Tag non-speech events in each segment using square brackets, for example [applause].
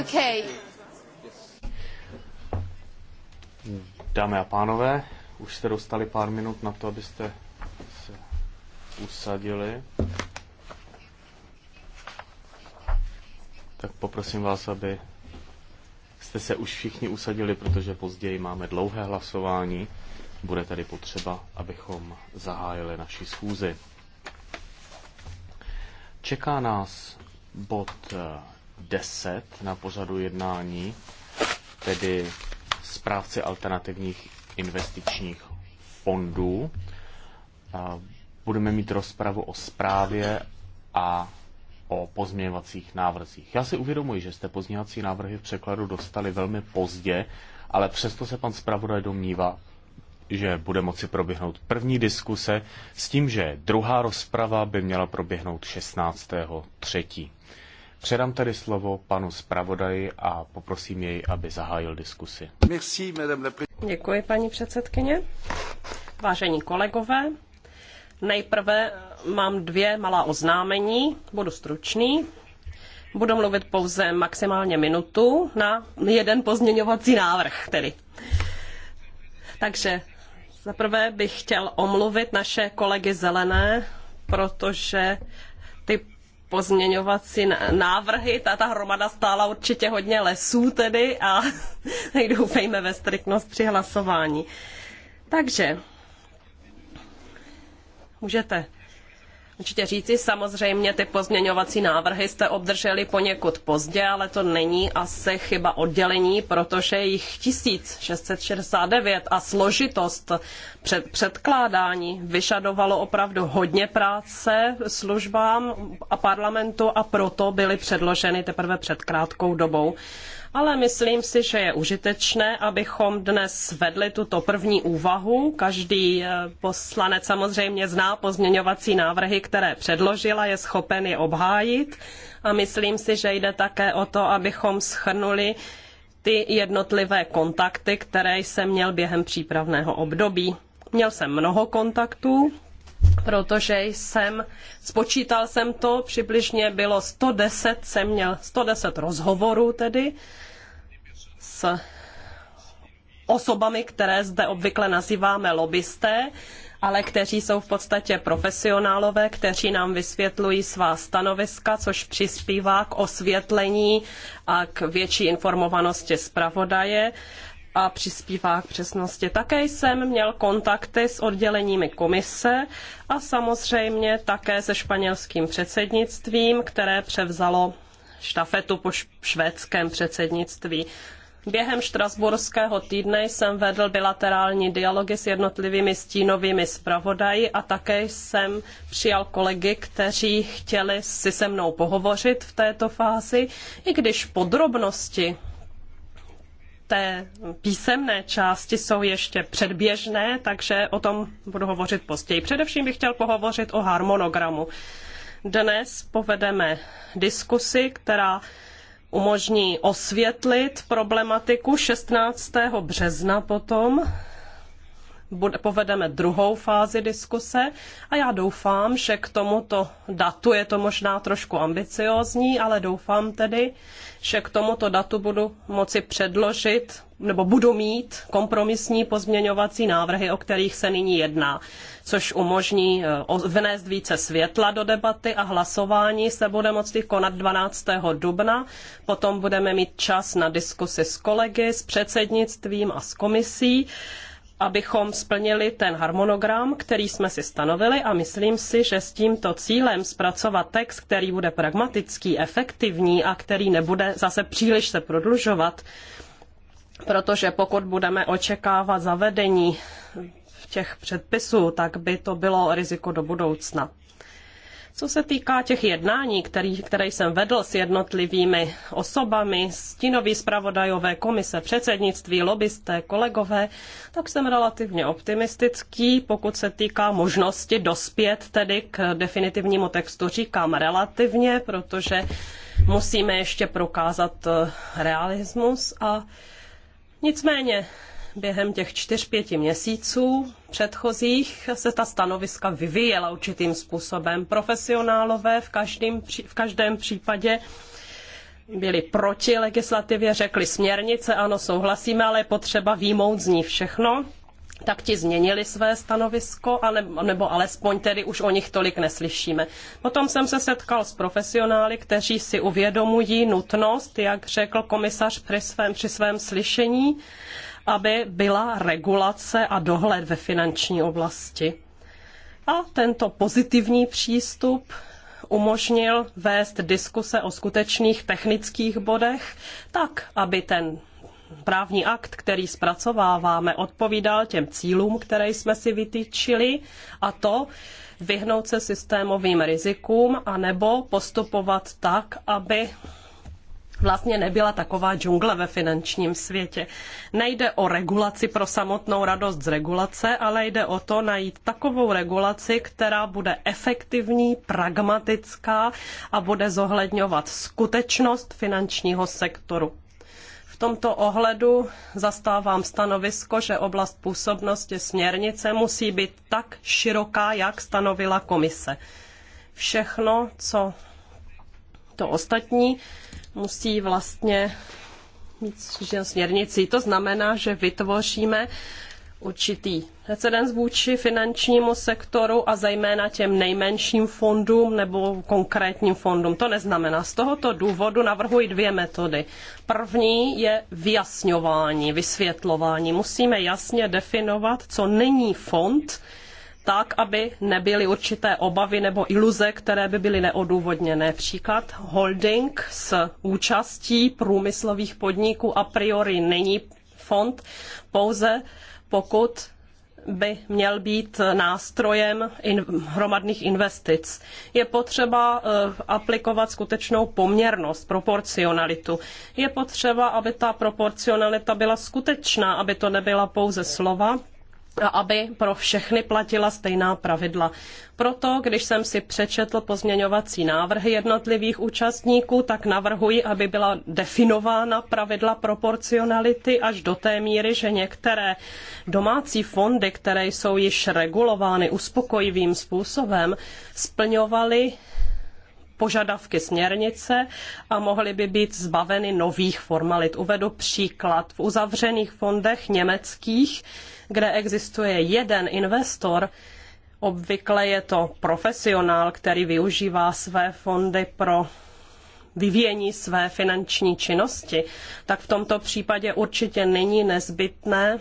Okay. Dámy a pánové, už jste dostali pár minut na to, abyste se usadili. Tak poprosím vás, aby jste se už všichni usadili, protože později máme dlouhé hlasování. Bude tady potřeba, abychom zahájili naši schůzi. Čeká nás bod 10 eh, na pořadu jednání, tedy správci alternativních investičních fondů. Eh, budeme mít rozpravu o správě a o pozměňovacích návrzích. Já si uvědomuji, že jste pozměňovací návrhy v překladu dostali velmi pozdě, ale přesto se pan zpravodaj domnívá, že bude moci proběhnout první diskuse s tím, že druhá rozprava by měla proběhnout 16. 3. Předám tedy slovo panu zpravodaji a poprosím jej, aby zahájil diskusi. Děkuji, paní předsedkyně. Vážení kolegové, nejprve mám dvě malá oznámení, budu stručný. Budu mluvit pouze maximálně minutu na jeden pozměňovací návrh tedy. Takže Zaprvé bych chtěl omluvit naše kolegy zelené, protože ty pozměňovací návrhy, ta, ta hromada stála určitě hodně lesů tedy a [laughs] doufejme ve striktnost při hlasování. Takže můžete určitě říci. Samozřejmě ty pozměňovací návrhy jste obdrželi poněkud pozdě, ale to není asi chyba oddělení, protože jich 1669 a složitost před, předkládání vyžadovalo opravdu hodně práce službám a parlamentu a proto byly předloženy teprve před krátkou dobou ale myslím si, že je užitečné, abychom dnes vedli tuto první úvahu. Každý eh, poslanec samozřejmě zná pozměňovací návrhy, které předložila, je schopen je obhájit a myslím si, že jde také o to, abychom schrnuli ty jednotlivé kontakty, které jsem měl během přípravného období. Měl jsem mnoho kontaktů, protože jsem, spočítal jsem to, přibližně bylo 110, jsem měl 110 rozhovorů tedy osobami, které zde obvykle nazýváme lobbysté, ale kteří jsou v podstatě profesionálové, kteří nám vysvětlují svá stanoviska, což přispívá k osvětlení a k větší informovanosti zpravodaje a přispívá k přesnosti. Také jsem měl kontakty s odděleními komise a samozřejmě také se španělským předsednictvím, které převzalo štafetu po švédském předsednictví. Během štrasburského týdne jsem vedl bilaterální dialogy s jednotlivými stínovými zpravodaji a také jsem přijal kolegy, kteří chtěli si se mnou pohovořit v této fázi, i když podrobnosti té písemné části jsou ještě předběžné, takže o tom budu hovořit později. Především bych chtěl pohovořit o harmonogramu. Dnes povedeme diskusi, která umožní osvětlit problematiku 16. března potom povedeme druhou fázi diskuse a já doufám, že k tomuto datu je to možná trošku ambiciozní, ale doufám tedy, že k tomuto datu budu moci předložit nebo budu mít kompromisní pozměňovací návrhy, o kterých se nyní jedná, což umožní eh, vnést více světla do debaty a hlasování se bude moci konat 12. dubna. Potom budeme mít čas na diskusy s kolegy, s předsednictvím a s komisí abychom splnili ten harmonogram, který jsme si stanovili a myslím si, že s tímto cílem zpracovat text, který bude pragmatický, efektivní a který nebude zase příliš se prodlužovat, protože pokud budeme očekávat zavedení těch předpisů, tak by to bylo riziko do budoucna. Co se týká těch jednání, který, které jsem vedl s jednotlivými osobami, stinoví zpravodajové komise, předsednictví, lobbysté, kolegové, tak jsem relativně optimistický, pokud se týká možnosti dospět tedy k definitivnímu textu. Říkám relativně, protože musíme ještě prokázat eh, realismus a nicméně během těch čtyř, pěti měsíců předchozích se ta stanoviska vyvíjela určitým způsobem. Profesionálové v, každém, v každém případě byli proti legislativě, řekli směrnice, ano, souhlasíme, ale je potřeba výmout z ní všechno tak ti změnili své stanovisko, anebo, nebo alespoň tedy už o nich tolik neslyšíme. Potom jsem se setkal s profesionály, kteří si uvědomují nutnost, jak řekl komisař při svém, při svém slyšení, aby byla regulace a dohled ve finanční oblasti. A tento pozitivní přístup umožnil vést diskuse o skutečných technických bodech tak, aby ten právní akt, který zpracováváme, odpovídal těm cílům, které jsme si vytýčili, a to vyhnout se systémovým rizikům, anebo postupovat tak, aby vlastně nebyla taková džungle ve finančním světě. Nejde o regulaci pro samotnou radost z regulace, ale jde o to najít takovou regulaci, která bude efektivní, pragmatická a bude zohledňovat skutečnost finančního sektoru. V tomto ohledu zastávám stanovisko, že oblast působnosti směrnice musí být tak široká, jak stanovila komise. Všechno, co to ostatní musí vlastně mít směrnici. To znamená, že vytvoříme určitý precedens vůči finančnímu sektoru a zejména těm nejmenším fondům nebo konkrétním fondům. To neznamená. Z tohoto důvodu navrhuji dvě metody. První je vyjasňování, vysvětlování. Musíme jasně definovat, co není fond, tak, aby nebyly určité obavy nebo iluze, které by byly neodůvodněné. Příklad holding s účastí průmyslových podniků a priori není fond, pouze pokud by měl být nástrojem hromadných investic. Je potřeba eh, aplikovat skutečnou poměrnost, proporcionalitu. Je potřeba, aby ta proporcionalita byla skutečná, aby to nebyla pouze slova, aby pro všechny platila stejná pravidla. Proto, když jsem si přečetl pozměňovací návrhy jednotlivých účastníků, tak navrhuji, aby byla definována pravidla proporcionality až do té míry, že některé domácí fondy, které jsou již regulovány uspokojivým způsobem, splňovaly požadavky směrnice a mohly by být zbaveny nových formalit. Uvedu příklad. V uzavřených fondech německých, kde existuje jeden investor, obvykle je to profesionál, který využívá své fondy pro vyvíjení své finanční činnosti, tak v tomto případě určitě není nezbytné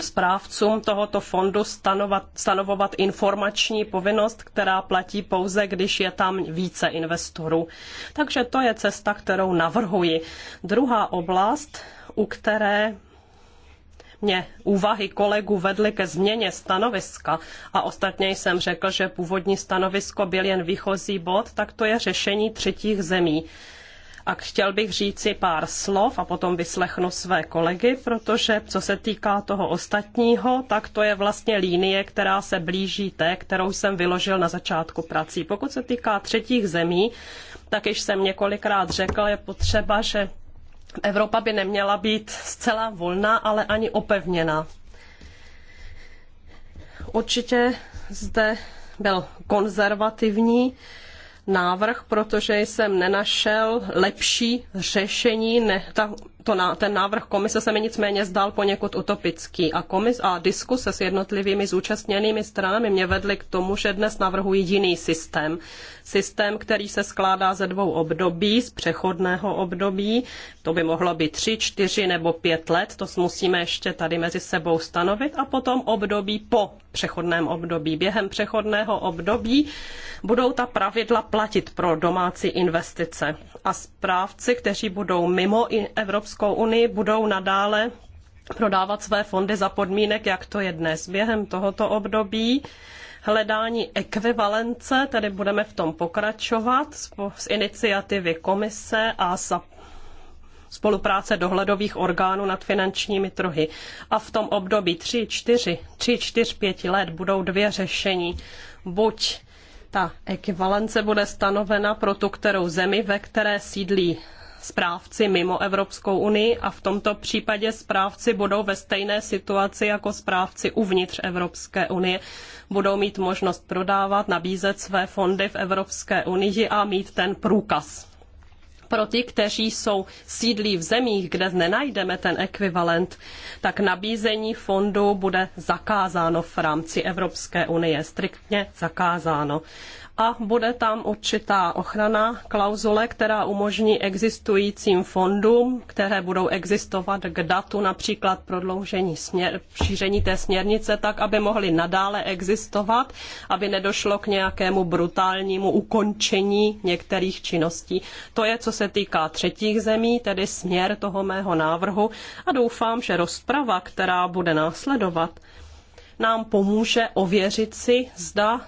správcům tohoto fondu stanovat, stanovovat informační povinnost, která platí pouze, když je tam více investorů. Takže to je cesta, kterou navrhuji. Druhá oblast, u které mě úvahy kolegů vedly ke změně stanoviska a ostatně jsem řekl, že původní stanovisko byl jen výchozí bod, tak to je řešení třetích zemí a chtěl bych říci pár slov a potom vyslechnu své kolegy, protože co se týká toho ostatního, tak to je vlastně linie, která se blíží té, kterou jsem vyložil na začátku prací. Pokud se týká třetích zemí, tak již jsem několikrát řekl, je potřeba, že Evropa by neměla být zcela volná, ale ani opevněná. Určitě zde byl konzervativní návrh, protože jsem nenašel lepší řešení, ne, ta to na, ten návrh komise se mi nicméně zdal poněkud utopický a, komis, a diskuse s jednotlivými zúčastněnými stranami mě vedly k tomu, že dnes navrhují jiný systém. Systém, který se skládá ze dvou období, z přechodného období, to by mohlo být tři, čtyři nebo pět let, to musíme ještě tady mezi sebou stanovit, a potom období po přechodném období. Během přechodného období budou ta pravidla platit pro domácí investice a správci, kteří budou mimo Evropskou Evropskou unii budou nadále prodávat své fondy za podmínek, jak to je dnes. Během tohoto období hledání ekvivalence, tedy budeme v tom pokračovat z iniciativy komise a za spolupráce dohledových orgánů nad finančními trhy. A v tom období 3, 4, 3, 4, 5 let budou dvě řešení. Buď ta ekvivalence bude stanovena pro tu kterou zemi, ve které sídlí správci mimo Evropskou unii a v tomto případě správci budou ve stejné situaci jako správci uvnitř Evropské unie. Budou mít možnost prodávat, nabízet své fondy v Evropské unii a mít ten průkaz. Pro ty, kteří jsou sídlí v zemích, kde nenajdeme ten ekvivalent, tak nabízení fondu bude zakázáno v rámci Evropské unie, striktně zakázáno a bude tam určitá ochrana klauzule, která umožní existujícím fondům, které budou existovat k datu například prodloužení směr, šíření té směrnice, tak aby mohly nadále existovat, aby nedošlo k nějakému brutálnímu ukončení některých činností. To je, co se týká třetích zemí, tedy směr toho mého návrhu a doufám, že rozprava, která bude následovat, nám pomůže ověřit si, zda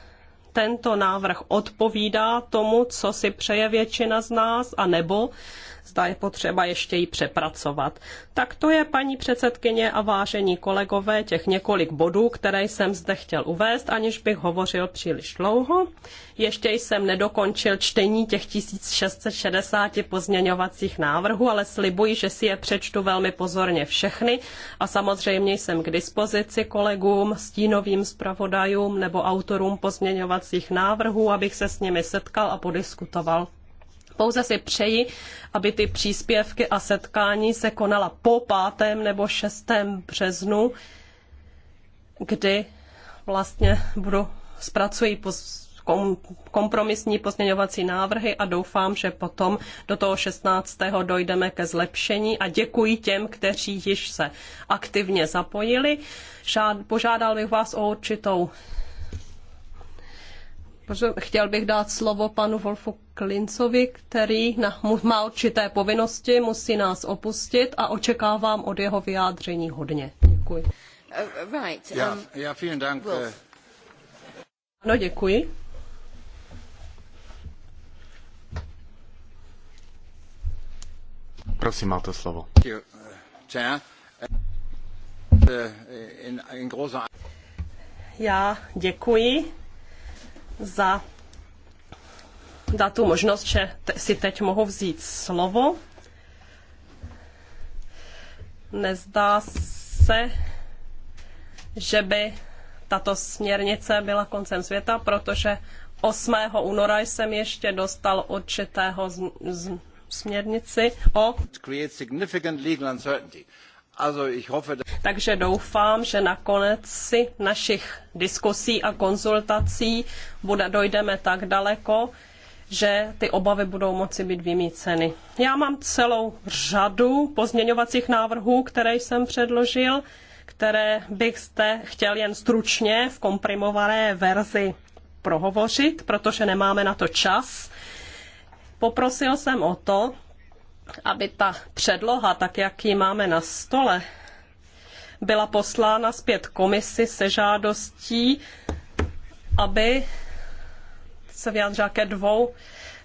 tento návrh odpovídá tomu, co si přeje většina z nás, anebo zda je potřeba ještě ji přepracovat. Tak to je, paní předsedkyně a vážení kolegové, těch několik bodů, které jsem zde chtěl uvést, aniž bych hovořil příliš dlouho. Ještě jsem nedokončil čtení těch 1660 pozměňovacích návrhů, ale slibuji, že si je přečtu velmi pozorně všechny a samozřejmě jsem k dispozici kolegům, stínovým zpravodajům nebo autorům pozměňovacích návrhů, abych se s nimi setkal a podiskutoval. Pouze si přeji, aby ty příspěvky a setkání se konala po 5. nebo 6. březnu, kdy vlastně budu zpracuji kompromisní pozměňovací návrhy a doufám, že potom do toho 16. dojdeme ke zlepšení a děkuji těm, kteří již se aktivně zapojili. Žád, požádal bych vás o určitou Chtěl bych dát slovo panu Wolfu Klincovi, který má určité povinnosti, musí nás opustit a očekávám od jeho vyjádření hodně. Děkuji. Uh, right, um, Já ja, vielen Dank. Wolf. Eh. Ano, děkuji. Prosím, máte slovo. Eh, eh, já děkuji za za tu možnost, že si teď mohu vzít slovo. Nezdá se, že by tato směrnice byla koncem světa, protože 8. února jsem ještě dostal určitého z, z, směrnici o takže doufám, že nakonec si našich diskusí a konzultací bude, dojdeme tak daleko, že ty obavy budou moci být vymíceny. Já mám celou řadu pozměňovacích návrhů, které jsem předložil, které bych zde chtěl jen stručně v komprimované verzi prohovořit, protože nemáme na to čas. Poprosil jsem o to, aby ta předloha, tak jak ji máme na stole, byla poslána zpět komisi se žádostí, aby se vyjádřila ke dvou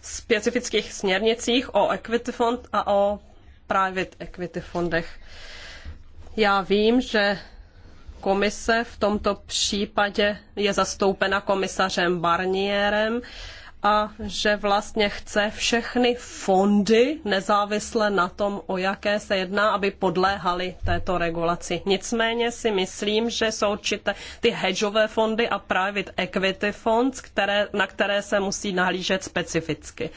specifických směrnicích o equity fond a o private equity fondech. Já vím, že komise v tomto případě je zastoupena komisařem Barnierem, a že vlastně chce všechny fondy, nezávisle na tom, o jaké se jedná, aby podléhaly této regulaci. Nicméně si myslím, že jsou určité ty hedžové fondy a private equity funds, které, na které se musí nahlížet specificky.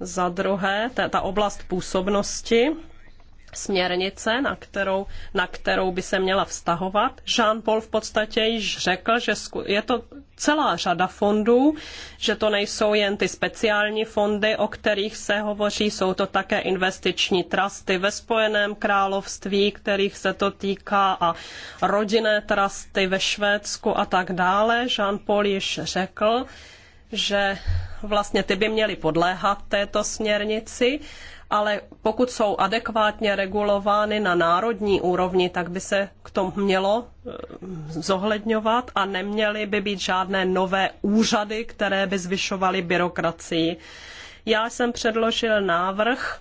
Za druhé, ta, ta oblast působnosti směrnice, na kterou, na kterou by se měla vztahovat. Jean-Paul v podstatě již řekl, že je to celá řada fondů, že to nejsou jen ty speciální fondy, o kterých se hovoří, jsou to také investiční trusty ve Spojeném království, kterých se to týká a rodinné trusty ve Švédsku a tak dále. Jean-Paul již řekl, že vlastně ty by měly podléhat této směrnici ale pokud jsou adekvátně regulovány na národní úrovni, tak by se k tomu mělo eh, zohledňovat a neměly by být žádné nové úřady, které by zvyšovaly byrokracii. Já jsem předložil návrh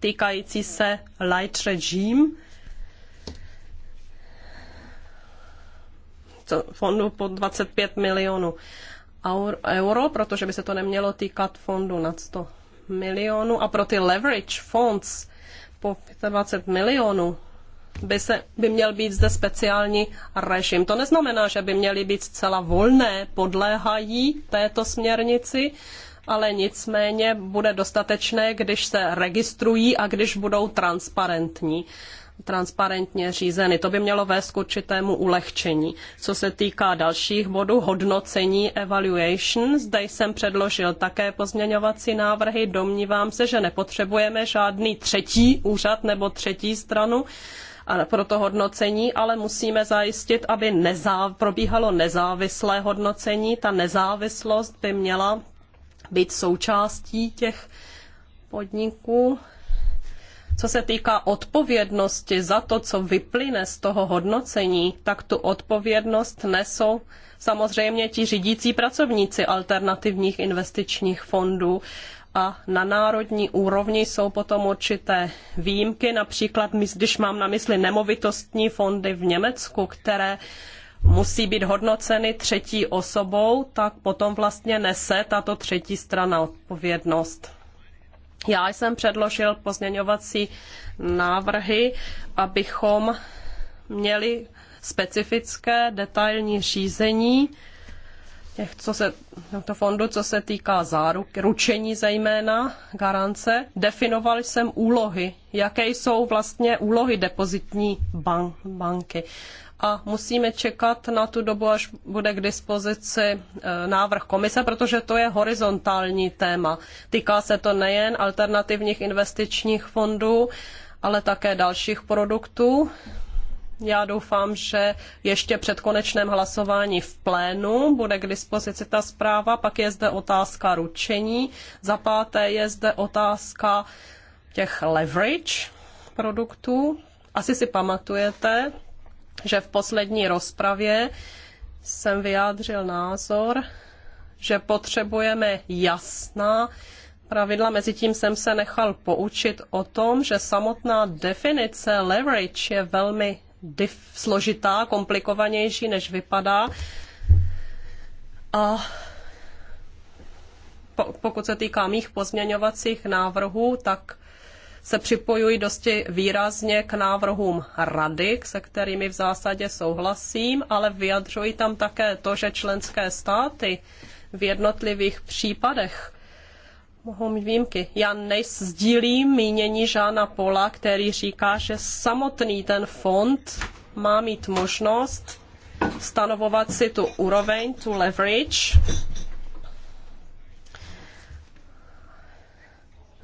týkající se light regime, fondu po 25 milionů euro, protože by se to nemělo týkat fondu nad 100 milionů a pro ty leverage funds po 25 milionů by, se, by měl být zde speciální režim. To neznamená, že by měly být zcela volné, podléhají této směrnici, ale nicméně bude dostatečné, když se registrují a když budou transparentní transparentně řízeny. To by mělo vést k určitému ulehčení. Co se týká dalších bodů, hodnocení evaluation, zde jsem předložil také pozměňovací návrhy. Domnívám se, že nepotřebujeme žádný třetí úřad nebo třetí stranu pro to hodnocení, ale musíme zajistit, aby nezáv, probíhalo nezávislé hodnocení. Ta nezávislost by měla být součástí těch podniků co se týká odpovědnosti za to, co vyplyne z toho hodnocení, tak tu odpovědnost nesou samozřejmě ti řídící pracovníci alternativních investičních fondů a na národní úrovni jsou potom určité výjimky, například když mám na mysli nemovitostní fondy v Německu, které musí být hodnoceny třetí osobou, tak potom vlastně nese tato třetí strana odpovědnost. Já jsem předložil pozměňovací návrhy, abychom měli specifické detailní řízení co se, to fondu, co se týká záruk, ručení zejména, garance. Definoval jsem úlohy, jaké jsou vlastně úlohy depozitní bank, banky a musíme čekat na tu dobu, až bude k dispozici e, návrh komise, protože to je horizontální téma. Týká se to nejen alternativních investičních fondů, ale také dalších produktů. Já doufám, že ještě před konečném hlasování v plénu bude k dispozici ta zpráva. Pak je zde otázka ručení. Za páté je zde otázka těch leverage produktů. Asi si pamatujete, že v poslední rozpravě jsem vyjádřil názor, že potřebujeme jasná pravidla. Mezitím jsem se nechal poučit o tom, že samotná definice leverage je velmi složitá, komplikovanější, než vypadá. A pokud se týká mých pozměňovacích návrhů, tak se připojuji dosti výrazně k návrhům rady, se kterými v zásadě souhlasím, ale vyjadřuji tam také to, že členské státy v jednotlivých případech mohou mít výjimky. Já nezdílím mínění Žána Pola, který říká, že samotný ten fond má mít možnost stanovovat si tu úroveň, tu leverage,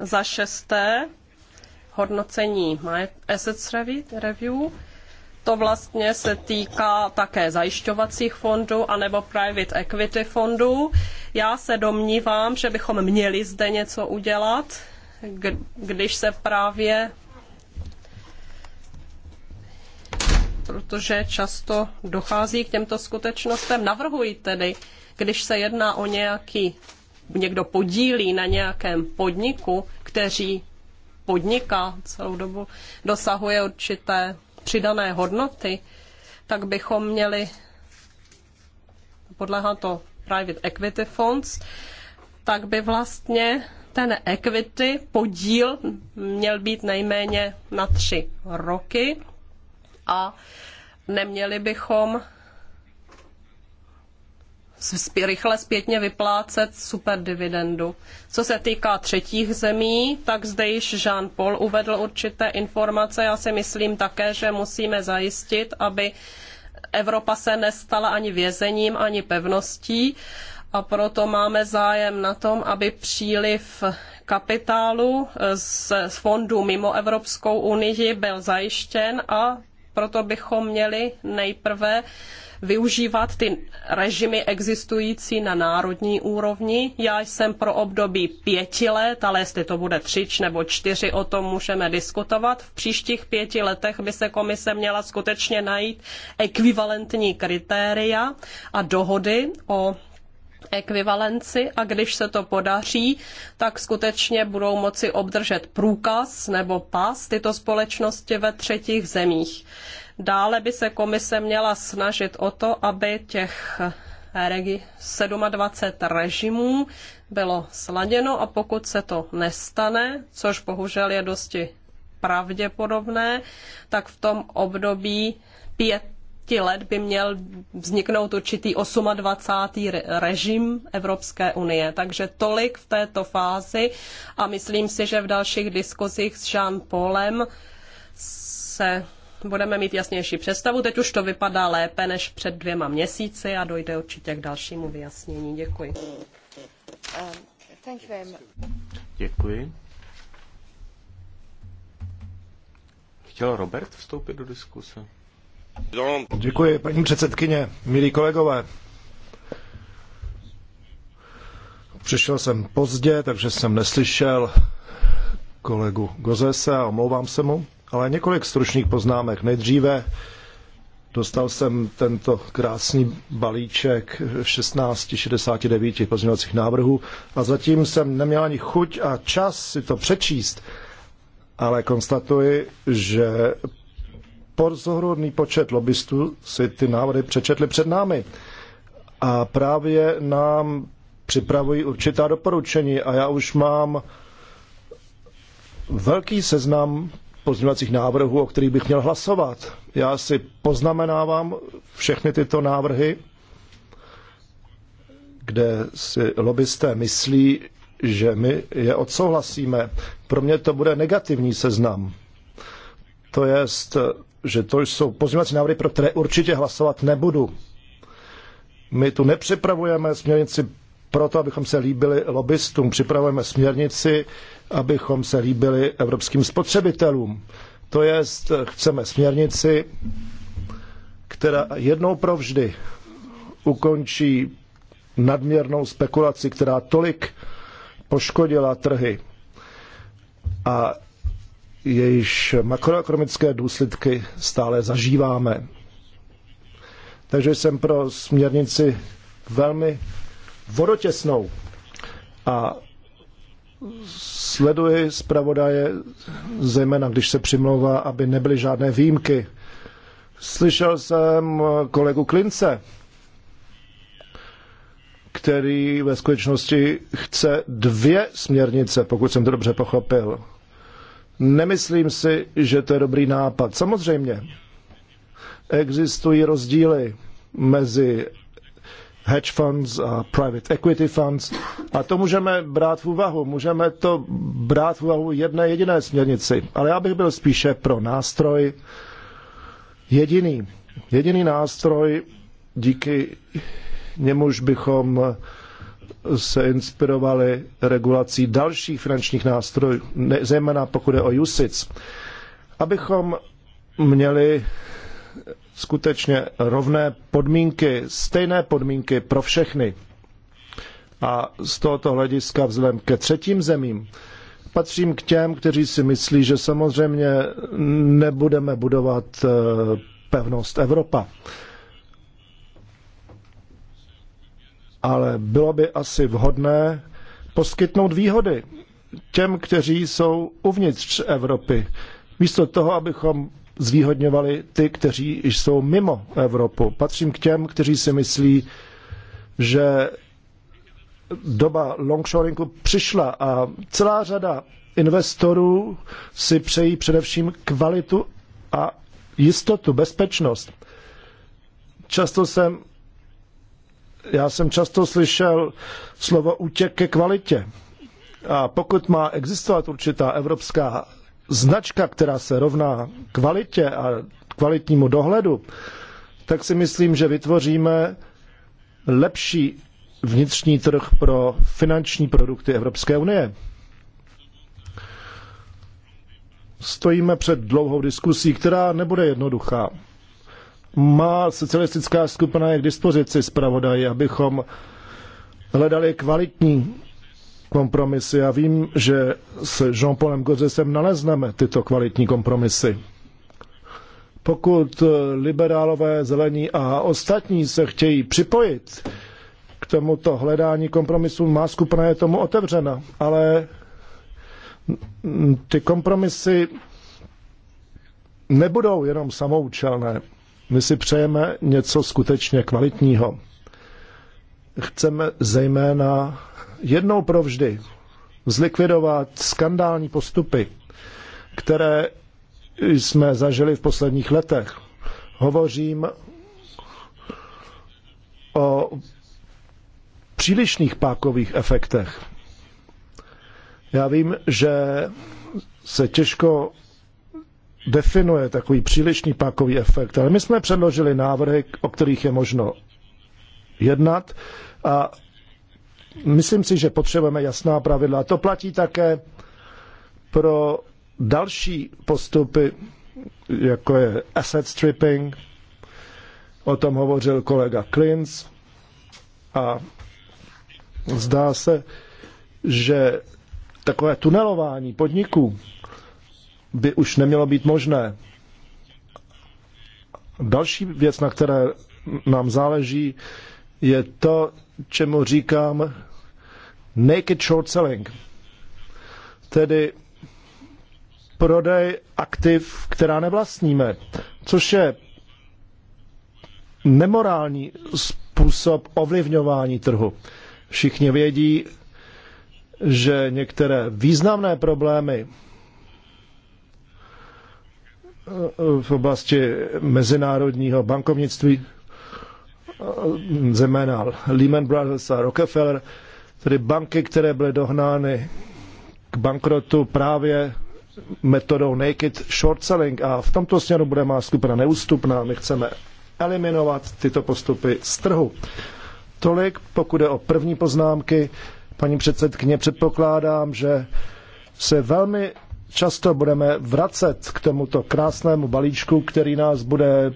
Za šesté, hodnocení assets review. To vlastně se týká také zajišťovacích fondů anebo private equity fondů. Já se domnívám, že bychom měli zde něco udělat, když se právě protože často dochází k těmto skutečnostem. Navrhuji tedy, když se jedná o nějaký, někdo podílí na nějakém podniku, kteří podniká celou dobu, dosahuje určité přidané hodnoty, tak bychom měli podlehá to private equity funds, tak by vlastně ten equity podíl měl být nejméně na tři roky a neměli bychom rychle zpětně vyplácet superdividendu. Co se týká třetích zemí, tak zde již Jean-Paul uvedl určité informace. Já si myslím také, že musíme zajistit, aby Evropa se nestala ani vězením, ani pevností a proto máme zájem na tom, aby příliv kapitálu z fondů mimo Evropskou unii byl zajištěn a proto bychom měli nejprve využívat ty režimy existující na národní úrovni. Já jsem pro období pěti let, ale jestli to bude tři nebo čtyři, o tom můžeme diskutovat. V příštích pěti letech by se komise měla skutečně najít ekvivalentní kritéria a dohody o ekvivalenci a když se to podaří, tak skutečně budou moci obdržet průkaz nebo pas tyto společnosti ve třetích zemích. Dále by se komise měla snažit o to, aby těch 27 režimů bylo sladěno a pokud se to nestane, což bohužel je dosti pravděpodobné, tak v tom období pět let by měl vzniknout určitý 28. režim Evropské unie. Takže tolik v této fázi a myslím si, že v dalších diskuzích s Jean Paulem se budeme mít jasnější představu. Teď už to vypadá lépe než před dvěma měsíci a dojde určitě k dalšímu vyjasnění. Děkuji. Děkuji. Chtěl Robert vstoupit do diskuse? Děkuji, paní předsedkyně, milí kolegové. Přišel jsem pozdě, takže jsem neslyšel kolegu Gozese a omlouvám se mu, ale několik stručných poznámek. Nejdříve dostal jsem tento krásný balíček 1669 pozměňovacích návrhů a zatím jsem neměl ani chuť a čas si to přečíst, ale konstatuji, že pozorovný počet lobbystů si ty návody přečetli před námi. A právě nám připravují určitá doporučení a já už mám velký seznam pozměňovacích návrhů, o kterých bych měl hlasovat. Já si poznamenávám všechny tyto návrhy, kde si lobbysté myslí, že my je odsouhlasíme. Pro mě to bude negativní seznam. To jest že to jsou pozměňovací návrhy, pro které určitě hlasovat nebudu. My tu nepřipravujeme směrnici proto, abychom se líbili lobbystům. Připravujeme směrnici, abychom se líbili evropským spotřebitelům. To je, chceme směrnici, která jednou provždy ukončí nadměrnou spekulaci, která tolik poškodila trhy. A jejíž makroekonomické důsledky stále zažíváme. Takže jsem pro směrnici velmi vodotěsnou a sleduji zpravodaje, zejména když se přimlouvá, aby nebyly žádné výjimky. Slyšel jsem kolegu Klince, který ve skutečnosti chce dvě směrnice, pokud jsem to dobře pochopil. Nemyslím si, že to je dobrý nápad. Samozřejmě existují rozdíly mezi hedge funds a private equity funds a to můžeme brát v úvahu. Můžeme to brát v úvahu jedné jediné směrnici, ale já bych byl spíše pro nástroj jediný. Jediný nástroj, díky němuž bychom se inspirovali regulací dalších finančních nástrojů, zejména pokud je o USIC, abychom měli skutečně rovné podmínky, stejné podmínky pro všechny. A z tohoto hlediska vzhledem ke třetím zemím patřím k těm, kteří si myslí, že samozřejmě nebudeme budovat eh, pevnost Evropa. ale bylo by asi vhodné poskytnout výhody těm, kteří jsou uvnitř Evropy, místo toho, abychom zvýhodňovali ty, kteří jsou mimo Evropu. Patřím k těm, kteří si myslí, že doba longshoringu přišla a celá řada investorů si přejí především kvalitu a jistotu, bezpečnost. Často jsem já jsem často slyšel slovo útěk ke kvalitě. A pokud má existovat určitá evropská značka, která se rovná kvalitě a kvalitnímu dohledu, tak si myslím, že vytvoříme lepší vnitřní trh pro finanční produkty Evropské unie. Stojíme před dlouhou diskusí, která nebude jednoduchá má socialistická skupina je k dispozici zpravodaji, abychom hledali kvalitní kompromisy. Já vím, že s Jean-Paulem Gozesem nalezneme tyto kvalitní kompromisy. Pokud liberálové, zelení a ostatní se chtějí připojit k tomuto hledání kompromisu, má skupina je tomu otevřena, ale ty kompromisy nebudou jenom samoučelné. My si přejeme něco skutečně kvalitního. Chceme zejména jednou provždy zlikvidovat skandální postupy, které jsme zažili v posledních letech. Hovořím o přílišných pákových efektech. Já vím, že se těžko definuje takový přílišný pákový efekt. Ale my jsme předložili návrhy, o kterých je možno jednat a myslím si, že potřebujeme jasná pravidla. To platí také pro další postupy, jako je asset stripping, o tom hovořil kolega Klins a zdá se, že takové tunelování podniků by už nemělo být možné. Další věc, na které nám záleží, je to, čemu říkám naked short selling. Tedy prodej aktiv, která nevlastníme, což je nemorální způsob ovlivňování trhu. Všichni vědí, že některé významné problémy v oblasti mezinárodního bankovnictví, zeména Lehman Brothers a Rockefeller, tedy banky, které byly dohnány k bankrotu právě metodou naked short selling a v tomto směru bude má skupina neústupná. My chceme eliminovat tyto postupy z trhu. Tolik, pokud je o první poznámky, paní předsedkyně, předpokládám, že se velmi často budeme vracet k tomuto krásnému balíčku, který nás bude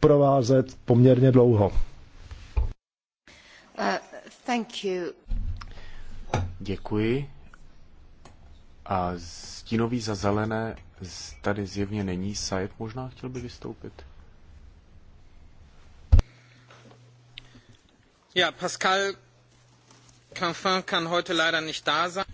provázet poměrně dlouho. Uh, thank you. Děkuji. A stínový za zelené tady zjevně není. Sajet možná chtěl by vystoupit. Ja, Pascal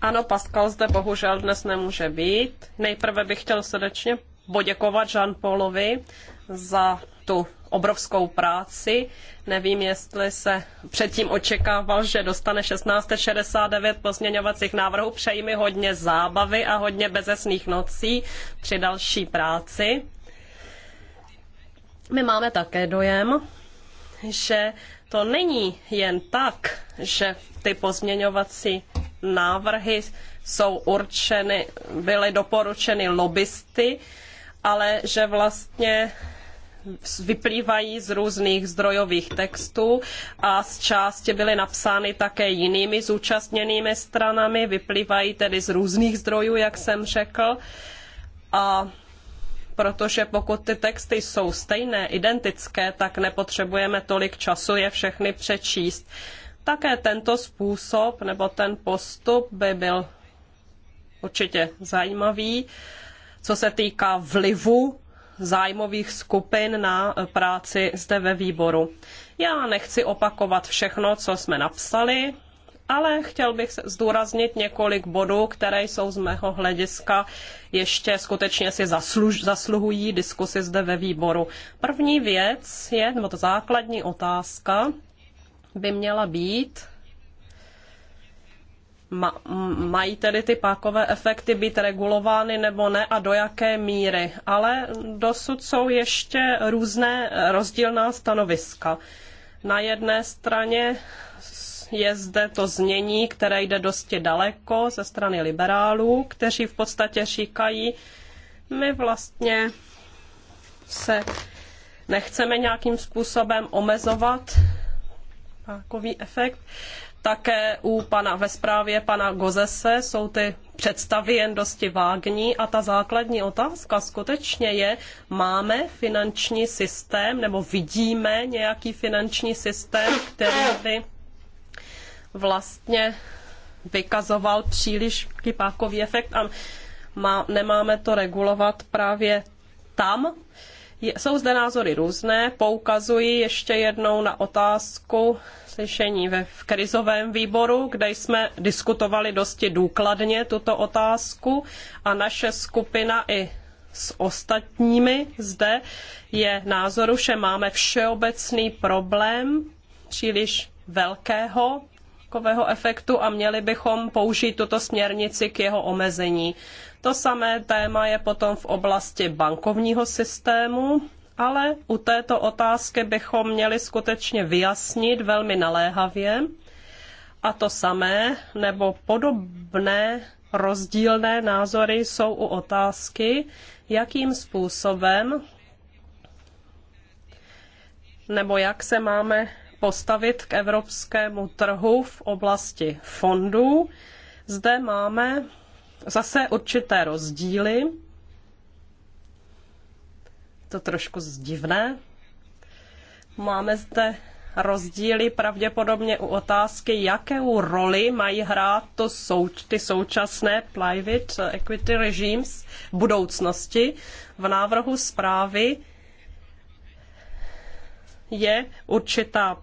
ano, Pascal zde bohužel dnes nemůže být. Nejprve bych chtěl srdečně poděkovat Jean-Paulovi za tu obrovskou práci. Nevím, jestli se předtím očekával, že dostane 1669 pozměňovacích návrhů. Přeji mi hodně zábavy a hodně bezesných nocí při další práci. My máme také dojem, že to není jen tak, že ty pozměňovací návrhy jsou určeny, byly doporučeny lobbysty, ale že vlastně vyplývají z různých zdrojových textů a z části byly napsány také jinými zúčastněnými stranami, vyplývají tedy z různých zdrojů, jak jsem řekl. A protože pokud ty texty jsou stejné, identické, tak nepotřebujeme tolik času je všechny přečíst. Také tento způsob nebo ten postup by byl určitě zajímavý, co se týká vlivu zájmových skupin na práci zde ve výboru. Já nechci opakovat všechno, co jsme napsali, ale chtěl bych zdůraznit několik bodů, které jsou z mého hlediska ještě skutečně si zasluž, zasluhují diskusi zde ve výboru. První věc je, nebo to základní otázka, by měla být, mají tedy ty pákové efekty být regulovány nebo ne a do jaké míry. Ale dosud jsou ještě různé rozdílná stanoviska. Na jedné straně je zde to znění, které jde dosti daleko ze strany liberálů, kteří v podstatě říkají, my vlastně se nechceme nějakým způsobem omezovat takový efekt. Také u pana, ve zprávě pana Gozese jsou ty představy jen dosti vágní a ta základní otázka skutečně je, máme finanční systém nebo vidíme nějaký finanční systém, který by vlastně vykazoval příliš kypákový efekt a má, nemáme to regulovat právě tam. Je, jsou zde názory různé, poukazují ještě jednou na otázku slyšení ve, v krizovém výboru, kde jsme diskutovali dosti důkladně tuto otázku a naše skupina i s ostatními zde je názoru, že máme všeobecný problém příliš velkého takového efektu a měli bychom použít tuto směrnici k jeho omezení. To samé téma je potom v oblasti bankovního systému, ale u této otázky bychom měli skutečně vyjasnit velmi naléhavě. A to samé nebo podobné rozdílné názory jsou u otázky, jakým způsobem nebo jak se máme postavit k evropskému trhu v oblasti fondů. Zde máme zase určité rozdíly. To trošku zdivné. Máme zde rozdíly pravděpodobně u otázky, jakou roli mají hrát to sou, ty současné private equity regimes v budoucnosti. V návrhu zprávy je určitá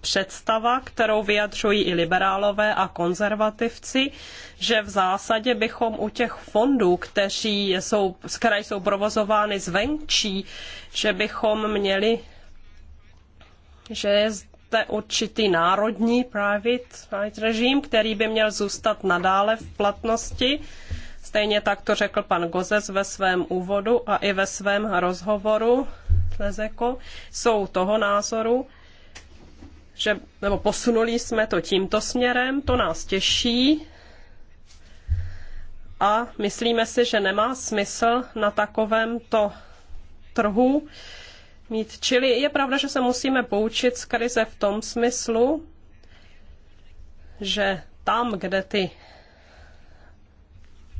představa, kterou vyjadřují i liberálové a konzervativci, že v zásadě bychom u těch fondů, kteří jsou, které jsou provozovány zvenčí, že bychom měli, že je zde určitý národní private right režim, který by měl zůstat nadále v platnosti. Stejně tak to řekl pan Gozes ve svém úvodu a i ve svém rozhovoru Lezeko, jsou toho názoru, že, nebo posunuli jsme to tímto směrem, to nás těší, a myslíme si, že nemá smysl na takovémto trhu mít. Čili je pravda, že se musíme poučit z krize v tom smyslu, že tam, kde ty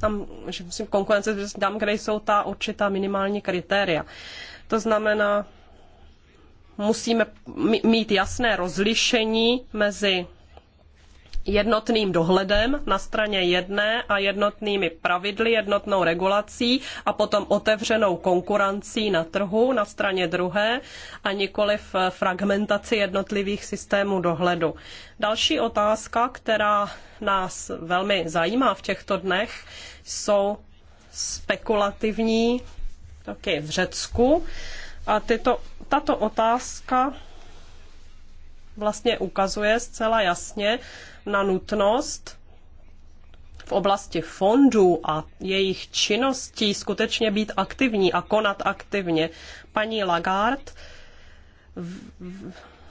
tam, že musím konkurence, tam, kde jsou ta určitá minimální kritéria. To znamená, musíme mít jasné rozlišení mezi jednotným dohledem na straně jedné a jednotnými pravidly, jednotnou regulací a potom otevřenou konkurencí na trhu na straně druhé a nikoliv fragmentaci jednotlivých systémů dohledu. Další otázka, která nás velmi zajímá v těchto dnech, jsou spekulativní taky v Řecku. A tyto tato otázka vlastně ukazuje zcela jasně na nutnost v oblasti fondů a jejich činností skutečně být aktivní a konat aktivně. Paní Lagarde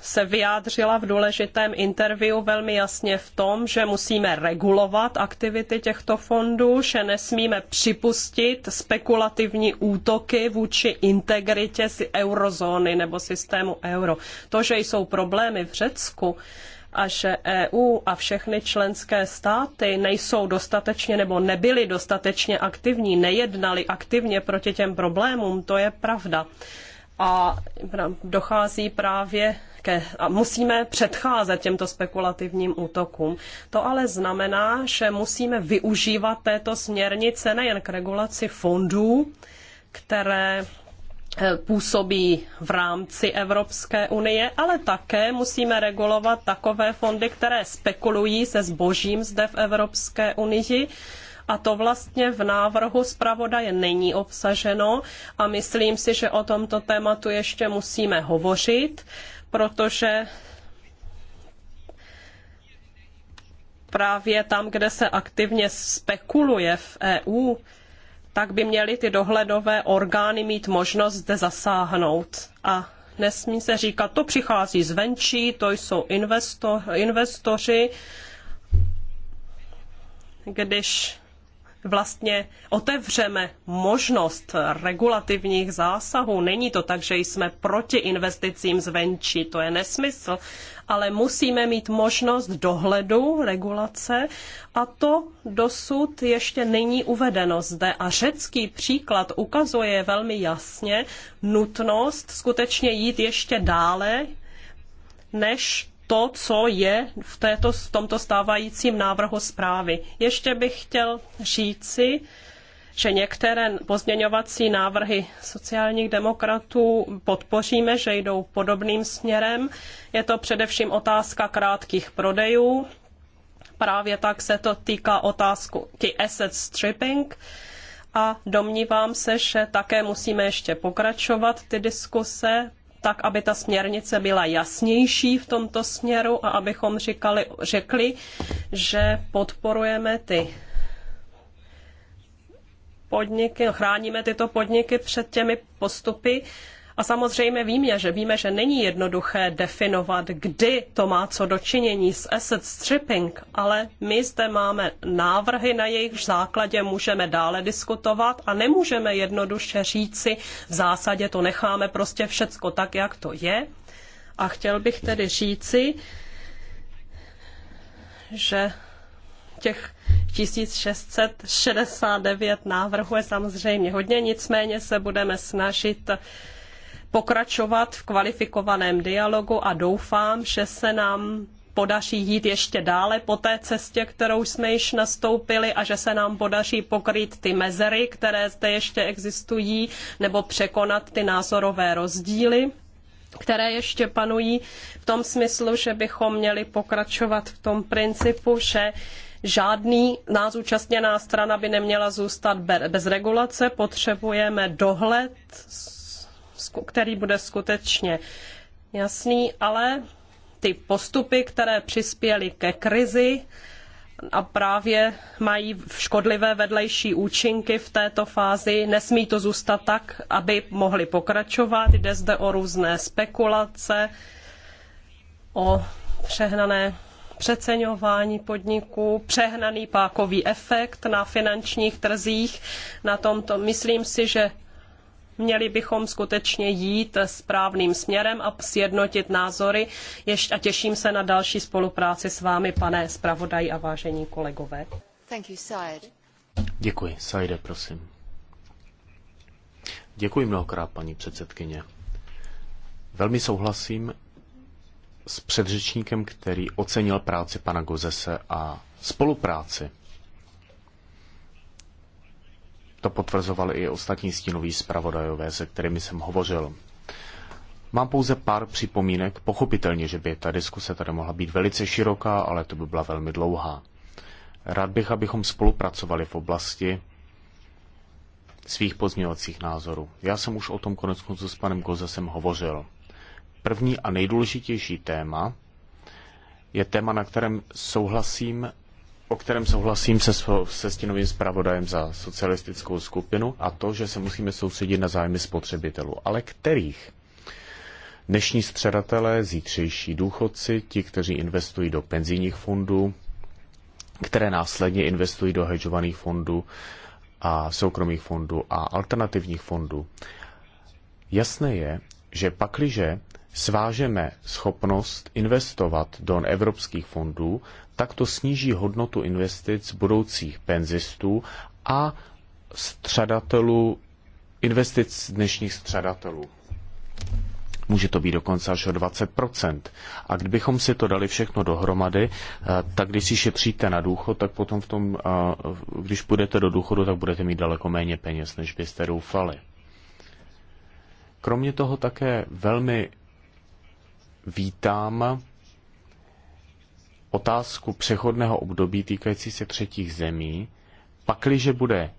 se vyjádřila v důležitém interview velmi jasně v tom, že musíme regulovat aktivity těchto fondů, že nesmíme připustit spekulativní útoky vůči integritě si eurozóny nebo systému euro. To, že jsou problémy v Řecku, a že EU a všechny členské státy nejsou dostatečně nebo nebyly dostatečně aktivní, nejednali aktivně proti těm problémům, to je pravda a dochází právě ke, a musíme předcházet těmto spekulativním útokům. To ale znamená, že musíme využívat této směrnice nejen k regulaci fondů, které eh, působí v rámci Evropské unie, ale také musíme regulovat takové fondy, které spekulují se zbožím zde v Evropské unii a to vlastně v návrhu zpravodaje není obsaženo a myslím si, že o tomto tématu ještě musíme hovořit, protože právě tam, kde se aktivně spekuluje v EU, tak by měly ty dohledové orgány mít možnost zde zasáhnout. A nesmí se říkat, to přichází zvenčí, to jsou investoři, když vlastně otevřeme možnost regulativních zásahů. Není to tak, že jsme proti investicím zvenčí, to je nesmysl, ale musíme mít možnost dohledu, regulace a to dosud ještě není uvedeno zde. A řecký příklad ukazuje velmi jasně nutnost skutečně jít ještě dále, než to, co je v, této, v tomto stávajícím návrhu zprávy. Ještě bych chtěl říci, že některé pozměňovací návrhy sociálních demokratů podpoříme, že jdou podobným směrem. Je to především otázka krátkých prodejů. Právě tak se to týká otázky asset stripping. A domnívám se, že také musíme ještě pokračovat ty diskuse, tak, aby ta směrnice byla jasnější v tomto směru a abychom říkali, řekli, že podporujeme ty podniky, chráníme tyto podniky před těmi postupy, a samozřejmě víme, že víme, že není jednoduché definovat, kdy to má co dočinění s asset stripping, ale my zde máme návrhy, na jejich základě můžeme dále diskutovat a nemůžeme jednoduše říci, v zásadě to necháme prostě všecko tak, jak to je. A chtěl bych tedy říci, že těch 1669 návrhů je samozřejmě hodně, nicméně se budeme snažit pokračovat v kvalifikovaném dialogu a doufám, že se nám podaří jít ještě dále po té cestě, kterou jsme již nastoupili a že se nám podaří pokrýt ty mezery, které zde ještě existují, nebo překonat ty názorové rozdíly které ještě panují v tom smyslu, že bychom měli pokračovat v tom principu, že žádný nás zúčastněná strana by neměla zůstat bez regulace, potřebujeme dohled který bude skutečně jasný, ale ty postupy, které přispěly ke krizi a právě mají škodlivé vedlejší účinky v této fázi, nesmí to zůstat tak, aby mohly pokračovat. Jde zde o různé spekulace, o přehnané přeceňování podniků, přehnaný pákový efekt na finančních trzích. Na tomto myslím si, že Měli bychom skutečně jít správným směrem a sjednotit názory a těším se na další spolupráci s vámi, pane zpravodaj a vážení kolegové. Thank you, Děkuji. Saide, prosím. Děkuji mnohokrát, paní předsedkyně. Velmi souhlasím s předřečníkem, který ocenil práci pana Gozese a spolupráci to potvrzovali i ostatní stínoví zpravodajové, se kterými jsem hovořil. Mám pouze pár připomínek. Pochopitelně, že by ta diskuse tady mohla být velice široká, ale to by byla velmi dlouhá. Rád bych, abychom spolupracovali v oblasti svých pozměňovacích názorů. Já jsem už o tom konec konců s panem Gozesem hovořil. První a nejdůležitější téma je téma, na kterém souhlasím o kterém souhlasím se, se stínovým zpravodajem za socialistickou skupinu, a to, že se musíme soustředit na zájmy spotřebitelů. Ale kterých? Dnešní středatelé, zítřejší důchodci, ti, kteří investují do penzijních fondů, které následně investují do hedžovaných fondů a soukromých fondů a alternativních fondů. Jasné je, že pakliže svážeme schopnost investovat do evropských fondů, tak to sníží hodnotu investic budoucích penzistů a střadatelů, investic dnešních střadatelů. Může to být dokonce až o 20%. A kdybychom si to dali všechno dohromady, eh, tak když si šetříte na důchod, tak potom v tom, eh, když půjdete do důchodu, tak budete mít daleko méně peněz, než byste doufali. Kromě toho také velmi vítám otázku přechodného období týkající se třetích zemí, pakliže bude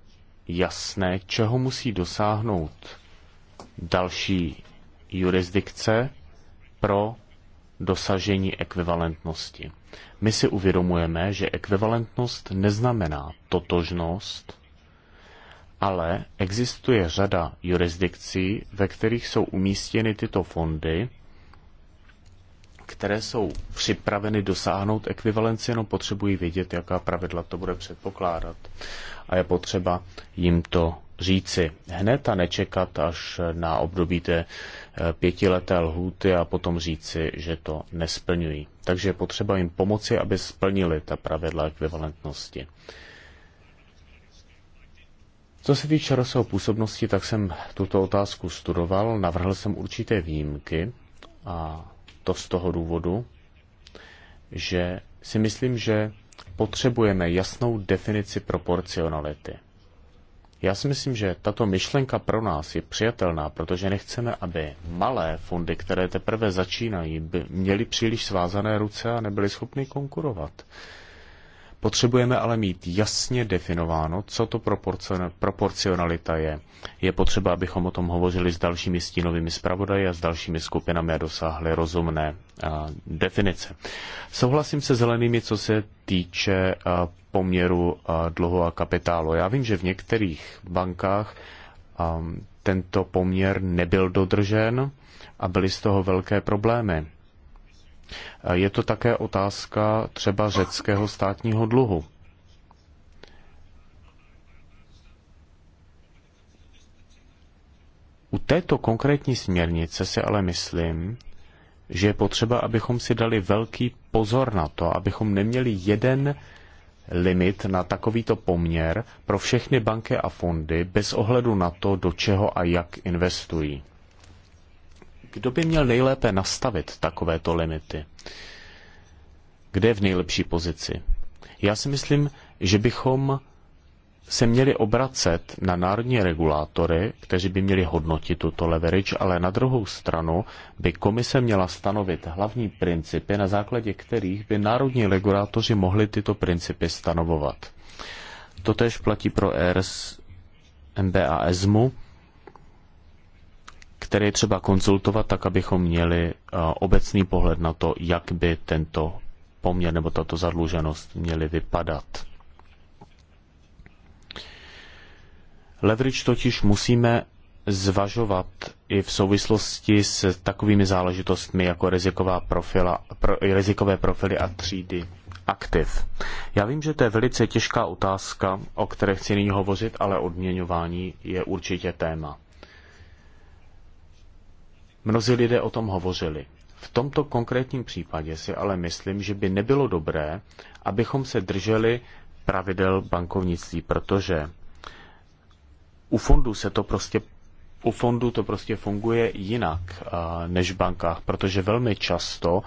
jasné, čeho musí dosáhnout další jurisdikce pro dosažení ekvivalentnosti. My si uvědomujeme, že ekvivalentnost neznamená totožnost, ale existuje řada jurisdikcí, ve kterých jsou umístěny tyto fondy které jsou připraveny dosáhnout ekvivalenci, jenom potřebují vědět, jaká pravidla to bude předpokládat. A je potřeba jim to říci hned a nečekat až na období té eh, pětileté lhůty a potom říci, že to nesplňují. Takže je potřeba jim pomoci, aby splnili ta pravidla ekvivalentnosti. Co se týče rozsahu působnosti, tak jsem tuto otázku studoval, navrhl jsem určité výjimky a to z toho důvodu, že si myslím, že potřebujeme jasnou definici proporcionality. Já si myslím, že tato myšlenka pro nás je přijatelná, protože nechceme, aby malé fondy, které teprve začínají, by měly příliš svázané ruce a nebyly schopny konkurovat. Potřebujeme ale mít jasně definováno, co to proporcionalita je. Je potřeba, abychom o tom hovořili s dalšími stínovými zpravodaji a s dalšími skupinami a dosáhli rozumné a, definice. Souhlasím se zelenými, co se týče a, poměru a, dluhu a kapitálu. Já vím, že v některých bankách a, tento poměr nebyl dodržen a byly z toho velké problémy. Je to také otázka třeba řeckého státního dluhu. U této konkrétní směrnice si ale myslím, že je potřeba, abychom si dali velký pozor na to, abychom neměli jeden limit na takovýto poměr pro všechny banky a fondy bez ohledu na to, do čeho a jak investují. Kdo by měl nejlépe nastavit takovéto limity? Kde je v nejlepší pozici? Já si myslím, že bychom se měli obracet na národní regulátory, kteří by měli hodnotit tuto leverage, ale na druhou stranu by komise měla stanovit hlavní principy, na základě kterých by národní regulátoři mohli tyto principy stanovovat. Totež platí pro ERS, MBA ESMu které je třeba konzultovat, tak abychom měli eh, obecný pohled na to, jak by tento poměr nebo tato zadluženost měly vypadat. Leverage totiž musíme zvažovat i v souvislosti s takovými záležitostmi jako riziková profila, pro, rizikové profily a třídy aktiv. Já vím, že to je velice těžká otázka, o které chci nyní hovořit, ale odměňování je určitě téma. Mnozí lidé o tom hovořili. V tomto konkrétním případě si ale myslím, že by nebylo dobré, abychom se drželi pravidel bankovnictví, protože u fondu se to prostě u fondu to prostě funguje jinak eh, než v bankách, protože velmi často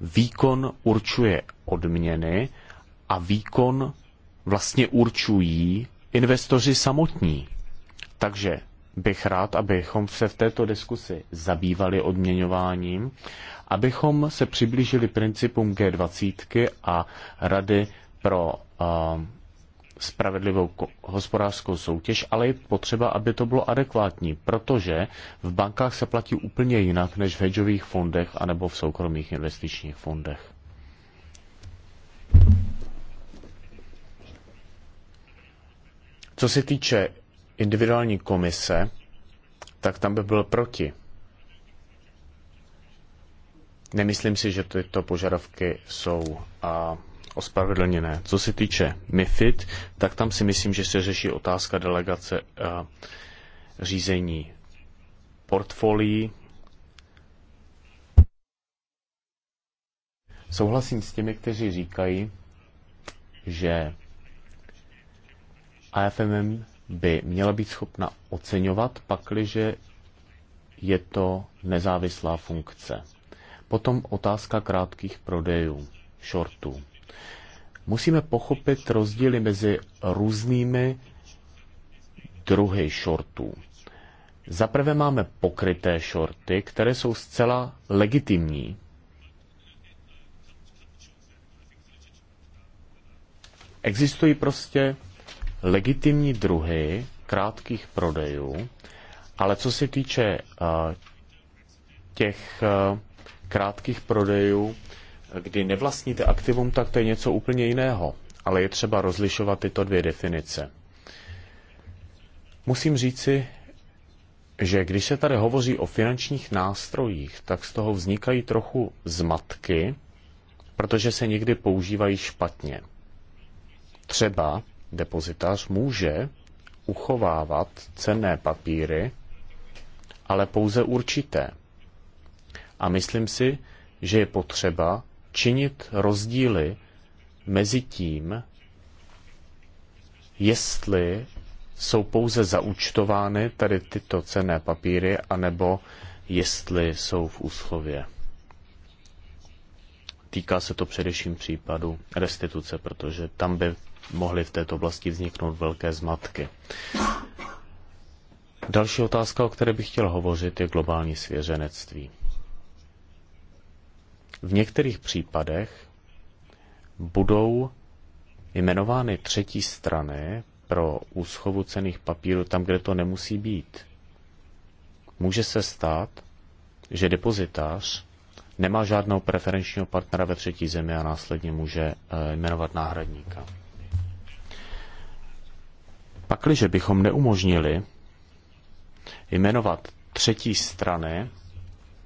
výkon určuje odměny a výkon vlastně určují investoři samotní. Takže bych rád, abychom se v této diskusi zabývali odměňováním, abychom se přiblížili principům G20 a Rady pro uh, spravedlivou hospodářskou soutěž, ale je potřeba, aby to bylo adekvátní, protože v bankách se platí úplně jinak než v hedžových fondech anebo v soukromých investičních fondech. Co se týče individuální komise, tak tam by byl proti. Nemyslím si, že tyto požadavky jsou a ospravedlněné. Co se týče MIFID, tak tam si myslím, že se řeší otázka delegace a řízení portfolií. Souhlasím s těmi, kteří říkají, že AFMM by měla být schopna oceňovat, pakliže je to nezávislá funkce. Potom otázka krátkých prodejů, shortů. Musíme pochopit rozdíly mezi různými druhy shortů. Zaprvé máme pokryté shorty, které jsou zcela legitimní. Existují prostě legitimní druhy krátkých prodejů, ale co se týče eh, těch eh, krátkých prodejů, kdy nevlastníte aktivum, tak to je něco úplně jiného. Ale je třeba rozlišovat tyto dvě definice. Musím říci, že když se tady hovoří o finančních nástrojích, tak z toho vznikají trochu zmatky, protože se někdy používají špatně. Třeba depozitář může uchovávat cenné papíry, ale pouze určité. A myslím si, že je potřeba činit rozdíly mezi tím, jestli jsou pouze zaúčtovány tady tyto cenné papíry, anebo jestli jsou v úslově. Týká se to především případu restituce, protože tam by mohly v této oblasti vzniknout velké zmatky. Další otázka, o které bych chtěl hovořit, je globální svěřenectví. V některých případech budou jmenovány třetí strany pro úschovu cených papírů tam, kde to nemusí být. Může se stát, že depozitář nemá žádného preferenčního partnera ve třetí zemi a následně může eh, jmenovat náhradníka. Pakliže bychom neumožnili jmenovat třetí strany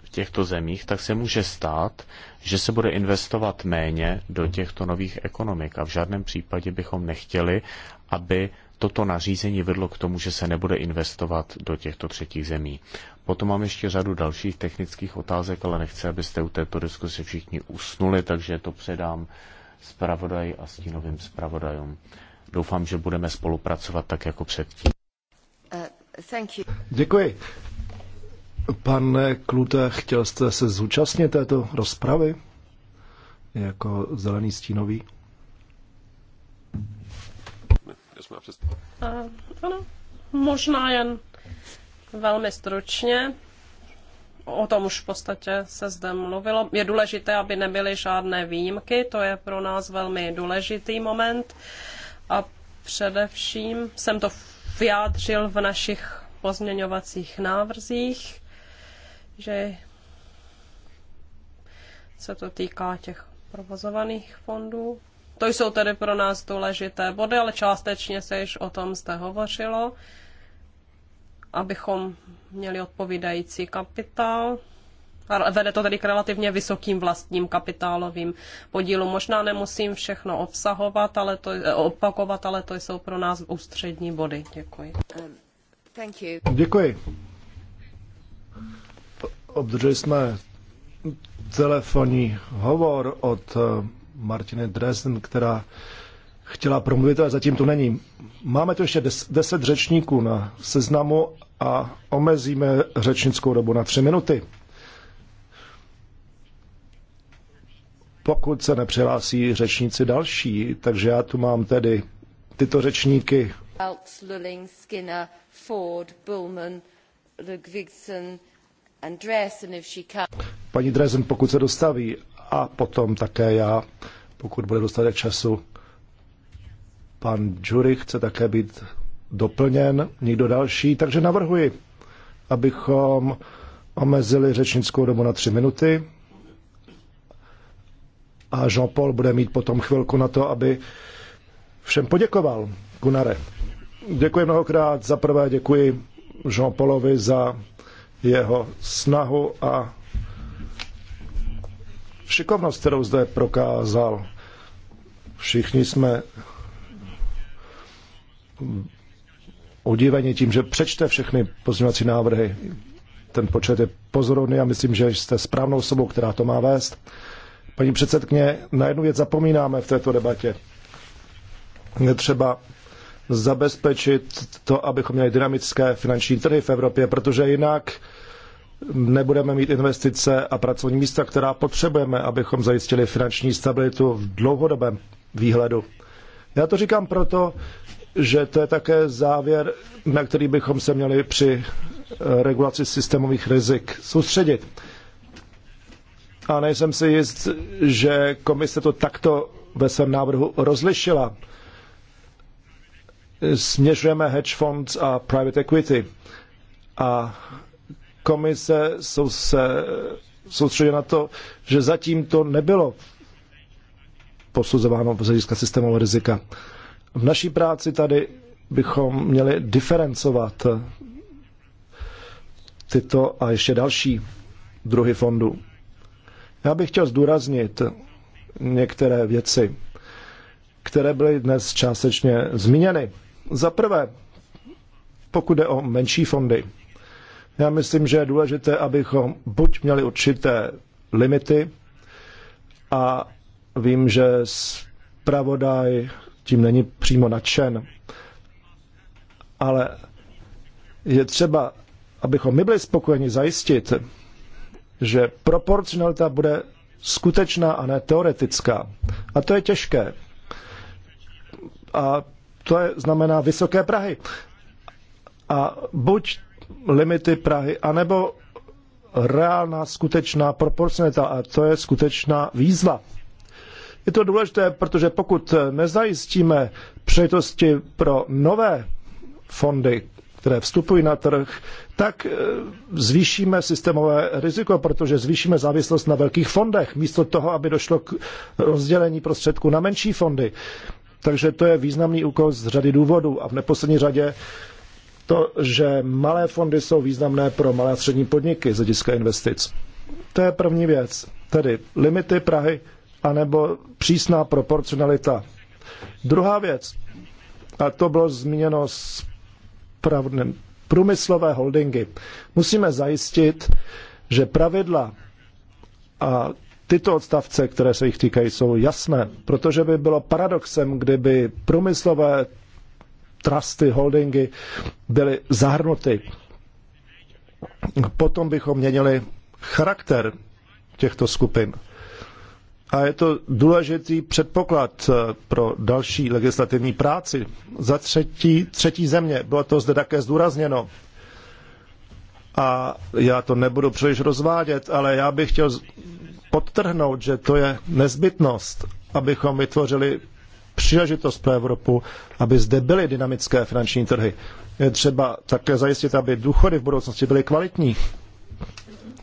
v těchto zemích, tak se může stát, že se bude investovat méně do těchto nových ekonomik. A v žádném případě bychom nechtěli, aby toto nařízení vedlo k tomu, že se nebude investovat do těchto třetích zemí. Potom mám ještě řadu dalších technických otázek, ale nechci, abyste u této diskuse všichni usnuli, takže to předám zpravodaj a stínovým zpravodajům doufám, že budeme spolupracovat tak jako předtím. Uh, Děkuji. Pane Klute, chtěl jste se zúčastnit této rozpravy jako zelený stínový? Uh, ano, možná jen velmi stručně. O tom už v podstatě se zde mluvilo. Je důležité, aby nebyly žádné výjimky, to je pro nás velmi důležitý moment. Uh, a především jsem to vyjádřil v našich pozměňovacích návrzích, že se to týká těch provozovaných fondů. To jsou tedy pro nás důležité body, ale částečně se již o tom zde hovořilo, abychom měli odpovídající kapitál Vede to tedy k relativně vysokým vlastním kapitálovým podílům. Možná nemusím všechno obsahovat, ale to, eh, opakovat, ale to jsou pro nás ústřední body. Děkuji. Um, Děkuji. Obdrželi jsme telefonní hovor od eh, Martiny Dresden, která chtěla promluvit, ale zatím to není. Máme tu ještě des, deset řečníků na seznamu a omezíme řečnickou dobu na tři minuty. pokud se nepřihlásí řečníci další. Takže já tu mám tedy tyto řečníky. Alts, Lulling, Skinner, Ford, Bullman, Ludvigsen, Andreessen, if she can. Paní Dresen, pokud se dostaví, a potom také já, pokud bude dostatek času. Pan Jury chce také být doplněn, nikdo další, takže navrhuji, abychom omezili řečnickou dobu na tři minuty a Jean-Paul bude mít potom chvilku na to, aby všem poděkoval. Gunare. Děkuji mnohokrát. Za prvé děkuji Jean-Paulovi za jeho snahu a šikovnost, kterou zde prokázal. Všichni jsme udíveni tím, že přečte všechny pozměňovací návrhy. Ten počet je pozorovný a myslím, že jste správnou osobou, která to má vést. Paní předsedkyně, na jednu věc zapomínáme v této debatě. Je třeba zabezpečit to, abychom měli dynamické finanční trhy v Evropě, protože jinak nebudeme mít investice a pracovní místa, která potřebujeme, abychom zajistili finanční stabilitu v dlouhodobém výhledu. Já to říkám proto, že to je také závěr, na který bychom se měli při eh, regulaci systémových rizik soustředit a nejsem si jist, že komise to takto ve svém návrhu rozlišila. Směřujeme hedge funds a private equity. A komise jsou se soustředila na to, že zatím to nebylo posuzováno z hlediska systémového rizika. V naší práci tady bychom měli diferencovat tyto a ještě další druhy fondů. Já bych chtěl zdůraznit některé věci, které byly dnes částečně zmíněny. Za prvé, pokud jde o menší fondy, já myslím, že je důležité, abychom buď měli určité limity a vím, že zpravodaj tím není přímo nadšen, ale je třeba, abychom my byli spokojeni zajistit, že proporcionalita bude skutečná a ne teoretická. A to je těžké. A to je, znamená vysoké Prahy. A buď limity Prahy, anebo reálná, skutečná proporcionalita. A to je skutečná výzva. Je to důležité, protože pokud nezajistíme přejitosti pro nové fondy, které vstupují na trh, tak eh, zvýšíme systémové riziko, protože zvýšíme závislost na velkých fondech, místo toho, aby došlo k rozdělení prostředků na menší fondy. Takže to je významný úkol z řady důvodů a v neposlední řadě to, že malé fondy jsou významné pro malé a střední podniky z hlediska investic. To je první věc, tedy limity Prahy anebo přísná proporcionalita. Druhá věc, a to bylo zmíněno s průmyslové holdingy. Musíme zajistit, že pravidla a tyto odstavce, které se jich týkají, jsou jasné, protože by bylo paradoxem, kdyby průmyslové trusty, holdingy byly zahrnuty. Potom bychom měnili charakter těchto skupin a je to důležitý předpoklad eh, pro další legislativní práci. Za třetí, třetí země, bylo to zde také zdůrazněno. A já to nebudu příliš rozvádět, ale já bych chtěl podtrhnout, že to je nezbytnost, abychom vytvořili příležitost pro Evropu, aby zde byly dynamické finanční trhy. Je třeba také zajistit, aby důchody v budoucnosti byly kvalitní.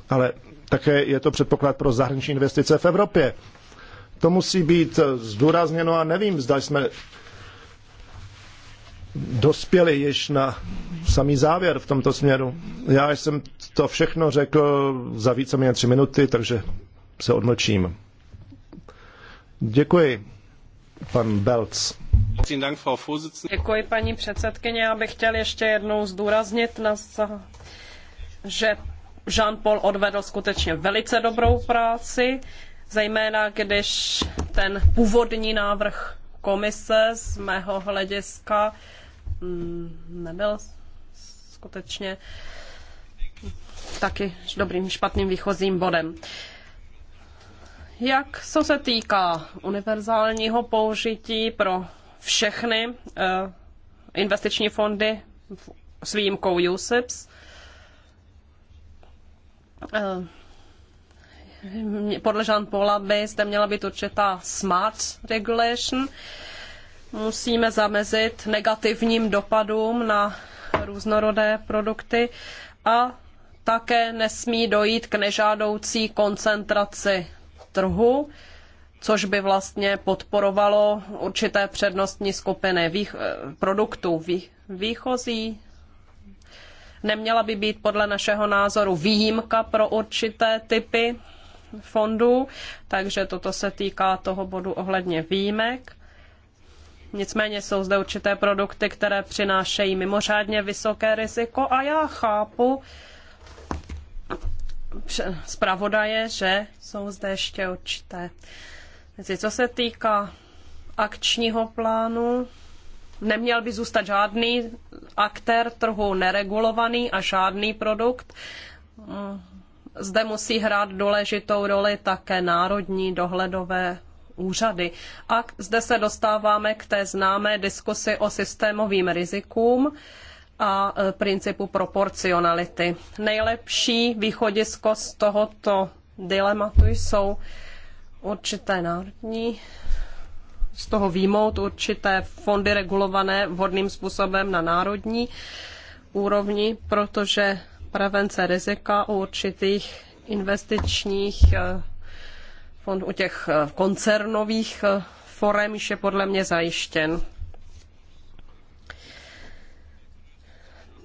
Ale také je to předpoklad pro zahraniční investice v Evropě. To musí být zdůrazněno a nevím, zda jsme dospěli již na samý závěr v tomto směru. Já jsem to všechno řekl za více méně tři minuty, takže se odmlčím. Děkuji, pan Belc. Děkuji, paní předsedkyně. Já bych chtěl ještě jednou zdůraznit, na, že Jean-Paul odvedl skutečně velice dobrou práci, zejména když ten původní návrh komise z mého hlediska mm, nebyl skutečně taky dobrým špatným výchozím bodem. Jak co se týká univerzálního použití pro všechny eh, investiční fondy s výjimkou USIPS, Eh, podle Jean Paula by zde měla být určitá smart regulation. Musíme zamezit negativním dopadům na různorodé produkty a také nesmí dojít k nežádoucí koncentraci trhu, což by vlastně podporovalo určité přednostní skupiny eh, produktů. Výchozí Neměla by být podle našeho názoru výjimka pro určité typy fondů, takže toto se týká toho bodu ohledně výjimek. Nicméně jsou zde určité produkty, které přinášejí mimořádně vysoké riziko a já chápu zpravodaje, že jsou zde ještě určité. Co se týká akčního plánu, neměl by zůstat žádný aktér trhu neregulovaný a žádný produkt. Zde musí hrát důležitou roli také národní dohledové úřady. A zde se dostáváme k té známé diskusi o systémovým rizikům a e, principu proporcionality. Nejlepší východisko z tohoto dilematu jsou určité národní z toho výmout určité fondy regulované vhodným způsobem na národní úrovni, protože prevence rizika u určitých investičních eh, fond, u těch eh, koncernových eh, forem již je podle mě zajištěn.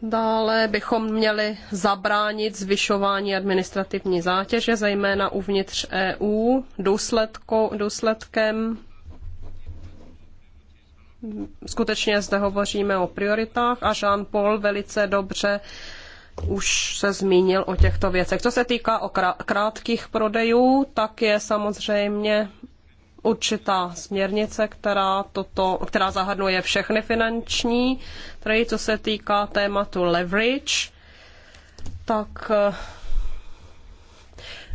Dále bychom měli zabránit zvyšování administrativní zátěže, zejména uvnitř EU, důsledko, důsledkem skutečně zde hovoříme o prioritách a Jean-Paul velice dobře už se zmínil o těchto věcech. Co se týká o krátkých prodejů, tak je samozřejmě určitá směrnice, která, toto, která zahrnuje všechny finanční trhy, co se týká tématu leverage, tak eh,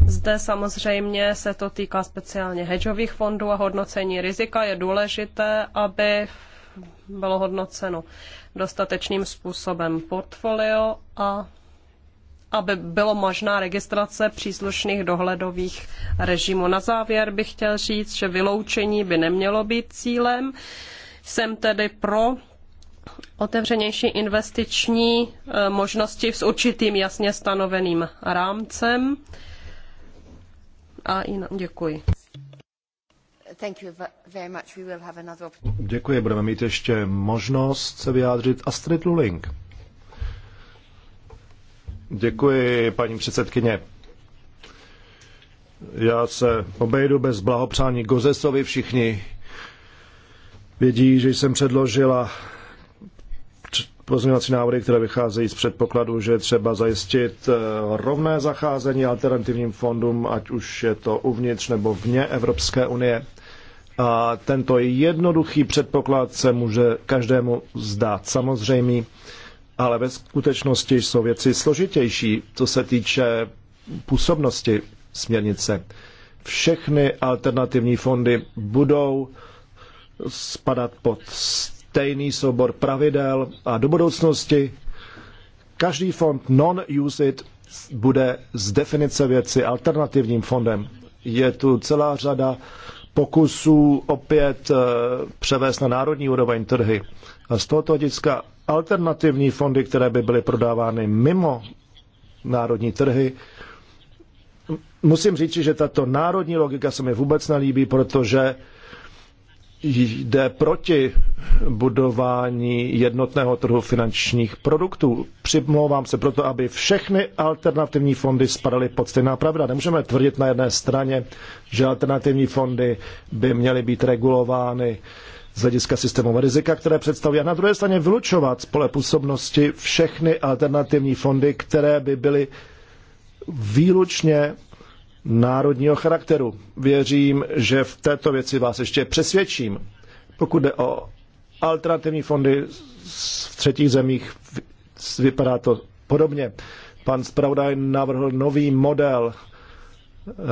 zde samozřejmě se to týká speciálně hedžových fondů a hodnocení rizika. Je důležité, aby bylo hodnoceno dostatečným způsobem portfolio a aby bylo možná registrace příslušných dohledových režimů. Na závěr bych chtěl říct, že vyloučení by nemělo být cílem. Jsem tedy pro otevřenější investiční eh, možnosti s určitým jasně stanoveným rámcem a jinam. Děkuji. Děkuji, budeme mít ještě možnost se vyjádřit Astrid Luling. Děkuji, paní předsedkyně. Já se obejdu bez blahopřání Gozesovi. Všichni vědí, že jsem předložila pozměňovací návrhy, které vycházejí z předpokladu, že je třeba zajistit eh, rovné zacházení alternativním fondům, ať už je to uvnitř nebo vně Evropské unie. A tento jednoduchý předpoklad se může každému zdát samozřejmý, ale ve skutečnosti jsou věci složitější, co se týče působnosti směrnice. Všechny alternativní fondy budou spadat pod stejný soubor pravidel a do budoucnosti každý fond non-use it bude z definice věci alternativním fondem. Je tu celá řada pokusů opět eh, převést na národní úroveň trhy. A z tohoto hlediska alternativní fondy, které by byly prodávány mimo národní trhy, musím říct, že tato národní logika se mi vůbec nelíbí, protože jde proti budování jednotného trhu finančních produktů. Přimlouvám se proto, aby všechny alternativní fondy spadaly pod stejná pravda. Nemůžeme tvrdit na jedné straně, že alternativní fondy by měly být regulovány z hlediska systémové rizika, které představují, a na druhé straně vylučovat z pole působnosti všechny alternativní fondy, které by byly výlučně národního charakteru. Věřím, že v této věci vás ještě přesvědčím. Pokud jde o alternativní fondy v třetích zemích, vypadá to podobně. Pan Spravodaj navrhl nový model,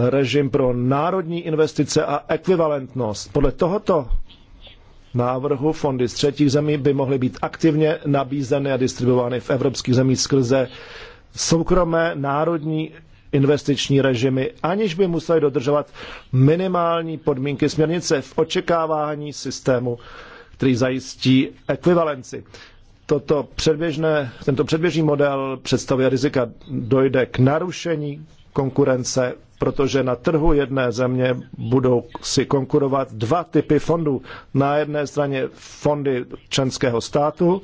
režim pro národní investice a ekvivalentnost. Podle tohoto návrhu fondy z třetích zemí by mohly být aktivně nabízeny a distribuovány v evropských zemích skrze soukromé národní investiční režimy, aniž by museli dodržovat minimální podmínky směrnice v očekávání systému, který zajistí ekvivalenci. Toto předběžné, tento předběžný model představuje rizika, dojde k narušení konkurence, protože na trhu jedné země budou si konkurovat dva typy fondů. Na jedné straně fondy členského státu,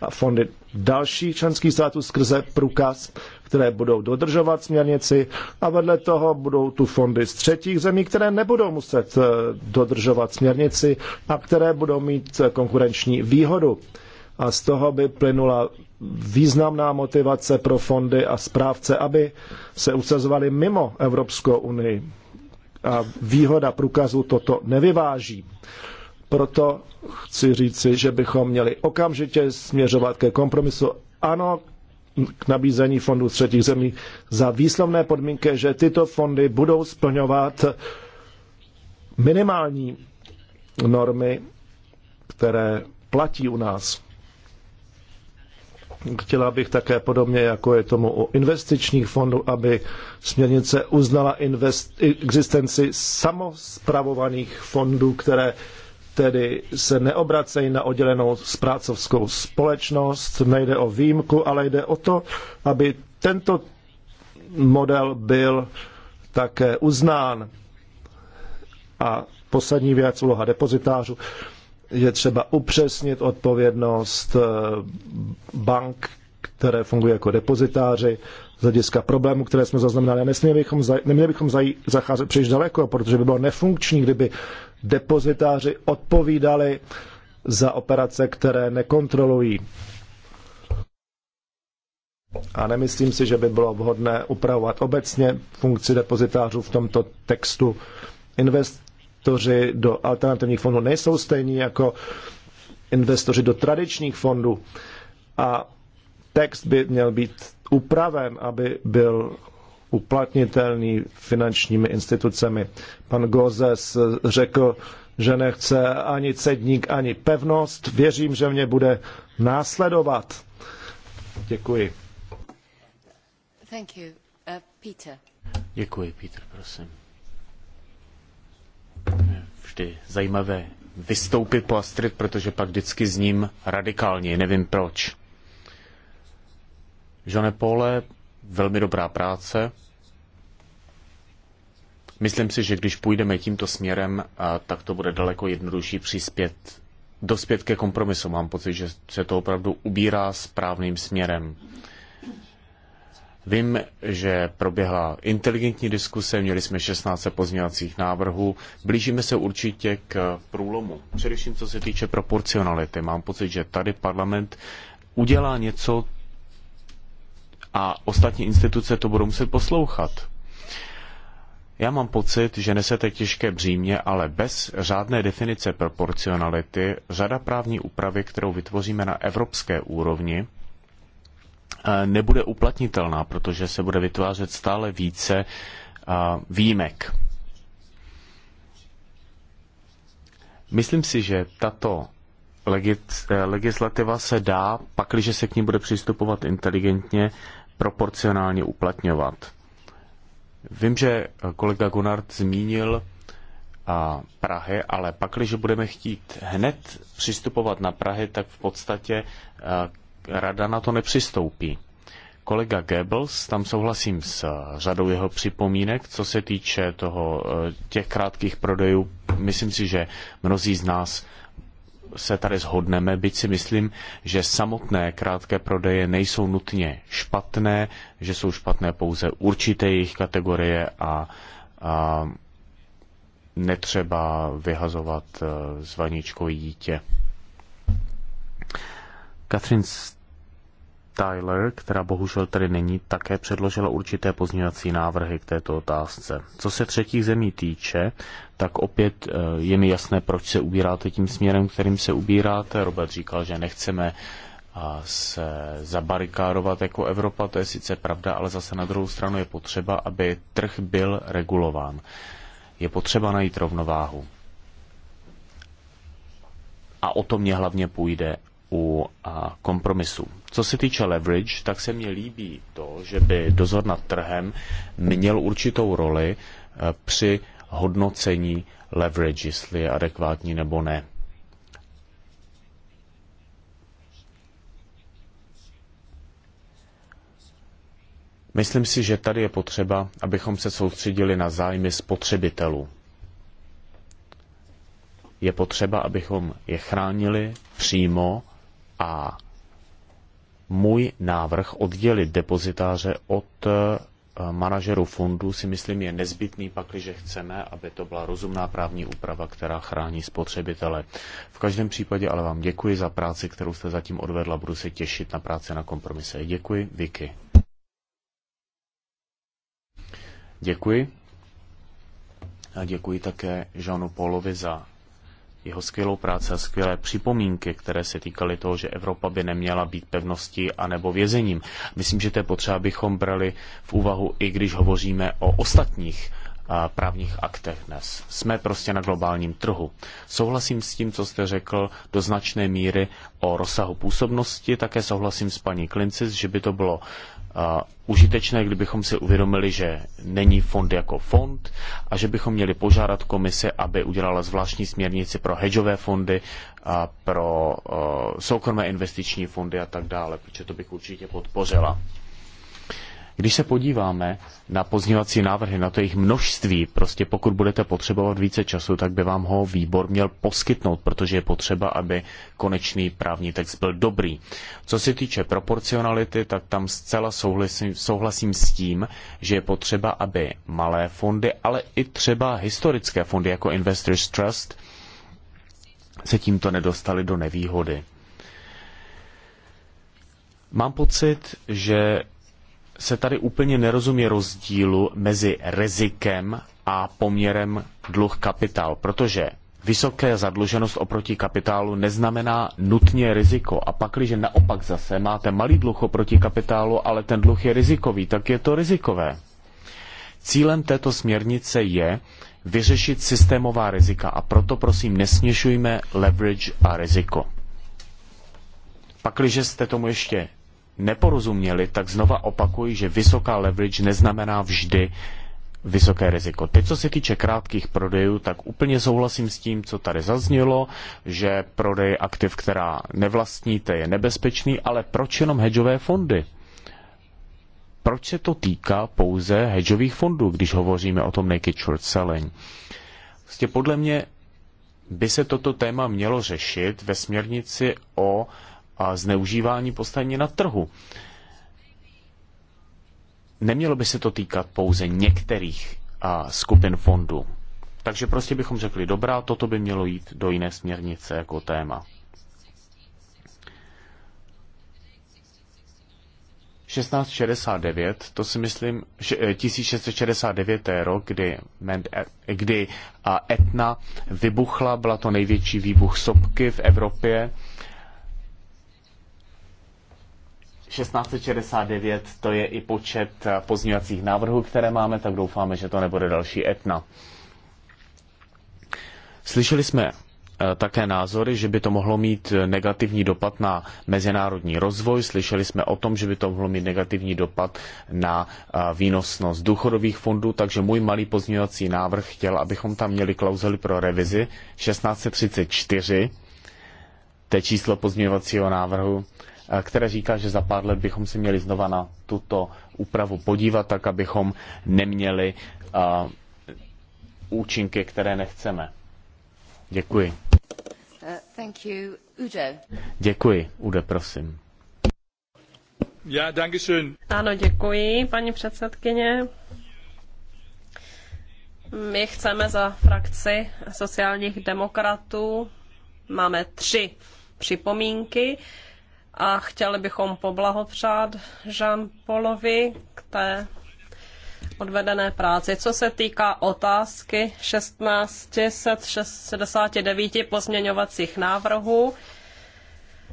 a fondy dalších členských států skrze průkaz které budou dodržovat směrnici a vedle toho budou tu fondy z třetích zemí, které nebudou muset eh, dodržovat směrnici a které budou mít eh, konkurenční výhodu. A z toho by plynula významná motivace pro fondy a správce, aby se usazovali mimo Evropskou unii. A výhoda průkazu toto nevyváží. Proto chci říci, že bychom měli okamžitě směřovat ke kompromisu. Ano, k nabízení fondů z třetích zemí za výslovné podmínky, že tyto fondy budou splňovat minimální normy, které platí u nás. Chtěla bych také podobně, jako je tomu u investičních fondů, aby směrnice uznala invest, existenci samozpravovaných fondů, které tedy se neobracejí na oddělenou zprácovskou společnost, nejde o výjimku, ale jde o to, aby tento model byl také uznán. A poslední věc, úloha depozitářů, je třeba upřesnit odpovědnost eh, bank, které fungují jako depozitáři, z hlediska problémů, které jsme zaznamenali. A bychom, za, neměli bychom za, zacházet příliš daleko, protože by bylo nefunkční, kdyby depozitáři odpovídali za operace, které nekontrolují. A nemyslím si, že by bylo vhodné upravovat obecně funkci depozitářů v tomto textu. Investoři do alternativních fondů nejsou stejní jako investoři do tradičních fondů. A text by měl být upraven, aby byl uplatnitelný finančními institucemi. Pan Gozes řekl, že nechce ani cedník, ani pevnost. Věřím, že mě bude následovat. Děkuji. Thank you. Uh, Peter. Děkuji, Peter, prosím. Vždy zajímavé vystoupit po Astrid, protože pak vždycky zním radikálně, nevím proč. Jean paul velmi dobrá práce. Myslím si, že když půjdeme tímto směrem, tak to bude daleko jednodušší přispět, dospět ke kompromisu. Mám pocit, že se to opravdu ubírá správným směrem. Vím, že proběhla inteligentní diskuse, měli jsme 16 pozměňovacích návrhů. Blížíme se určitě k průlomu. Především co se týče proporcionality. Mám pocit, že tady parlament udělá něco, a ostatní instituce to budou muset poslouchat. Já mám pocit, že nesete těžké břímě, ale bez řádné definice proporcionality řada právní úpravy, kterou vytvoříme na evropské úrovni, eh, nebude uplatnitelná, protože se bude vytvářet stále více eh, výjimek. Myslím si, že tato eh, legislativa se dá, pakliže se k ní bude přistupovat inteligentně, proporcionálně uplatňovat. Vím, že kolega Gunnard zmínil a Prahy, ale pak, když budeme chtít hned přistupovat na Prahy, tak v podstatě rada na to nepřistoupí. Kolega Goebbels, tam souhlasím s řadou jeho připomínek, co se týče toho, e, těch krátkých prodejů. Myslím si, že mnozí z nás se tady shodneme, byť si myslím, že samotné krátké prodeje nejsou nutně špatné, že jsou špatné pouze určité jejich kategorie a, a netřeba vyhazovat eh, zvaničkové dítě. Katrin Tyler, která bohužel tady není, také předložila určité pozměňovací návrhy k této otázce. Co se třetích zemí týče, tak opět eh, je mi jasné, proč se ubíráte tím směrem, kterým se ubíráte. Robert říkal, že nechceme eh, se zabarikárovat jako Evropa, to je sice pravda, ale zase na druhou stranu je potřeba, aby trh byl regulován. Je potřeba najít rovnováhu. A o to mě hlavně půjde u eh, kompromisu. Co se týče leverage, tak se mně líbí to, že by dozor nad trhem měl určitou roli eh, při hodnocení leverage, jestli je adekvátní nebo ne. Myslím si, že tady je potřeba, abychom se soustředili na zájmy spotřebitelů. Je potřeba, abychom je chránili přímo a můj návrh oddělit depozitáře od eh, manažerů fondu si myslím je nezbytný, pakliže chceme, aby to byla rozumná právní úprava, která chrání spotřebitele. V každém případě ale vám děkuji za práci, kterou jste zatím odvedla. Budu se těšit na práci na kompromise. Děkuji, Vicky. Děkuji. A děkuji také Jeanu Polovi za jeho skvělou práci a skvělé připomínky, které se týkaly toho, že Evropa by neměla být pevností anebo vězením. Myslím, že to je potřeba, abychom brali v úvahu, i když hovoříme o ostatních právních aktech dnes. Jsme prostě na globálním trhu. Souhlasím s tím, co jste řekl do značné míry o rozsahu působnosti, také souhlasím s paní Klincis, že by to bylo užitečné, kdybychom si uvědomili, že není fond jako fond a že bychom měli požádat komise, aby udělala zvláštní směrnici pro hedžové fondy, a pro soukromé investiční fondy a tak dále, protože to bych určitě podpořila. Když se podíváme na pozněvací návrhy, na to jejich množství, prostě pokud budete potřebovat více času, tak by vám ho výbor měl poskytnout, protože je potřeba, aby konečný právní text byl dobrý. Co se týče proporcionality, tak tam zcela souhlasím, souhlasím s tím, že je potřeba, aby malé fondy, ale i třeba historické fondy jako Investors Trust se tímto nedostali do nevýhody. Mám pocit, že se tady úplně nerozumí rozdílu mezi rizikem a poměrem dluh kapitál, protože vysoké zadluženost oproti kapitálu neznamená nutně riziko. A pakliže naopak zase máte malý dluh oproti kapitálu, ale ten dluh je rizikový, tak je to rizikové. Cílem této směrnice je vyřešit systémová rizika a proto prosím nesměšujme leverage a riziko. Pakliže jste tomu ještě neporozuměli, tak znova opakuji, že vysoká leverage neznamená vždy vysoké riziko. Teď, co se týče krátkých prodejů, tak úplně souhlasím s tím, co tady zaznělo, že prodej aktiv, která nevlastníte, je nebezpečný, ale proč jenom hedžové fondy? Proč se to týká pouze hedžových fondů, když hovoříme o tom naked short selling? Vlastně podle mě by se toto téma mělo řešit ve směrnici o uh, a zneužívání postavení na trhu. Nemělo by se to týkat pouze některých a, skupin fondů. Takže prostě bychom řekli, dobrá, toto by mělo jít do jiné směrnice jako téma. 1669, to si myslím, 1669 eh, je rok, kdy, eh, kdy Etna vybuchla, byla to největší výbuch sopky v Evropě 1669 to je i počet pozměňovacích návrhů, které máme, tak doufáme, že to nebude další etna. Slyšeli jsme eh, také názory, že by to mohlo mít negativní dopad na mezinárodní rozvoj. Slyšeli jsme o tom, že by to mohlo mít negativní dopad na eh, výnosnost důchodových fondů, takže můj malý pozměňovací návrh chtěl, abychom tam měli klauzuli pro revizi 1634, to je číslo pozměňovacího návrhu Eh, které říká, že za pár let bychom se měli znova na tuto úpravu podívat, tak abychom neměli eh, účinky, které nechceme. Děkuji. Uh, thank you, Děkuji. Ude, prosím. Ja, danke schön. Ano, děkuji, paní předsedkyně. My chceme za frakci sociálních demokratů, máme tři připomínky. Uh, a chtěli bychom poblahopřát Jean Polovi k té odvedené práci. Co se týká otázky 1669 pozměňovacích návrhů,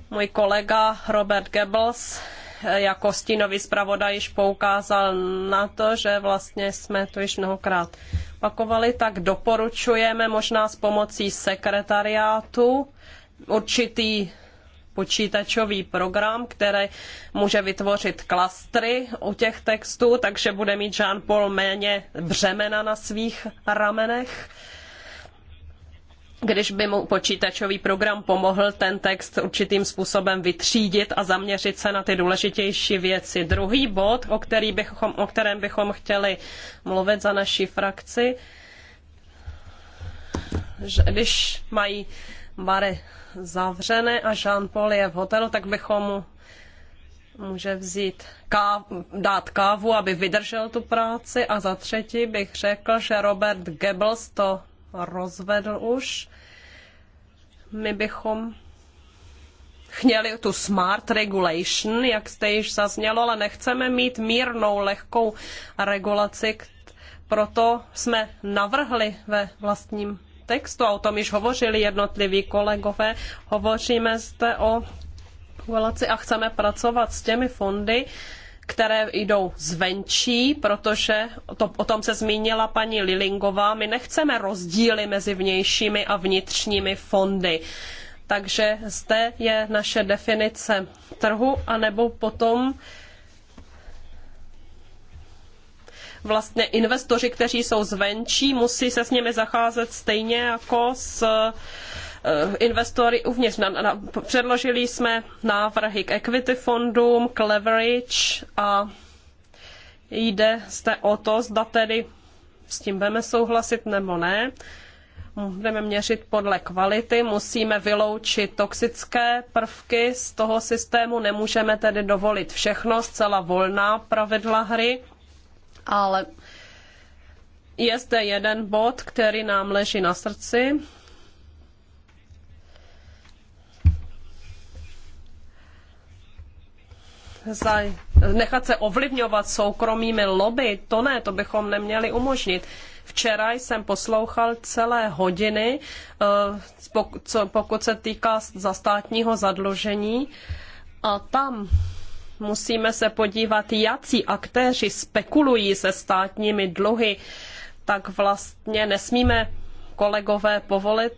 můj kolega Robert Goebbels jako stínový zpravodaj již poukázal na to, že vlastně jsme to již mnohokrát pakovali. tak doporučujeme možná s pomocí sekretariátu určitý počítačový program, který může vytvořit klastry u těch textů, takže bude mít Jean-Paul méně břemena na svých ramenech když by mu počítačový program pomohl ten text určitým způsobem vytřídit a zaměřit se na ty důležitější věci. Druhý bod, o, který bychom, o kterém bychom chtěli mluvit za naší frakci, že když mají bary zavřené a Jean-Paul je v hotelu, tak bychom mu může vzít kávu, dát kávu, aby vydržel tu práci. A za třetí bych řekl, že Robert Goebbels to rozvedl už. My bychom chtěli tu smart regulation, jak jste již zaznělo, ale nechceme mít mírnou, lehkou regulaci, proto jsme navrhli ve vlastním textu, a o tom již hovořili jednotliví kolegové, hovoříme zde o regulaci a chceme pracovat s těmi fondy, které jdou zvenčí, protože to, o tom se zmínila paní Lilingová, my nechceme rozdíly mezi vnějšími a vnitřními fondy. Takže zde je naše definice trhu, anebo potom uh, vlastně investoři, kteří jsou zvenčí, musí se s nimi zacházet stejně jako s eh, investory uvnitř. Na, na, předložili jsme návrhy k equity fondům, k leverage a jde zde o to, zda tedy s tím budeme souhlasit nebo ne. Budeme měřit podle kvality, musíme vyloučit toxické prvky z toho systému, nemůžeme tedy dovolit všechno, zcela volná pravidla hry ale je zde jeden bod, který nám leží na srdci. Za, nechat se ovlivňovat soukromými lobby, to ne, to bychom neměli umožnit. Včera jsem poslouchal celé hodiny, eh, pokud se týká zastátního zadlužení, a tam Musíme se podívat, jací aktéři spekulují se státními dluhy, tak vlastně nesmíme kolegové povolit,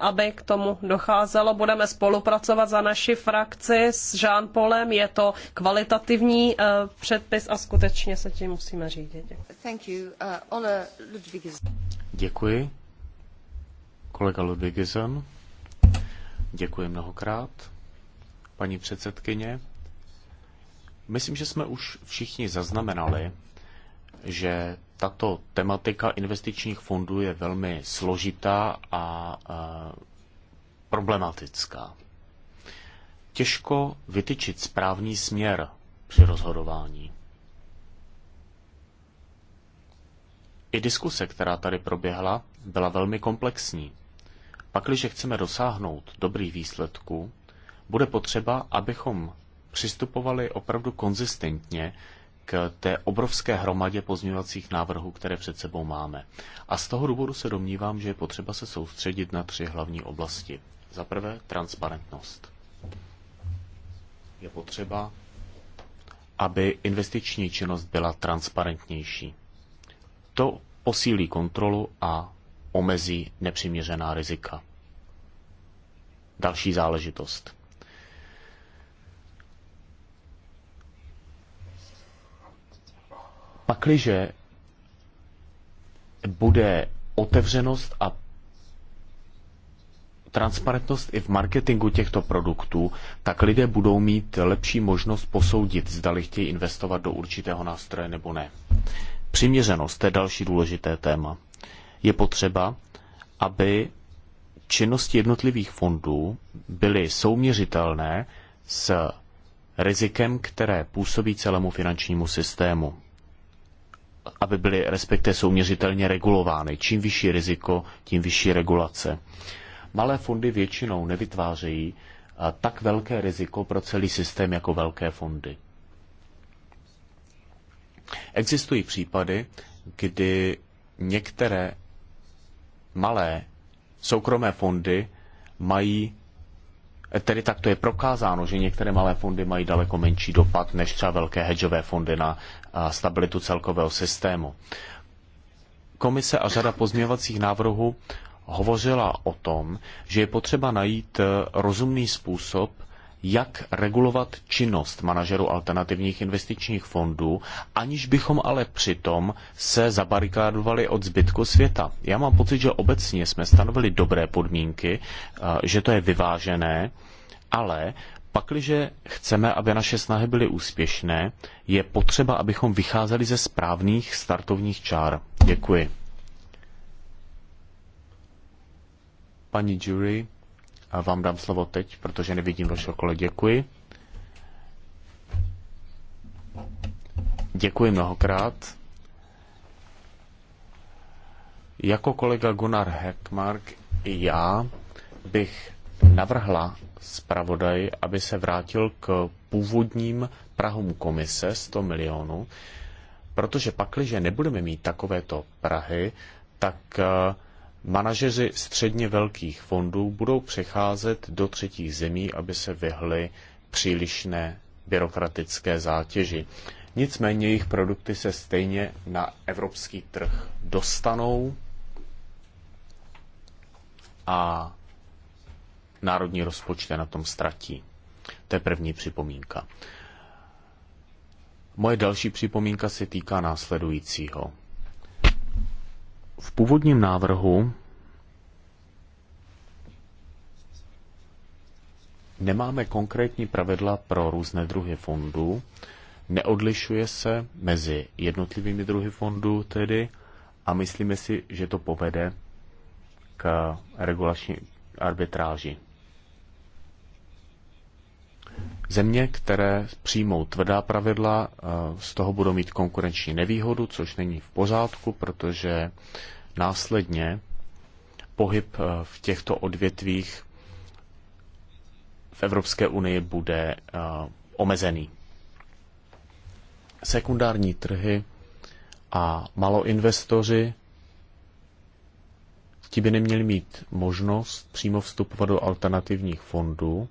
aby k tomu docházelo. Budeme spolupracovat za naši frakci s Jean Polem. Je to kvalitativní eh, předpis a skutečně se tím musíme řídit. Thank you. Uh, Ole Ludviges. Děkuji. Kolega Ludvigesen. Děkuji mnohokrát. Paní předsedkyně, Myslím, že jsme už všichni zaznamenali, že tato tematika investičních fondů je velmi složitá a e, problematická. Těžko vytyčit správný směr při rozhodování. I diskuse, která tady proběhla, byla velmi komplexní. Pakliže chceme dosáhnout dobrých výsledků, bude potřeba, abychom přistupovali opravdu konzistentně k té obrovské hromadě pozměňovacích návrhů, které před sebou máme. A z toho důvodu se domnívám, že je potřeba se soustředit na tři hlavní oblasti. Za prvé, transparentnost. Je potřeba, aby investiční činnost byla transparentnější. To posílí kontrolu a omezí nepřiměřená rizika. Další záležitost. Pakliže bude otevřenost a transparentnost i v marketingu těchto produktů, tak lidé budou mít lepší možnost posoudit, zdali chtějí investovat do určitého nástroje nebo ne. Přiměřenost, to je další důležité téma. Je potřeba, aby činnosti jednotlivých fondů byly souměřitelné s rizikem, které působí celému finančnímu systému aby byly respektive souměřitelně regulovány. Čím vyšší riziko, tím vyšší regulace. Malé fondy většinou nevytvářejí eh, tak velké riziko pro celý systém jako velké fondy. Existují případy, kdy některé malé soukromé fondy mají Tedy takto je prokázáno, že některé malé fondy mají daleko menší dopad než třeba velké hedžové fondy na stabilitu celkového systému. Komise a řada pozměvacích návrhů hovořila o tom, že je potřeba najít e, rozumný způsob, jak regulovat činnost manažerů alternativních investičních fondů, aniž bychom ale přitom se zabarikádovali od zbytku světa. Já mám pocit, že obecně jsme stanovili dobré podmínky, eh, že to je vyvážené, ale Pakliže chceme, aby naše snahy byly úspěšné, je potřeba, abychom vycházeli ze správných startovních čár. Děkuji. Paní Jury vám dám slovo teď, protože nevidím vašeho kole. Děkuji. Děkuji mnohokrát. Jako kolega Gunnar Heckmark i já bych navrhla zpravodaj, aby se vrátil k původním Prahům komise 100 milionů, protože pakliže nebudeme mít takovéto Prahy, tak uh, Manažeři středně velkých fondů budou přecházet do třetích zemí, aby se vyhli přílišné byrokratické zátěži. Nicméně jejich produkty se stejně na evropský trh dostanou a národní rozpočty na tom ztratí. To je první připomínka. Moje další připomínka se týká následujícího. V původním návrhu nemáme konkrétní pravidla pro různé druhy fondů, neodlišuje se mezi jednotlivými druhy fondů tedy a myslíme si, že to povede k regulační arbitráži. Země, které přijmou tvrdá pravidla, eh, z toho budou mít konkurenční nevýhodu, což není v pořádku, protože následně pohyb eh, v těchto odvětvích v Evropské unii bude eh, omezený. Sekundární trhy a maloinvestoři ti by neměli mít možnost přímo vstupovat do alternativních fondů,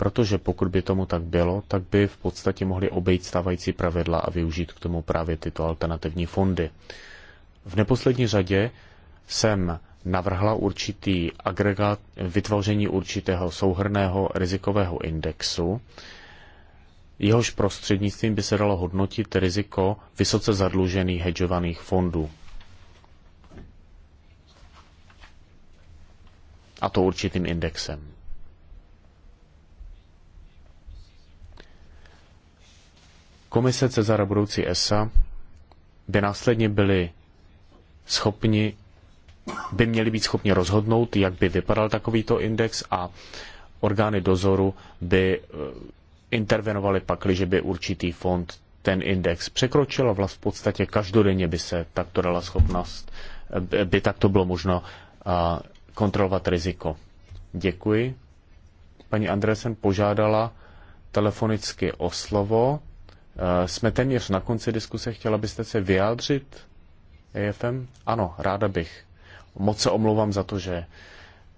Protože pokud by tomu tak bylo, tak by v podstatě mohli obejít stávající pravidla a využít k tomu právě tyto alternativní fondy. V neposlední řadě jsem navrhla určitý agregát, vytvoření určitého souhrného rizikového indexu, jehož prostřednictvím by se dalo hodnotit riziko vysoce zadlužených hedžovaných fondů. A to určitým indexem. Komise Cezara budoucí ESA by následně byli schopni, by měli být schopni rozhodnout, jak by vypadal takovýto index a orgány dozoru by eh, intervenovaly pakli, že by určitý fond ten index překročil a vlast v podstatě každodenně by se takto dala schopnost, eh, by takto bylo možno eh, kontrolovat riziko. Děkuji. Paní Andresen požádala telefonicky o slovo. Eh, jsme téměř na konci diskuse, chtěla byste se vyjádřit EFM? Ano, ráda bych. Moc se omlouvám za to, že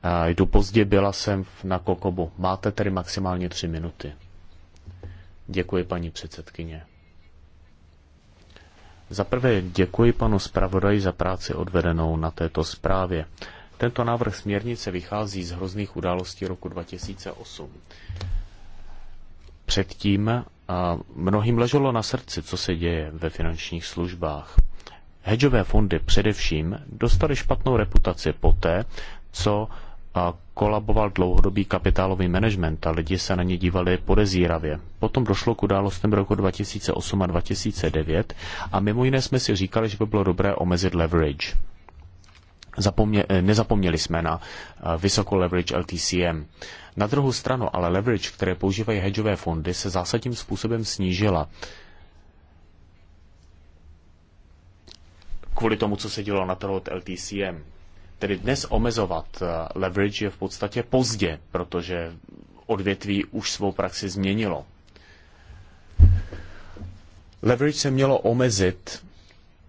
eh, jdu pozdě, byla jsem na Kokobu. Máte tedy maximálně tři minuty. Děkuji, paní předsedkyně. Za prvé děkuji panu zpravodaji za práci odvedenou na této zprávě. Tento návrh směrnice vychází z hrozných událostí roku 2008. Předtím a mnohým leželo na srdci, co se děje ve finančních službách. Hedžové fondy především dostaly špatnou reputaci poté, co kolaboval dlouhodobý kapitálový management a lidi se na ně dívali podezíravě. Potom došlo k událostem roku 2008 a 2009 a mimo jiné jsme si říkali, že by bylo dobré omezit leverage, Zapomně, eh, nezapomněli jsme na eh, vysokou leverage LTCM. Na druhou stranu ale leverage, které používají hedžové fondy, se zásadním způsobem snížila. Kvůli tomu, co se dělo na trhu od LTCM. Tedy dnes omezovat eh, leverage je v podstatě pozdě, protože odvětví už svou praxi změnilo. Leverage se mělo omezit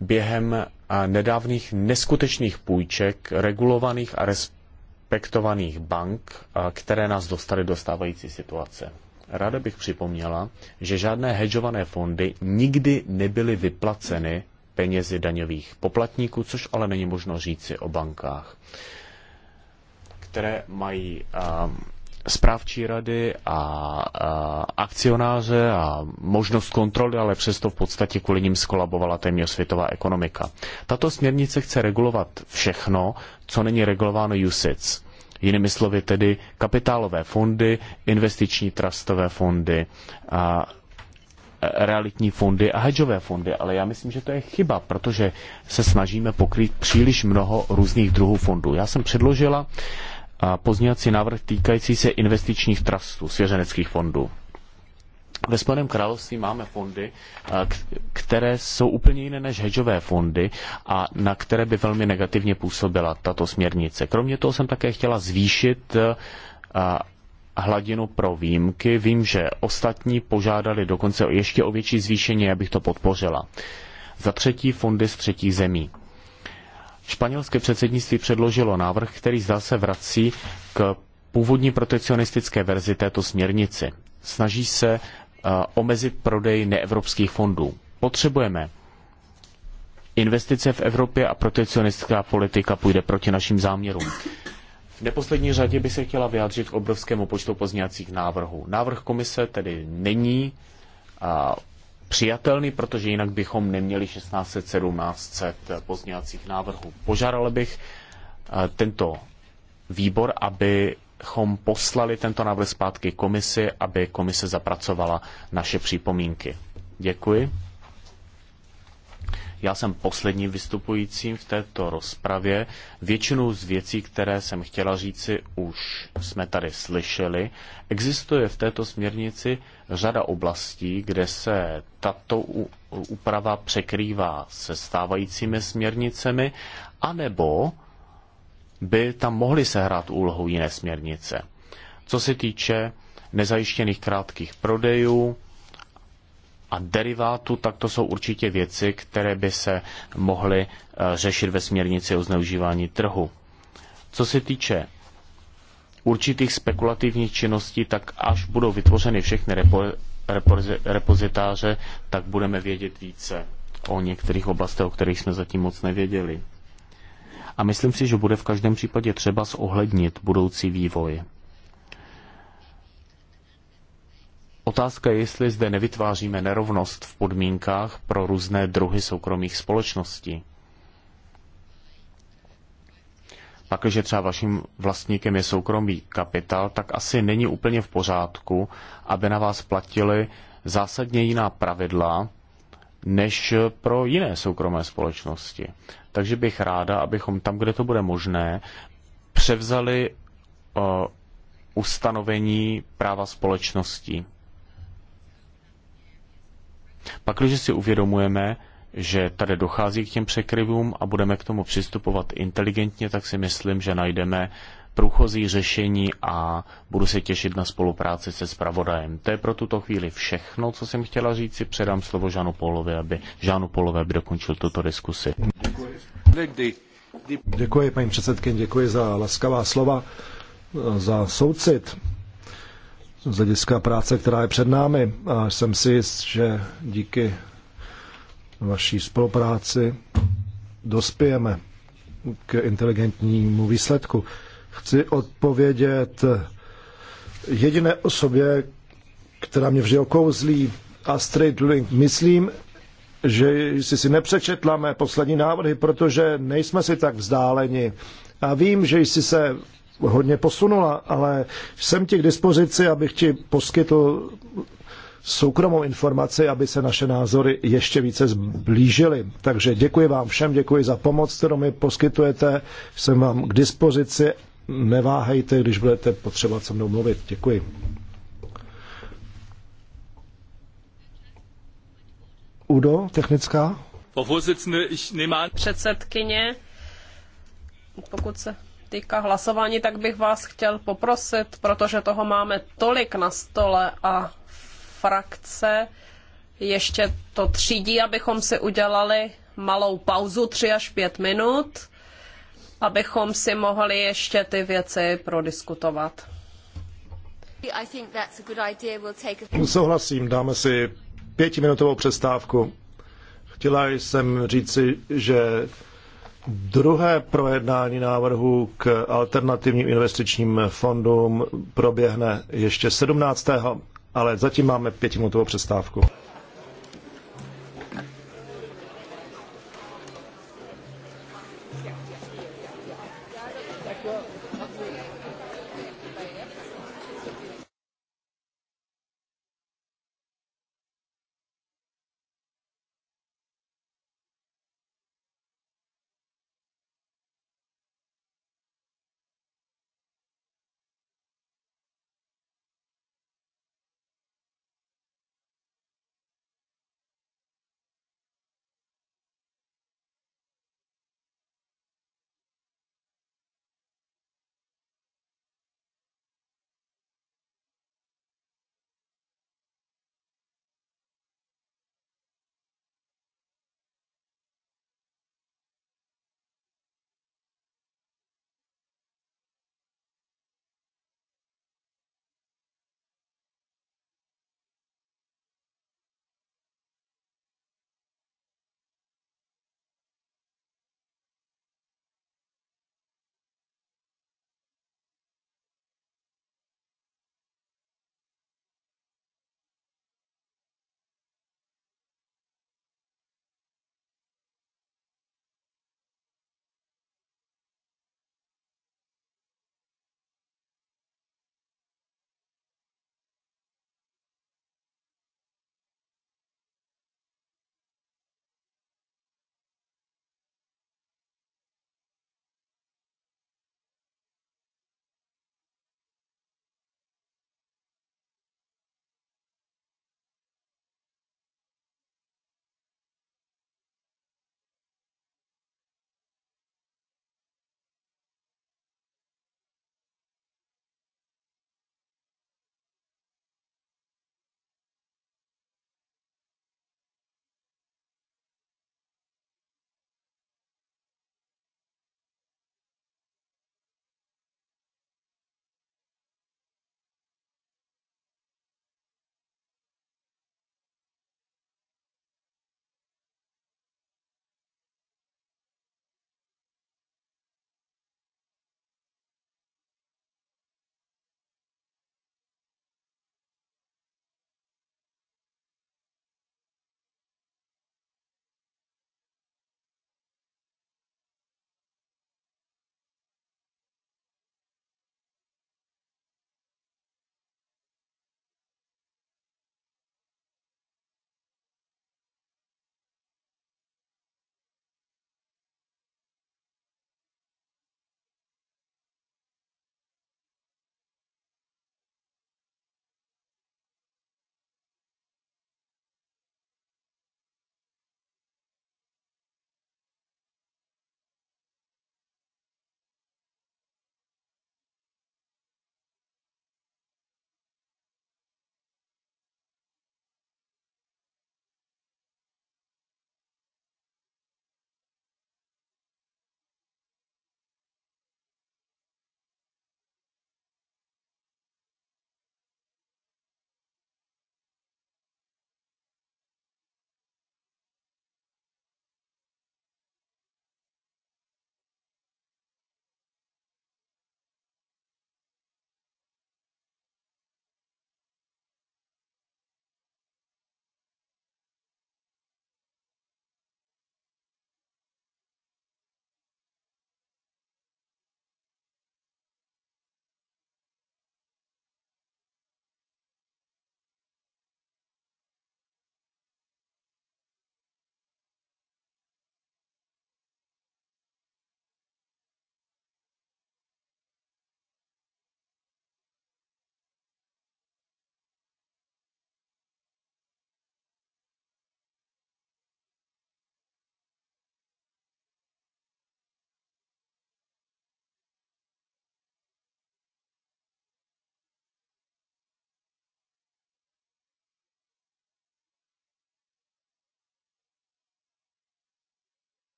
během nedávných neskutečných půjček regulovaných a respektovaných bank, které nás dostaly do stávající situace. Ráda bych připomněla, že žádné hedžované fondy nikdy nebyly vyplaceny penězi daňových poplatníků, což ale není možno říci o bankách, které mají um, správčí rady a, a akcionáře a možnost kontroly, ale přesto v podstatě kvůli ním skolabovala téměř světová ekonomika. Tato směrnice chce regulovat všechno, co není regulováno USIC. Jinými slovy tedy kapitálové fondy, investiční trustové fondy, a realitní fondy a hedžové fondy, ale já myslím, že to je chyba, protože se snažíme pokrýt příliš mnoho různých druhů fondů. Já jsem předložila pozměňovací návrh týkající se investičních trustů, svěřeneckých fondů. Ve Spojeném království máme fondy, které jsou úplně jiné než hedžové fondy a na které by velmi negativně působila tato směrnice. Kromě toho jsem také chtěla zvýšit hladinu pro výjimky. Vím, že ostatní požádali dokonce ještě o větší zvýšení, abych to podpořila. Za třetí fondy z třetích zemí. Španělské předsednictví předložilo návrh, který zdá se vrací k původní protekcionistické verzi této směrnice. Snaží se eh, omezit prodej neevropských fondů. Potřebujeme investice v Evropě a protekcionistická politika půjde proti našim záměrům. V neposlední řadě by se chtěla vyjádřit k obrovskému počtu pozněcích návrhů. Návrh komise tedy není přijatelný, protože jinak bychom neměli 1617 1700 návrhů. Požádal bych eh, tento výbor, abychom poslali tento návrh zpátky komisi, aby komise zapracovala naše připomínky. Děkuji. Já jsem posledním vystupujícím v této rozpravě. Většinu z věcí, které jsem chtěla říci, už jsme tady slyšeli. Existuje v této směrnici řada oblastí, kde se tato úprava překrývá se stávajícími směrnicemi, anebo by tam mohly sehrát úlohu jiné směrnice. Co se týče nezajištěných krátkých prodejů, a derivátů, tak to jsou určitě věci, které by se mohly eh, řešit ve směrnici o zneužívání trhu. Co se týče určitých spekulativních činností, tak až budou vytvořeny všechny repo, repo, repozitáře, tak budeme vědět více o některých oblastech, o kterých jsme zatím moc nevěděli. A myslím si, že bude v každém případě třeba zohlednit budoucí vývoj Otázka je, jestli zde nevytváříme nerovnost v podmínkách pro různé druhy soukromých společností. Pak, když třeba vaším vlastníkem je soukromý kapitál, tak asi není úplně v pořádku, aby na vás platili zásadně jiná pravidla než pro jiné soukromé společnosti. Takže bych ráda, abychom tam, kde to bude možné, převzali uh, ustanovení práva společností Pakliže si uvědomujeme, že tady dochází k těm překryvům a budeme k tomu přistupovat inteligentně, tak si myslím, že najdeme průchozí řešení a budu se těšit na spolupráci se spravodajem. To je pro tuto chvíli všechno, co jsem chtěla říct. Si předám slovo Žánu Polovi, aby, Žánu Polové by dokončil tuto diskusi. Děkuji. Děkuji, paní předsedkyně, děkuji za laskavá slova, za soucit z hlediska práce, která je před námi. A jsem si jist, že díky vaší spolupráci dospějeme k inteligentnímu výsledku. Chci odpovědět jediné osobě, která mě vždy okouzlí, Astrid Link. Myslím, že jsi si nepřečetla mé poslední návrhy, protože nejsme si tak vzdáleni. A vím, že jsi se hodně posunula, ale jsem ti k dispozici, abych ti poskytl soukromou informaci, aby se naše názory ještě více zblížily. Takže děkuji vám všem, děkuji za pomoc, kterou mi poskytujete. Jsem vám k dispozici. Neváhejte, když budete potřebovat se mnou mluvit. Děkuji. Udo, technická? Předsedkyně, pokud se týká hlasování, tak bych vás chtěl poprosit, protože toho máme tolik na stole a frakce ještě to třídí, abychom si udělali malou pauzu, tři až pět minut, abychom si mohli ještě ty věci prodiskutovat. Souhlasím, dáme si pětiminutovou přestávku. Chtěla jsem říci, že Druhé projednání návrhu k alternativním investičním fondům proběhne ještě 17. ale zatím máme pětiminutovou přestávku.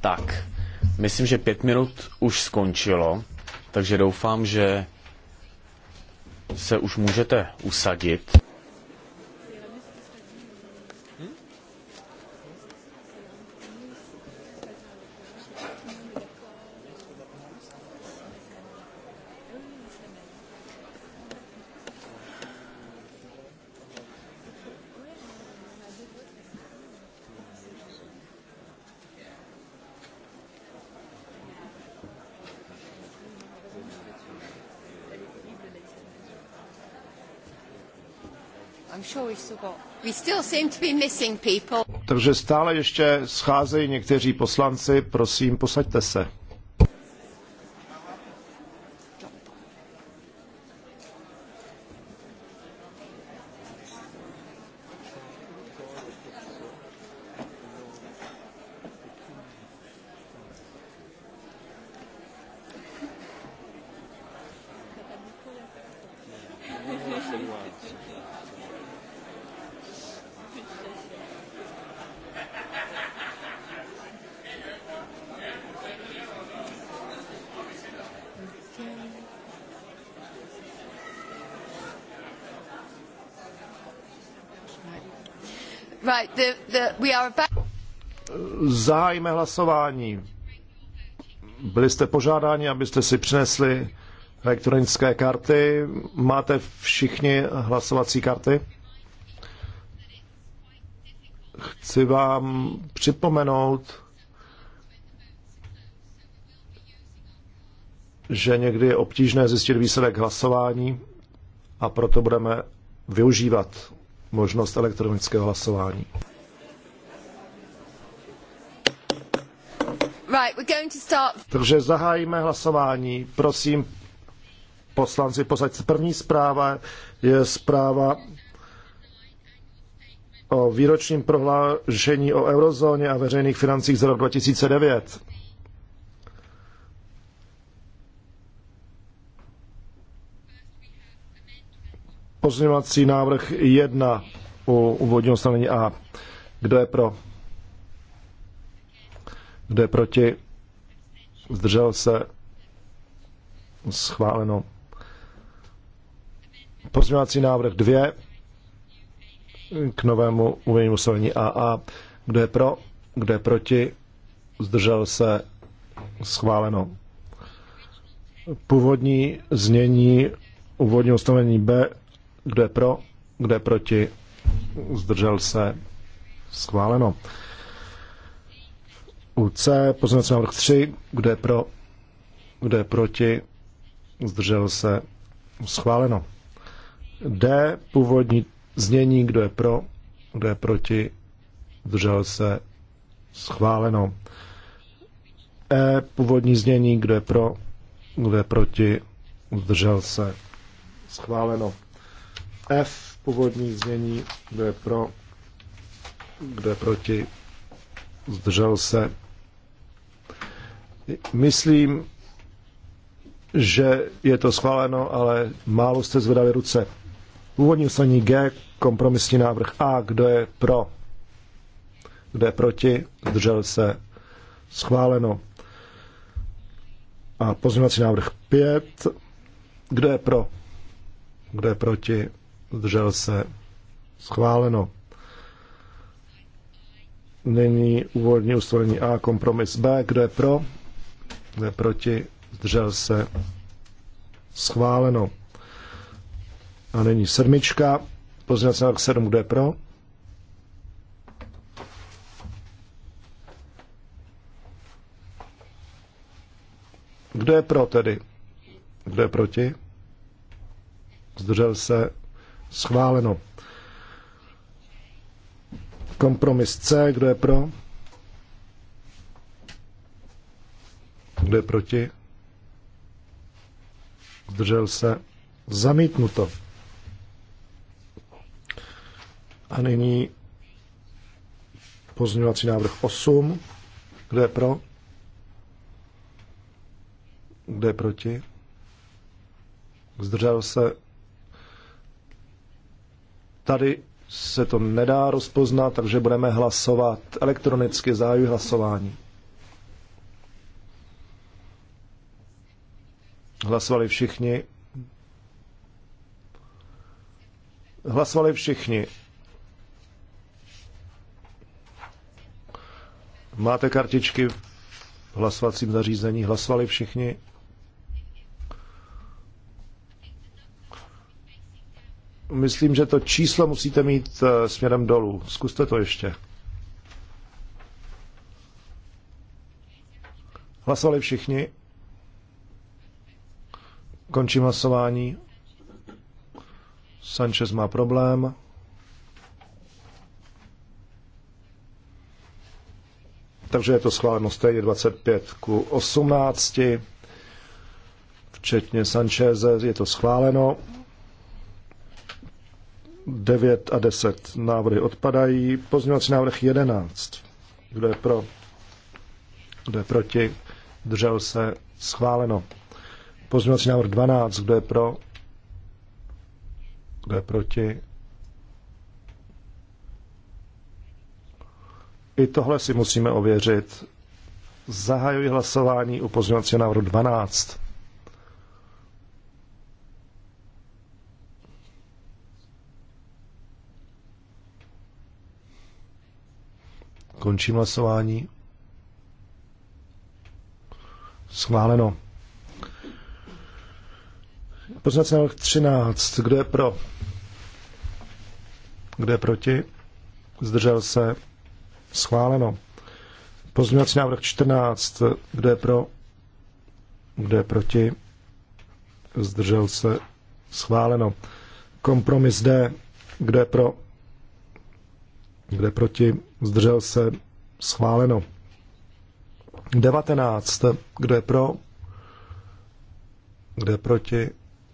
Tak, myslím, že pět minut už skončilo, takže doufám, že se už můžete usadit. Takže stále ještě scházejí někteří poslanci, prosím, posaďte se. Zahájíme hlasování. Byli jste požádáni, abyste si přinesli elektronické karty. Máte všichni hlasovací karty? Chci vám připomenout, že někdy je obtížné zjistit výsledek hlasování a proto budeme využívat možnost elektronického hlasování. Right, we're going to start. Takže zahájíme hlasování. Prosím, poslanci, posaďte. První zpráva je zpráva o výročním prohlášení o eurozóně a veřejných financích za rok 2009. Pozměňovací návrh 1 u úvodního ustanovení A. Kdo je pro? Kdo je proti? Zdržel se? Schváleno. Pozměňovací návrh 2 k novému umění usilení AA. Kdo je pro? Kdo je proti? Zdržel se? Schváleno. Původní znění úvodní ustanovení B. Kdo je pro? Kdo je proti? Zdržel se? Schváleno u C, pozměňovací návrh 3, kde pro, kde proti, zdržel se, schváleno. D, původní znění, kdo je pro, kdo je proti, zdržel se, schváleno. E, původní znění, kdo je pro, kdo je proti, zdržel se, schváleno. F, původní znění, kdo je pro, kdo je proti, zdržel se, Myslím, že je to schváleno, ale málo jste zvedali ruce. Úvodní usnesení G, kompromisní návrh A, kdo je pro, kdo je proti, zdržel se, schváleno. A pozměňovací návrh 5, kdo je pro, kdo je proti, zdržel se, schváleno. Nyní úvodní ustanovení A, kompromis B, kdo je pro, proti, zdržel se, schváleno. A není sedmička, se návrh 7, kdo je pro? Kdo je pro tedy? Kdo je proti? Zdržel se, schváleno. Kompromis C, kdo je pro? Kdo je proti? Zdržel se? Zamítnuto. A nyní pozměňovací návrh 8. Kdo je pro? Kdo je proti? Zdržel se? Tady se to nedá rozpoznat, takže budeme hlasovat elektronicky, zahajuji hlasování. Hlasovali všichni. Hlasovali všichni. Máte kartičky v hlasovacím zařízení? Hlasovali všichni? Myslím, že to číslo musíte mít eh, směrem dolů. Zkuste to ještě. Hlasovali všichni? Končím hlasování. Sanchez má problém. Takže je to schváleno stejně 25 ku 18. Včetně Sanchez je to schváleno. 9 a 10 návrhy odpadají. Pozměňovací návrh 11. Kdo je pro? Kdo je proti? Držel se schváleno. Pozměňovací návrh 12, kdo je pro? Kdo je proti? I tohle si musíme ověřit. Zahajuji hlasování u pozměňovacího návrhu 12. Končím hlasování. Schváleno. Poznací návrh 13. Kdo je pro? Kdo je proti? Zdržel se? Schváleno. Pozměňovací návrh 14. Kdo je pro? Kdo je proti? Zdržel se? Schváleno. Kompromis D. Kdo je pro? Kdo je proti? Zdržel se? Schváleno. 19. Kdo je pro? Kdo je proti?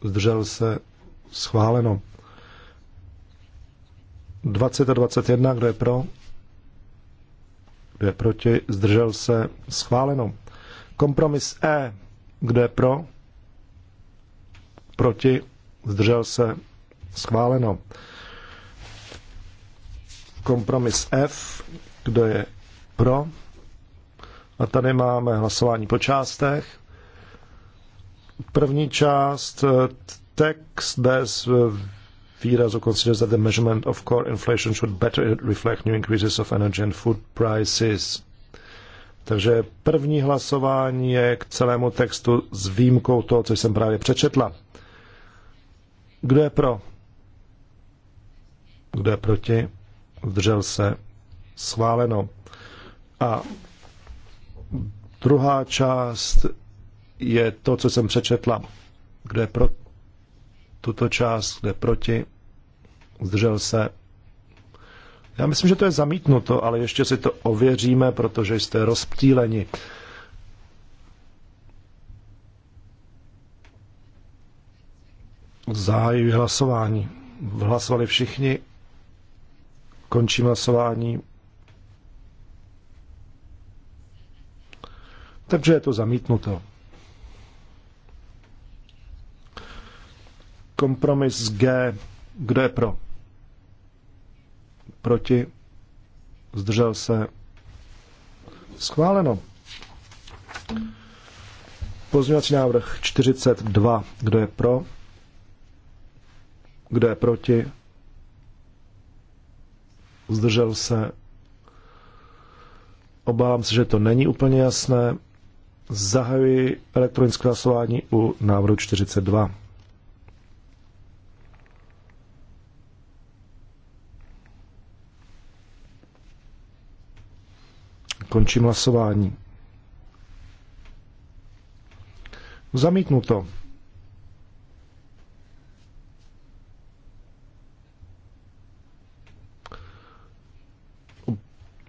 zdržel se, schváleno. 20 a 21, kdo je pro, kdo je proti, zdržel se, schváleno. Kompromis E, kdo je pro, proti, zdržel se, schváleno. Kompromis F, kdo je pro. A tady máme hlasování po částech. První část eh, text bez Fira eh, considers that the measurement of core inflation should better reflect new increases of energy and food prices. Takže první hlasování je k celému textu s výjimkou toho, co jsem právě přečetla. Kdo je pro? Kdo je proti? Zdržel se. Schváleno. A druhá část je to, co jsem přečetla. Kdo je pro tuto část, kdo je proti, zdržel se. Já myslím, že to je zamítnuto, ale ještě si to ověříme, protože jste rozptýleni. Zahajuji hlasování. Hlasovali všichni. Končím hlasování. Takže je to zamítnuto. Kompromis G. Kdo je pro? Proti? Zdržel se? Schváleno. Pozměňovací návrh 42. Kdo je pro? Kdo je proti? Zdržel se? Obávám se, že to není úplně jasné. Zahajuji elektronické hlasování u návrhu 42. Končím hlasování. Zamítnuto.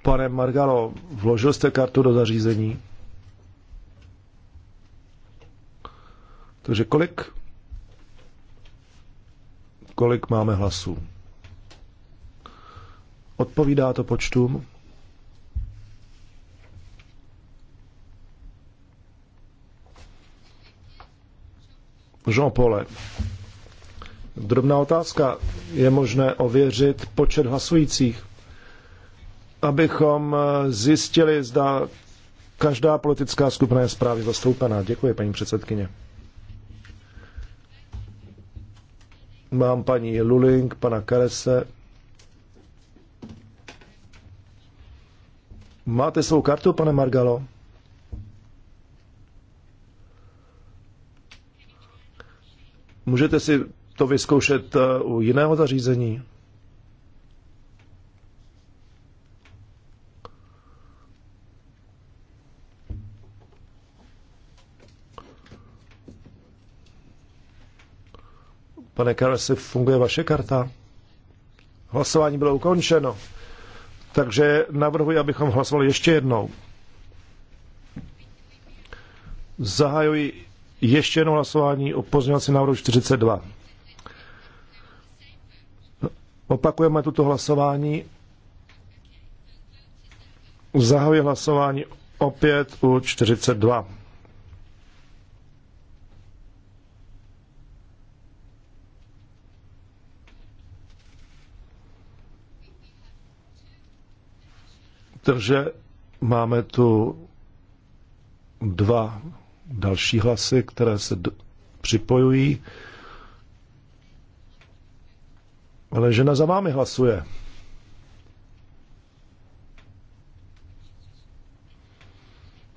Pane Margalo, vložil jste kartu do zařízení? Takže kolik? Kolik máme hlasů? Odpovídá to počtům? Jean-Paul. Drobná otázka. Je možné ověřit počet hlasujících, abychom eh, zjistili, zda každá politická skupina je zprávy zastoupená. Děkuji, paní předsedkyně. Mám paní Luling, pana Karese. Máte svou kartu, pane Margalo? Můžete si to vyzkoušet eh, u jiného zařízení? Pane Karasi, funguje vaše karta? Hlasování bylo ukončeno. Takže navrhuji, abychom hlasovali ještě jednou. Zahajuji ještě jedno hlasování o pozměňovací návrhu 42. Opakujeme tuto hlasování. Zahajuji hlasování opět u 42. Takže máme tu dva další hlasy, které se připojují. Ale žena za vámi hlasuje.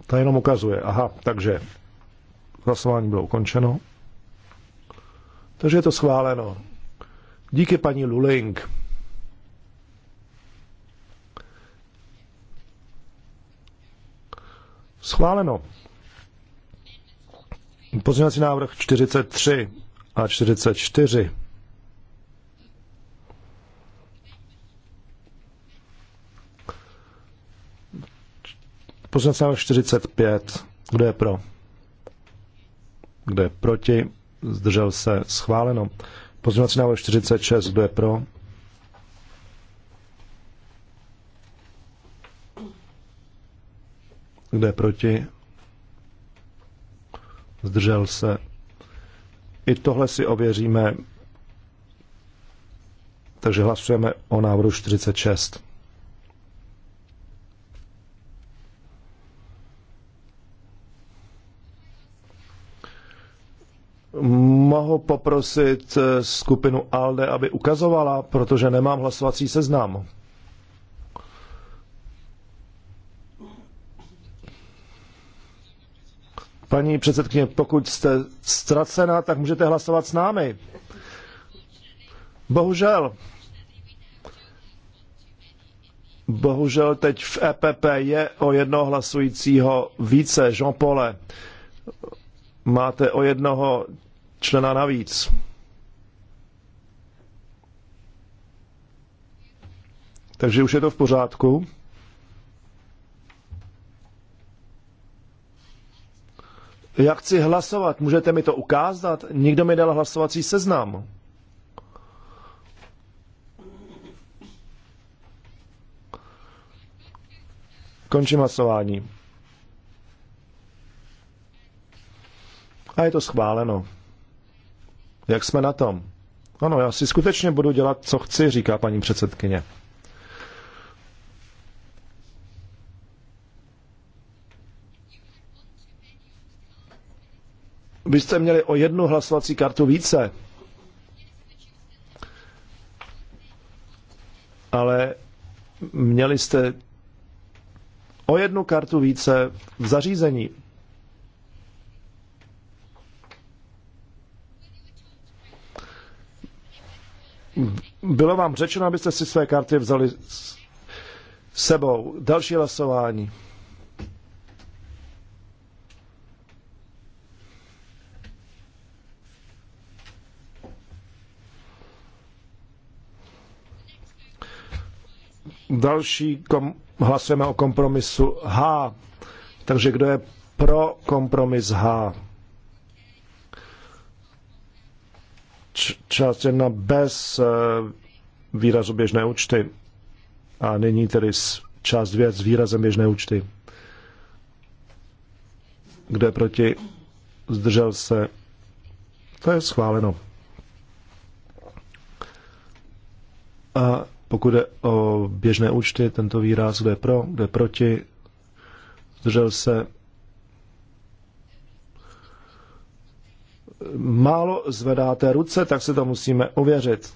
Ta jenom ukazuje. Aha, takže hlasování bylo ukončeno. Takže je to schváleno. Díky paní Luling. Schváleno. Pozměňovací návrh 43 a 44. Pozměňovací návrh 45. Kdo je pro? Kdo je proti? Zdržel se schváleno. Pozměňovací návrh 46. Kdo je pro? Kdo je proti? zdržel se. I tohle si ověříme, takže hlasujeme o návrhu 46. Mohu poprosit eh, skupinu ALDE, aby ukazovala, protože nemám hlasovací seznam. Paní předsedkyně, pokud jste ztracena, tak můžete hlasovat s námi. Bohužel. Bohužel teď v EPP je o jednoho hlasujícího více. Jean Pole, máte o jednoho člena navíc. Takže už je to v pořádku. Já chci hlasovat, můžete mi to ukázat? Nikdo mi dal hlasovací seznam. Končím hlasování. A je to schváleno. Jak jsme na tom? Ano, já si skutečně budu dělat, co chci, říká paní předsedkyně. Byste měli o jednu hlasovací kartu více. Ale měli jste o jednu kartu více v zařízení. Bylo vám řečeno, abyste si své karty vzali s sebou. Další hlasování. Další kom, hlasujeme o kompromisu H. Takže kdo je pro kompromis H? Č- část jedna bez e, výrazu běžné účty. A nyní tedy část dvě s výrazem běžné účty. Kdo je proti? Zdržel se? To je schváleno. A pokud je o běžné účty, tento výraz, kdo je pro, kdo je proti, zdržel se. Málo zvedáte ruce, tak se to musíme ověřit.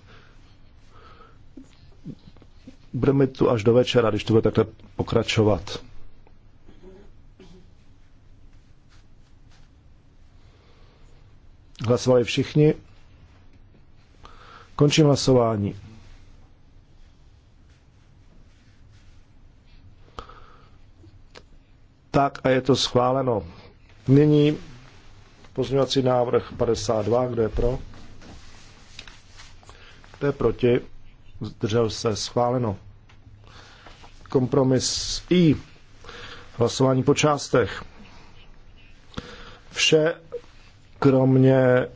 Budeme tu až do večera, když to bude takhle pokračovat. Hlasovali všichni. Končím hlasování. Tak a je to schváleno. Nyní pozměňovací návrh 52, kdo je pro? Kdo je proti? Zdržel se schváleno. Kompromis I. Hlasování po částech. Vše kromě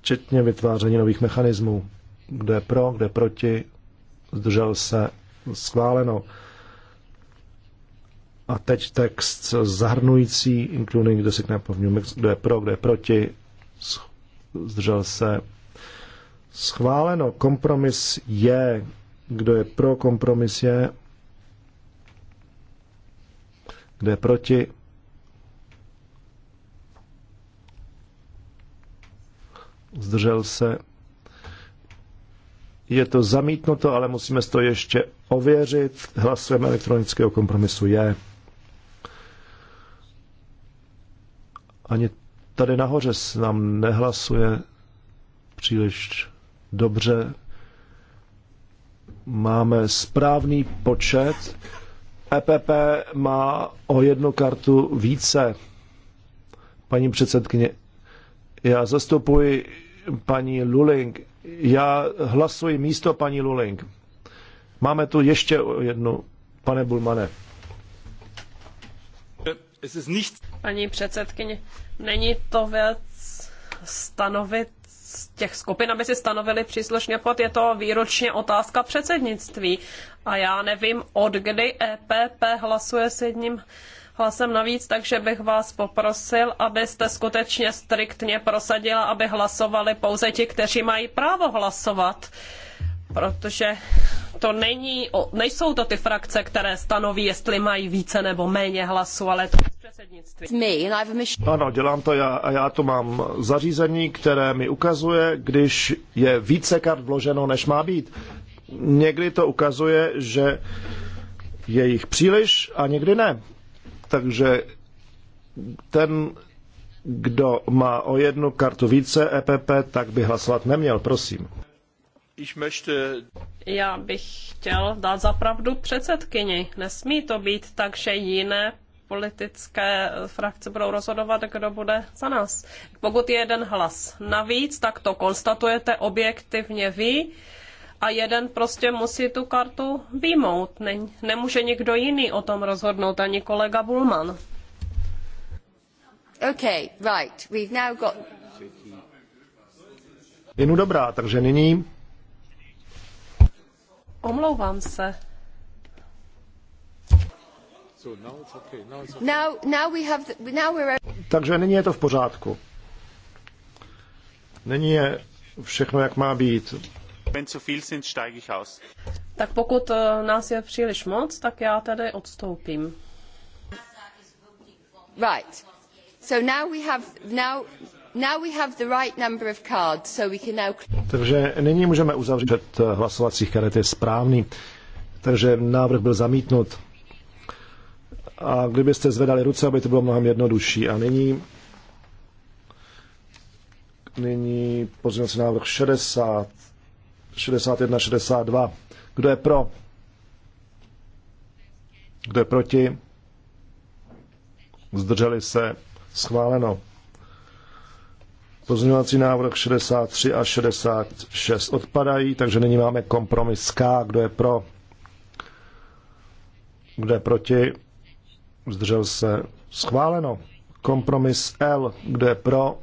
včetně vytváření nových mechanismů. Kdo je pro, kdo je proti, zdržel se schváleno. A teď text zahrnující, including the signal of New Mexico, kdo je pro, kdo je proti, zdržel se. Schváleno, kompromis je, kdo je pro, kompromis je, kdo je proti, zdržel se. Je to zamítnuto, ale musíme to ještě ověřit. Hlasujeme elektronického kompromisu je. Ani tady nahoře se nám nehlasuje příliš dobře. Máme správný počet. EPP má o jednu kartu více. Paní předsedkyně, já zastupuji paní Luling. Já hlasuji místo paní Luling. Máme tu ještě jednu, pane Bulmane. Paní předsedkyně, není to věc stanovit těch skupin, aby si stanovili příslušně pod, je to výročně otázka předsednictví. A já nevím, od kdy EPP hlasuje s jedním hlasem navíc, takže bych vás poprosil, abyste skutečně striktně prosadila, aby hlasovali pouze ti, kteří mají právo hlasovat. Protože to není, nejsou to ty frakce, které stanoví, jestli mají více nebo méně hlasů, ale to je předsednictví. Ano, dělám to já a já to mám zařízení, které mi ukazuje, když je více kart vloženo, než má být. Někdy to ukazuje, že je jich příliš a někdy ne. Takže ten, kdo má o jednu kartu více EPP, tak by hlasovat neměl, prosím. Já bych chtěl dát zapravdu předsedkyni. Nesmí to být tak, že jiné politické frakce budou rozhodovat, kdo bude za nás. Pokud je jeden hlas navíc, tak to konstatujete objektivně vy a jeden prostě musí tu kartu výmout. nemůže někdo jiný o tom rozhodnout, ani kolega Bulman. Okay, right. We've now got... Jenu dobrá, takže nyní Omlouvám se. Takže nyní je to v pořádku. Nyní je všechno, jak má být. Tak pokud eh, nás je příliš moc, tak já tedy odstoupím. Right. So now we have now takže nyní můžeme uzavřít před eh, hlasovacích karet je správný. Takže návrh byl zamítnut. A kdybyste zvedali ruce, aby to bylo mnohem jednodušší. A nyní, nyní se návrh 60, 61, 62. Kdo je pro? Kdo je proti? Zdrželi se? Schváleno. Pozměňovací návrh 63 a 66 odpadají, takže nyní máme kompromis K. Kdo je pro? Kdo je proti? Zdržel se. Schváleno. Kompromis L. Kdo je pro?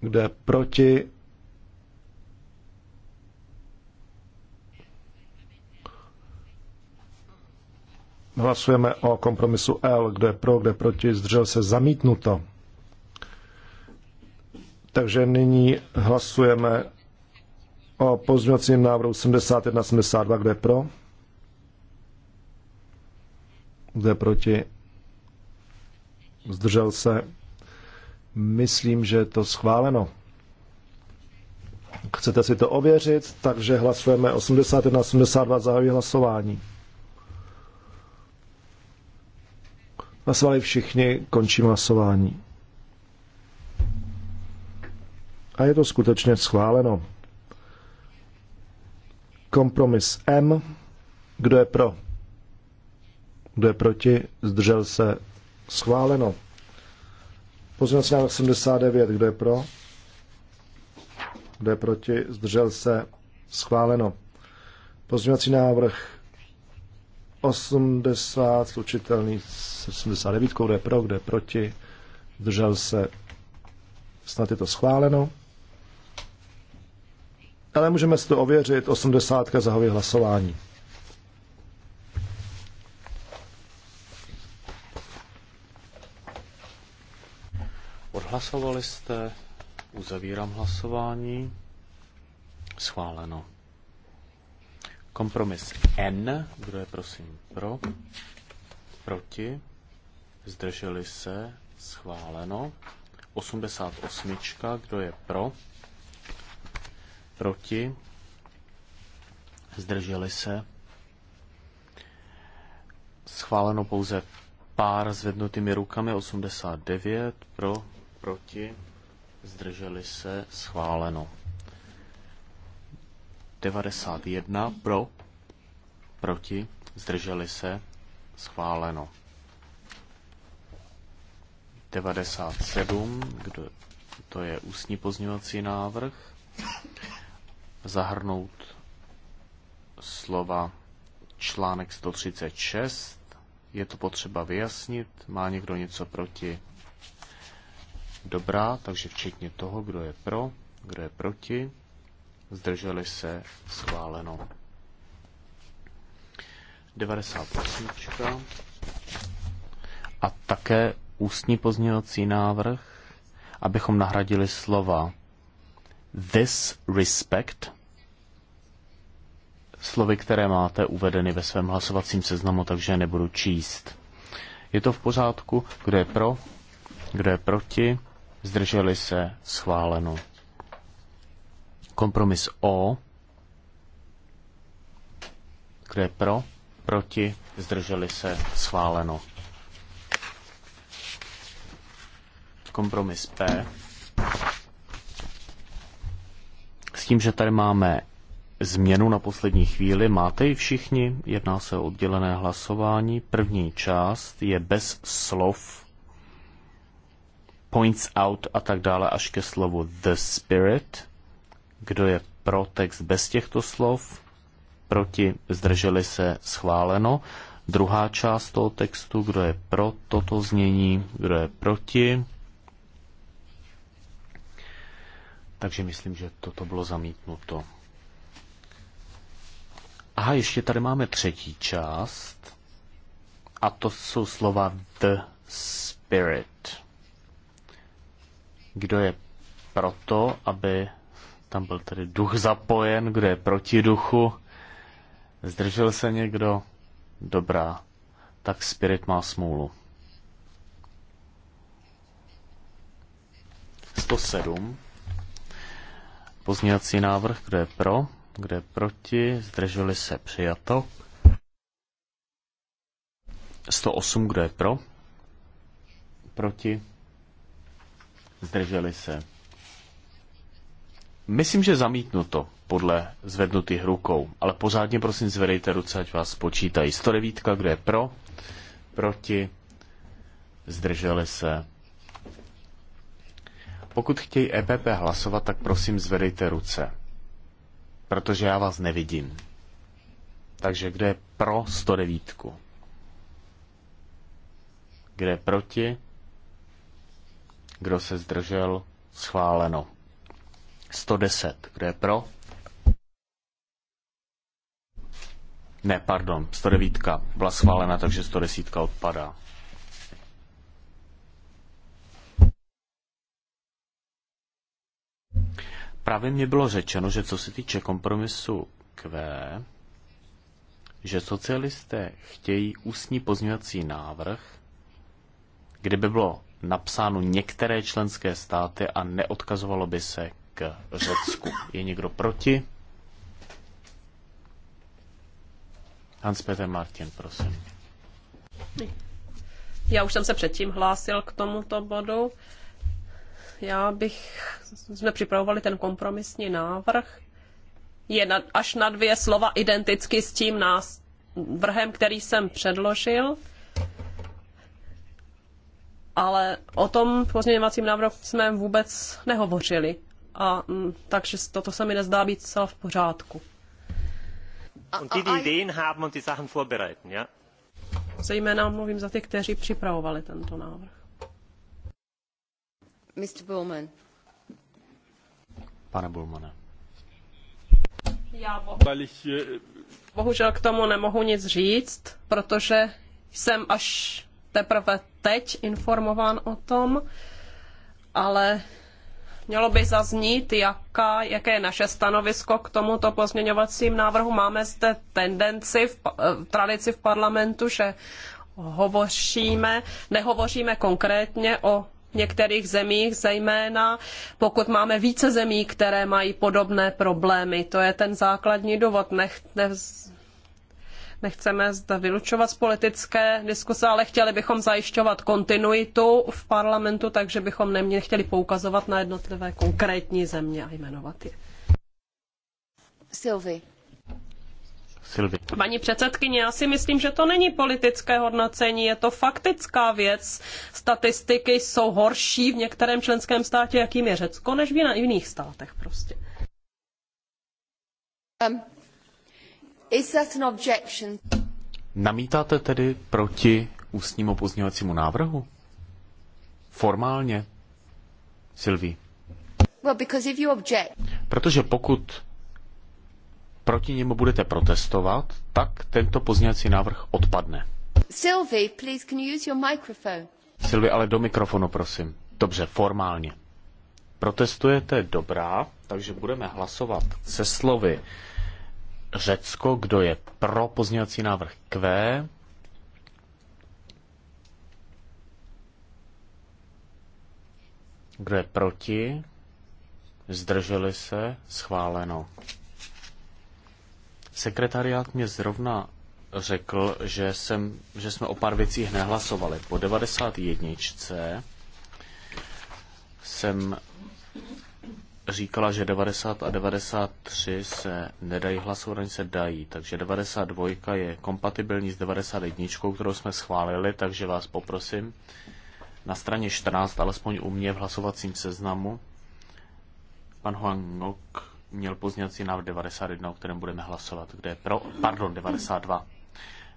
Kdo je proti? Hlasujeme o kompromisu L. Kdo je pro, kdo je proti? Zdržel se. Zamítnuto. Takže nyní hlasujeme o pozměňovacím návrhu 71-72. Kdo je pro? Kdo je proti? Zdržel se? Myslím, že je to schváleno. Chcete si to ověřit, takže hlasujeme 81-72 zahájí hlasování. Hlasovali všichni, končím hlasování. A je to skutečně schváleno. Kompromis M. Kdo je pro? Kdo je proti? Zdržel se? Schváleno. Pozměňovací návrh 89, Kdo je pro? Kdo je proti? Zdržel se? Schváleno. Pozměňovací návrh 80, slučitelný 79, kdo je pro, kdo je proti, držel se, snad je to schváleno. Ale můžeme si to ověřit. 80. zahajuje hlasování. Odhlasovali jste, uzavírám hlasování. Schváleno. Kompromis N. Kdo je prosím pro? Proti? Zdrželi se? Schváleno. 88. Kdo je pro? proti, zdrželi se. Schváleno pouze pár zvednutými rukami, 89 pro, proti, zdrželi se, schváleno. 91 pro, proti, zdrželi se, schváleno. 97, kdo, to je ústní pozměňovací návrh zahrnout slova článek 136. Je to potřeba vyjasnit. Má někdo něco proti? Dobrá, takže včetně toho, kdo je pro, kdo je proti. Zdrželi se schváleno. 98. A také ústní pozměňovací návrh, abychom nahradili slova this respect, slovy, které máte uvedeny ve svém hlasovacím seznamu, takže je nebudu číst. Je to v pořádku? Kdo je pro? Kdo je proti? Zdrželi se? Schváleno. Kompromis O. Kdo je pro? Proti? Zdrželi se? Schváleno. Kompromis P tím, že tady máme změnu na poslední chvíli. Máte ji všichni? Jedná se o oddělené hlasování. První část je bez slov points out a tak dále až ke slovu the spirit. Kdo je pro text bez těchto slov? Proti zdrželi se schváleno. Druhá část toho textu, kdo je pro toto znění, kdo je proti Takže myslím, že toto bylo zamítnuto. Aha, ještě tady máme třetí část. A to jsou slova the spirit. Kdo je proto, aby tam byl tedy duch zapojen, kdo je proti duchu? Zdržel se někdo? Dobrá. Tak spirit má smůlu. 107 pozměňovací návrh, kdo je pro, kdo je proti, zdrželi se přijato. 108, kdo je pro, proti, zdrželi se. Myslím, že zamítnuto podle zvednutých rukou, ale pořádně prosím zvedejte ruce, ať vás počítají. 109, kdo je pro, proti, zdrželi se pokud chtějí EPP hlasovat, tak prosím zvedejte ruce, protože já vás nevidím. Takže kde je pro 109? Kde je proti? Kdo se zdržel? Schváleno. 110. Kdo je pro? Ne, pardon, 109 byla schválena, takže 110 odpadá. Právě mě bylo řečeno, že co se týče kompromisu Q, že socialisté chtějí ústní pozměňovací návrh, kde by bylo napsáno některé členské státy a neodkazovalo by se k Řecku. Je někdo proti? Hans-Peter Martin, prosím. Já už jsem se předtím hlásil k tomuto bodu já bych, jsme připravovali ten kompromisní návrh, je na, až na dvě slova identicky s tím návrhem, který jsem předložil, ale o tom pozměňovacím návrhu jsme vůbec nehovořili. A, m, mm, takže toto se mi nezdá být celá v pořádku. A, a, a, Ideen haben Zejména mluvím za ty, kteří připravovali tento návrh. Pane Bullmane. Já eh, bohužel k tomu nemohu nic říct, protože jsem až teprve teď informován o tom, ale mělo by zaznít, jaká, jaké je naše stanovisko k tomuto pozměňovacím návrhu. Máme zde tendenci, v, eh, tradici v parlamentu, že hovoříme, nehovoříme konkrétně o některých zemích, zejména pokud máme více zemí, které mají podobné problémy. To je ten základní důvod. Nech, ne, nechceme zde vylučovat z politické diskuse, ale chtěli bychom zajišťovat kontinuitu v parlamentu, takže bychom neměli chtěli poukazovat na jednotlivé konkrétní země a jmenovat je. Sylvie. Silvi. Paní předsedkyně, já si myslím, že to není politické hodnocení, je to faktická věc. Statistiky jsou horší v některém členském státě, jakým je Řecko, než v jiných státech prostě. Um, is that an objection? Namítáte tedy proti ústnímu pozměňovacímu návrhu? Formálně, Silvi? Well, because if you object... Protože pokud proti němu budete protestovat, tak tento pozněcí návrh odpadne. Sylvie, please, can you use your microphone? Sylvie, ale do mikrofonu, prosím. Dobře, formálně. Protestujete dobrá, takže budeme hlasovat se slovy Řecko, kdo je pro pozněvací návrh Q. Kdo je proti? Zdrželi se? Schváleno. Sekretariát mě zrovna řekl, že, jsem, že jsme o pár věcí nehlasovali. Po 91. jsem říkala, že 90 a 93 se nedají hlasovat, ani se dají. Takže 92 je kompatibilní s 91, kterou jsme schválili, takže vás poprosím na straně 14, alespoň u mě v hlasovacím seznamu, pan Huang Ngoc měl pozněcí návrh 91, o kterém budeme hlasovat. Kde je pro? Pardon, 92.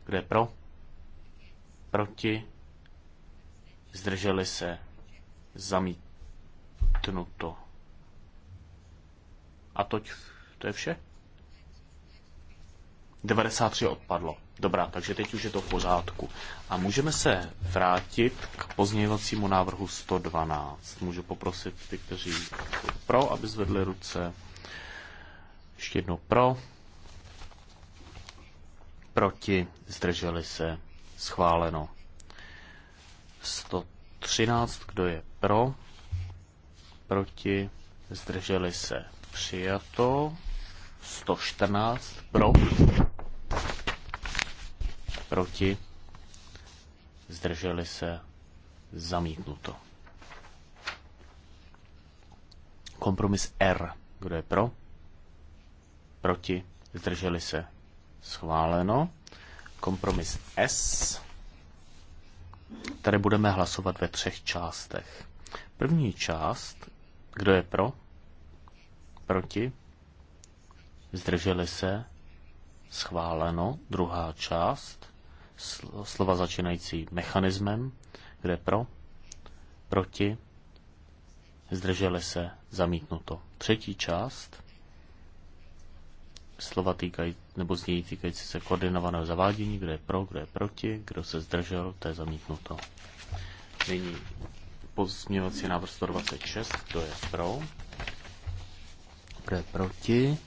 Kde je pro? Proti? Zdrželi se? Zamítnuto. A toť, to je vše? 93 odpadlo. Dobrá, takže teď už je to v pořádku. A můžeme se vrátit k pozměňovacímu návrhu 112. Můžu poprosit ty, kteří pro, aby zvedli ruce. Ještě jednou pro. Proti. Zdrželi se. Schváleno. 113. Kdo je pro? Proti. Zdrželi se. Přijato. 114. Pro. Proti. Zdrželi se. Zamítnuto. Kompromis R. Kdo je pro? proti, zdrželi se, schváleno. Kompromis S. Tady budeme hlasovat ve třech částech. První část, kdo je pro, proti, zdrželi se, schváleno. Druhá část, slova začínající mechanismem, kde pro, proti, zdrželi se, zamítnuto. Třetí část, slova týkají, nebo znějí týkající se koordinovaného zavádění, kdo je pro, kdo je proti, kdo se zdržel, to je zamítnuto. Nyní pozměňovací návrh 126, kdo je pro, kdo je proti.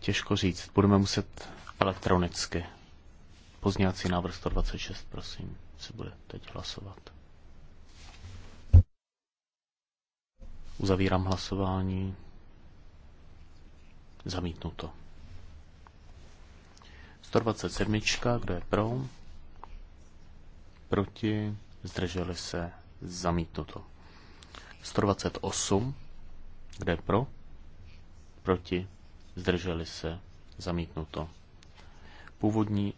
Těžko říct, budeme muset elektronicky. Pozměňovací návrh 126, prosím, se bude teď hlasovat. Uzavírám hlasování. Zamítnuto. 127. Kdo je pro? Proti? Zdrželi se? Zamítnuto. 128. Kdo je pro? Proti? Zdrželi se? Zamítnuto. Původní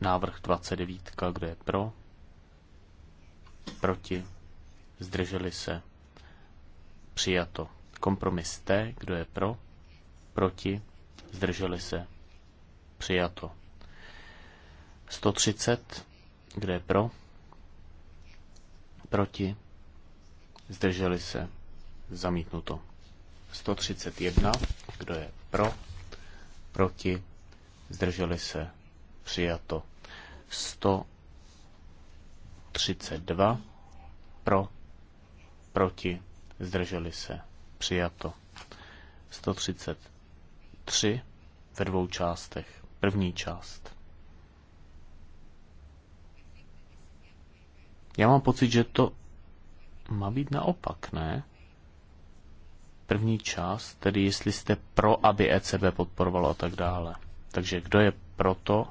návrh 29. Kdo je pro? Proti? Zdrželi se? Přijato. Kompromis T. Kdo je pro? proti, zdrželi se, přijato. 130, kde je pro, proti, zdrželi se, zamítnuto. 131, kdo je pro, proti, zdrželi se, přijato. 132, pro, proti, zdrželi se, přijato. 133 3 ve dvou částech. První část. Já mám pocit, že to má být naopak, ne? První část, tedy jestli jste pro, aby ECB podporovalo a tak dále. Takže kdo je pro to,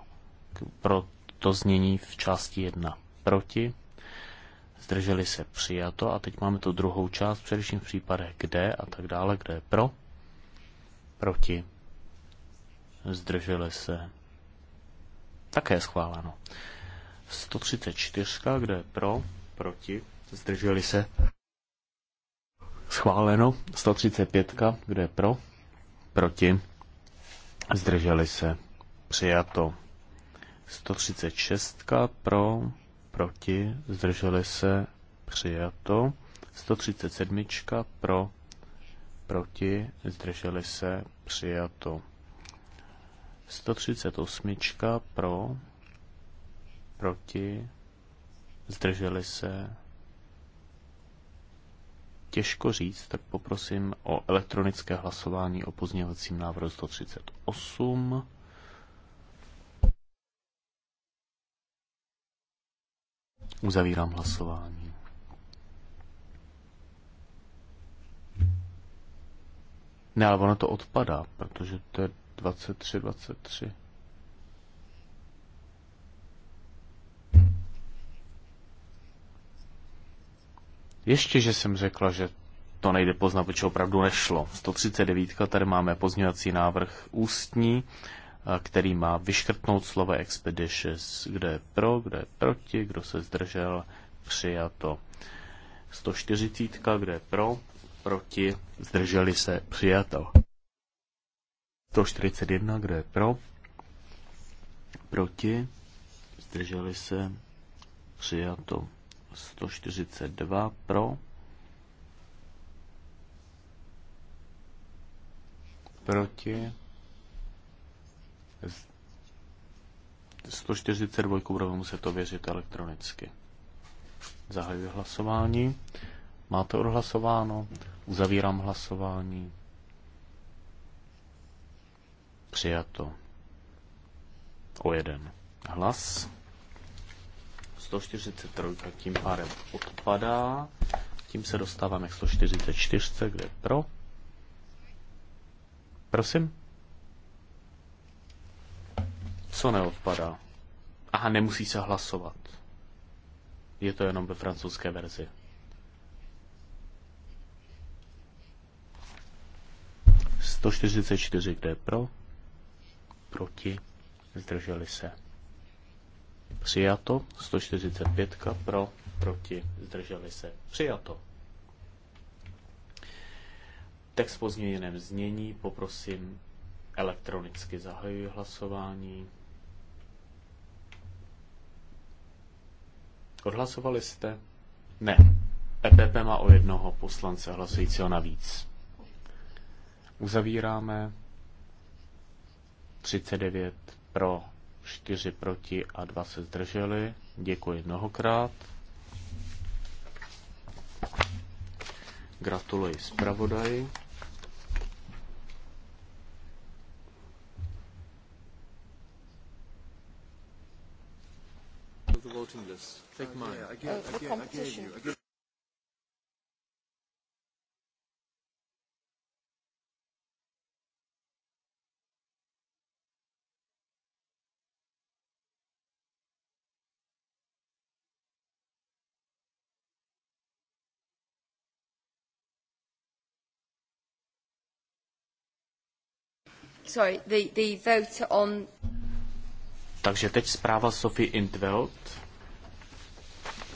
pro to znění v části 1? Proti? Zdrželi se přijato a teď máme tu druhou část, především v případech kde a tak dále, kde je pro? Proti? zdrželi se, také schváleno. 134, kde je pro, proti, zdrželi se, schváleno. 135, kde je pro, proti, zdrželi se, přijato. 136 pro, proti, zdrželi se, přijato. 137 pro, proti, zdrželi se, přijato. 138 pro, proti, zdrželi se. Těžko říct, tak poprosím o elektronické hlasování o pozměňovacím návrhu 138. Uzavírám hlasování. Ne, ale ono to odpadá, protože to je 23, 23. Ještě, že jsem řekla, že to nejde poznat, protože opravdu nešlo. 139. Tady máme pozměňovací návrh ústní, eh, který má vyškrtnout slovo expeditious, kde je pro, kde je proti, kdo se zdržel, přijato. 140. kde je pro, proti, zdrželi se, přijato. 141, kdo je pro? Proti? Zdrželi se? Přijato. 142 pro? Proti? 142 budeme muset to věřit elektronicky. Zahajuji hlasování. Máte odhlasováno? Uzavírám hlasování. Přijato. O jeden hlas. 143 tím pádem odpadá. Tím se dostáváme k 144, kde pro. Prosím? Co neodpadá? Aha, nemusí se hlasovat. Je to jenom ve francouzské verzi. Sto čtyřicet čtyři, kde je pro? proti, zdrželi se. Přijato 145 pro, proti, zdrželi se. Přijato. Text změněném znění poprosím elektronicky zahajuji hlasování. Odhlasovali jste? Ne. EPP má o jednoho poslance hlasujícího navíc. Uzavíráme 39 pro, 4 proti a 2 se zdrželi. Děkuji mnohokrát. Gratuluji zpravodaji. The voting list. Take mine. Uh, the competition. sorry, the, the vote on... Takže teď zpráva Sophie Intveld,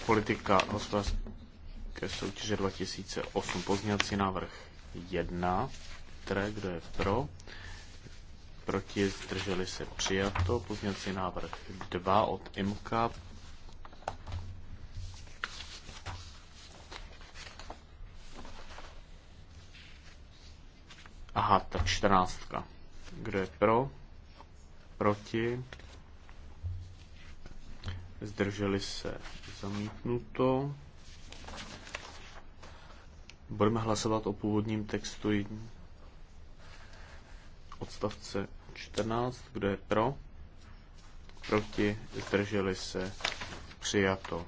politika hospodářské soutěže 2008, pozněvací návrh 1, které, kdo je pro, proti, zdrželi se přijato, pozněvací návrh 2 od IMKA, Aha, tak čtrnáctka. Kdo je pro? Proti? Zdrželi se zamítnuto. Budeme hlasovat o původním textu odstavce 14. Kdo je pro? Proti? Zdrželi se přijato.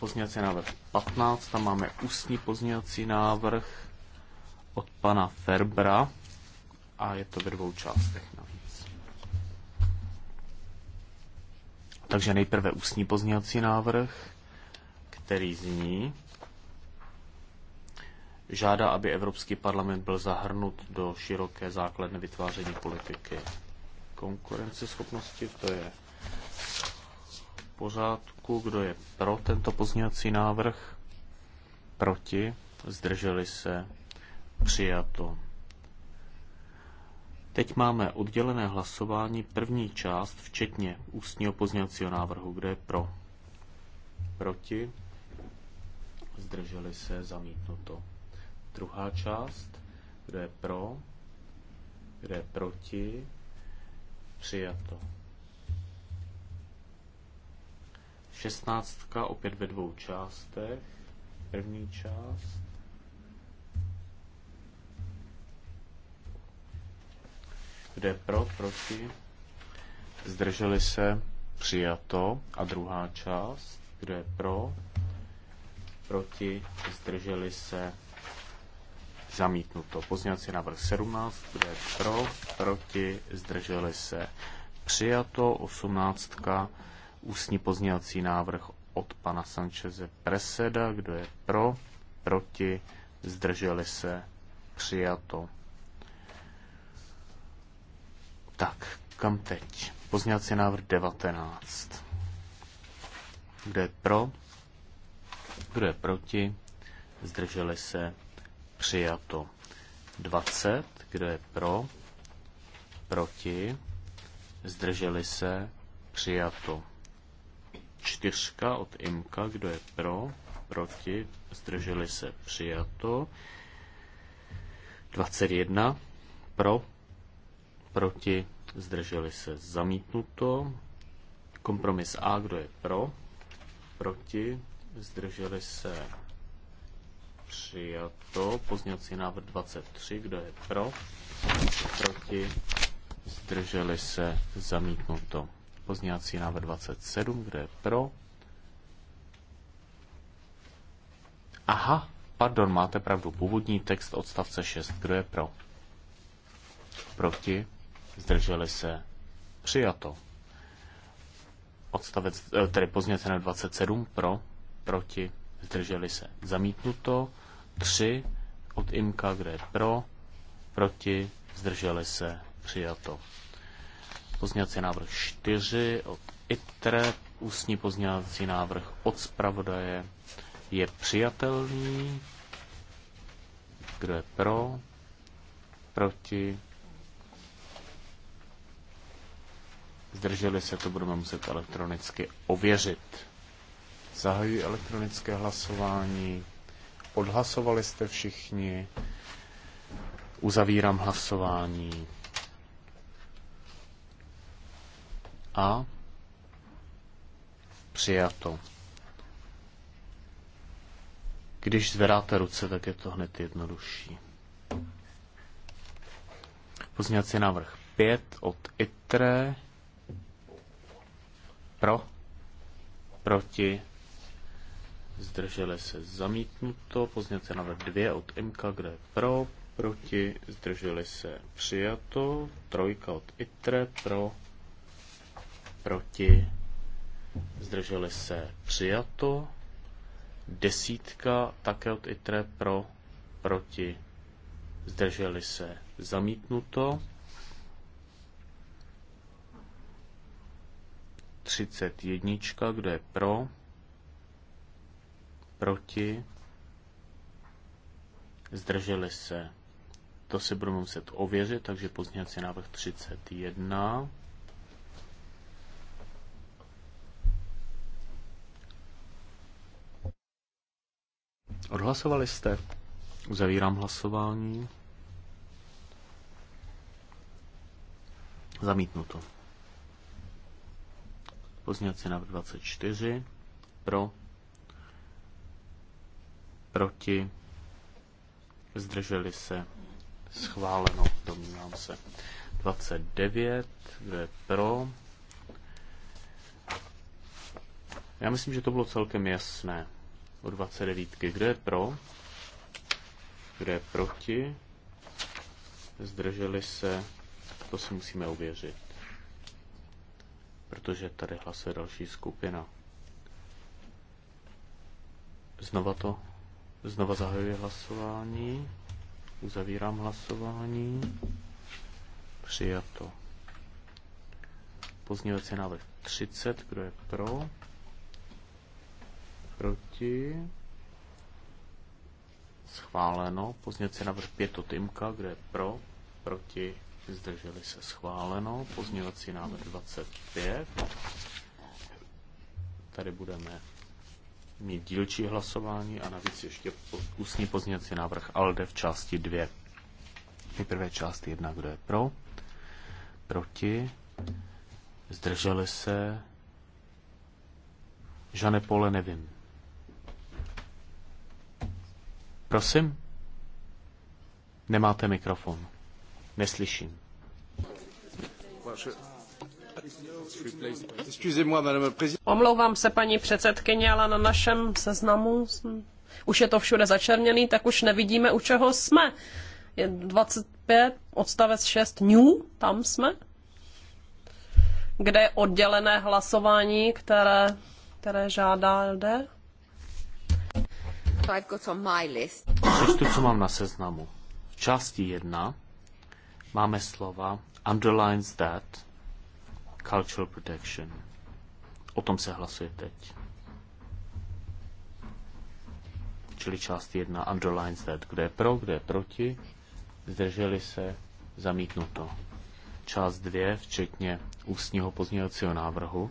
Pozněcí návrh 15. Tam máme ústní pozněcí návrh od pana Ferbra a je to ve dvou částech navíc. Takže nejprve ústní pozměňovací návrh, který zní, žádá, aby Evropský parlament byl zahrnut do široké základny vytváření politiky konkurenceschopnosti. To je v pořádku. Kdo je pro tento pozměňovací návrh? Proti? Zdrželi se? Přijato. Teď máme oddělené hlasování první část, včetně ústního pozněvacího návrhu. Kde je pro? Proti? Zdrželi se zamítnuto. Druhá část. Kde je pro? Kde je proti? Přijato. Šestnáctka opět ve dvou částech. První část Kdo je pro, proti? Zdrželi se, přijato. A druhá část, kdo je pro, proti? Zdrželi se, zamítnuto. Pozněvací návrh 17, kdo je pro, proti? Zdrželi se, přijato. 18. Ústní pozněvací návrh od pana Sancheze Preseda, kdo je pro, proti, zdrželi se, přijato. Tak, kam teď? Pozněvací návrh 19. Kdo je pro? Kdo je proti? Zdrželi se? Přijato. 20. Kdo je pro? Proti? Zdrželi se? Přijato. Čtyřka od Imka. Kdo je pro? Proti? Zdrželi se? Přijato. 21. Pro? proti, zdrželi se zamítnuto. Kompromis A, kdo je pro, proti, zdrželi se přijato. Pozněvací návrh 23, kdo je pro, proti, zdrželi se zamítnuto. Pozněvací návrh 27, kdo je pro. Aha, pardon, máte pravdu. Původní text odstavce 6, kdo je pro? Proti zdrželi se, přijato. Odstavec, eh, tedy pozměcené 27 pro, proti, zdrželi se, zamítnuto. 3 od IMKA, kde je pro, proti, zdrželi se, přijato. Pozměňovací návrh 4 od ITRE, ústní pozměňovací návrh od zpravodaje je přijatelný. Kdo je pro? Proti? zdrželi se, to budeme muset elektronicky ověřit. Zahajuji elektronické hlasování. Odhlasovali jste všichni. Uzavírám hlasování. A přijato. Když zvedáte ruce, tak je to hned jednodušší. Pozměňovací návrh 5 od ITRE. Pro? Proti? Zdrželi se zamítnuto. Pozněte návrh 2 od MK, kde je pro? Proti? Zdrželi se přijato. Trojka od ITRE. Pro? Proti? Zdrželi se přijato. Desítka také od ITRE pro, proti, zdrželi se zamítnuto. 31, kdo je pro, proti, zdrželi se. To si budeme muset ověřit, takže pozměňovací návrh 31. Odhlasovali jste? Uzavírám hlasování. Zamítnuto. Pozměňovací návrh 24. Pro. Proti. Zdrželi se. Schváleno, domnívám se. 29. Kdo je pro? Já myslím, že to bylo celkem jasné. O 29. Kdo je pro? Kdo je proti? Zdrželi se? To si musíme uvěřit protože tady hlasuje další skupina. Znova to, znova zahajuji hlasování, uzavírám hlasování, přijato. Pozdňovací návrh 30, kdo je pro? Proti? Schváleno. Pozdňovací návrh 5 od kdo je pro? Proti? zdrželi se schváleno. Pozměňovací návrh 25. Tady budeme mít dílčí hlasování a navíc ještě ústní pozměňovací návrh ALDE v části 2. Nejprve část 1, kdo je pro, proti, zdrželi se, Žane Pole, nevím. Prosím? Nemáte mikrofon neslyším. Omlouvám se, paní předsedkyně, ale na našem seznamu už je to všude začerněný, tak už nevidíme, u čeho jsme. Je 25, odstavec 6, new, tam jsme, kde je oddělené hlasování, které, které žádá LD. So I've got on my list. Přečtu, co mám na seznamu. V části 1 máme slova underlines that cultural protection. O tom se hlasuje teď. Čili část jedna underlines that. Kde je pro, kde je proti. Zdrželi se zamítnuto. Část dvě včetně ústního pozměňovacího návrhu.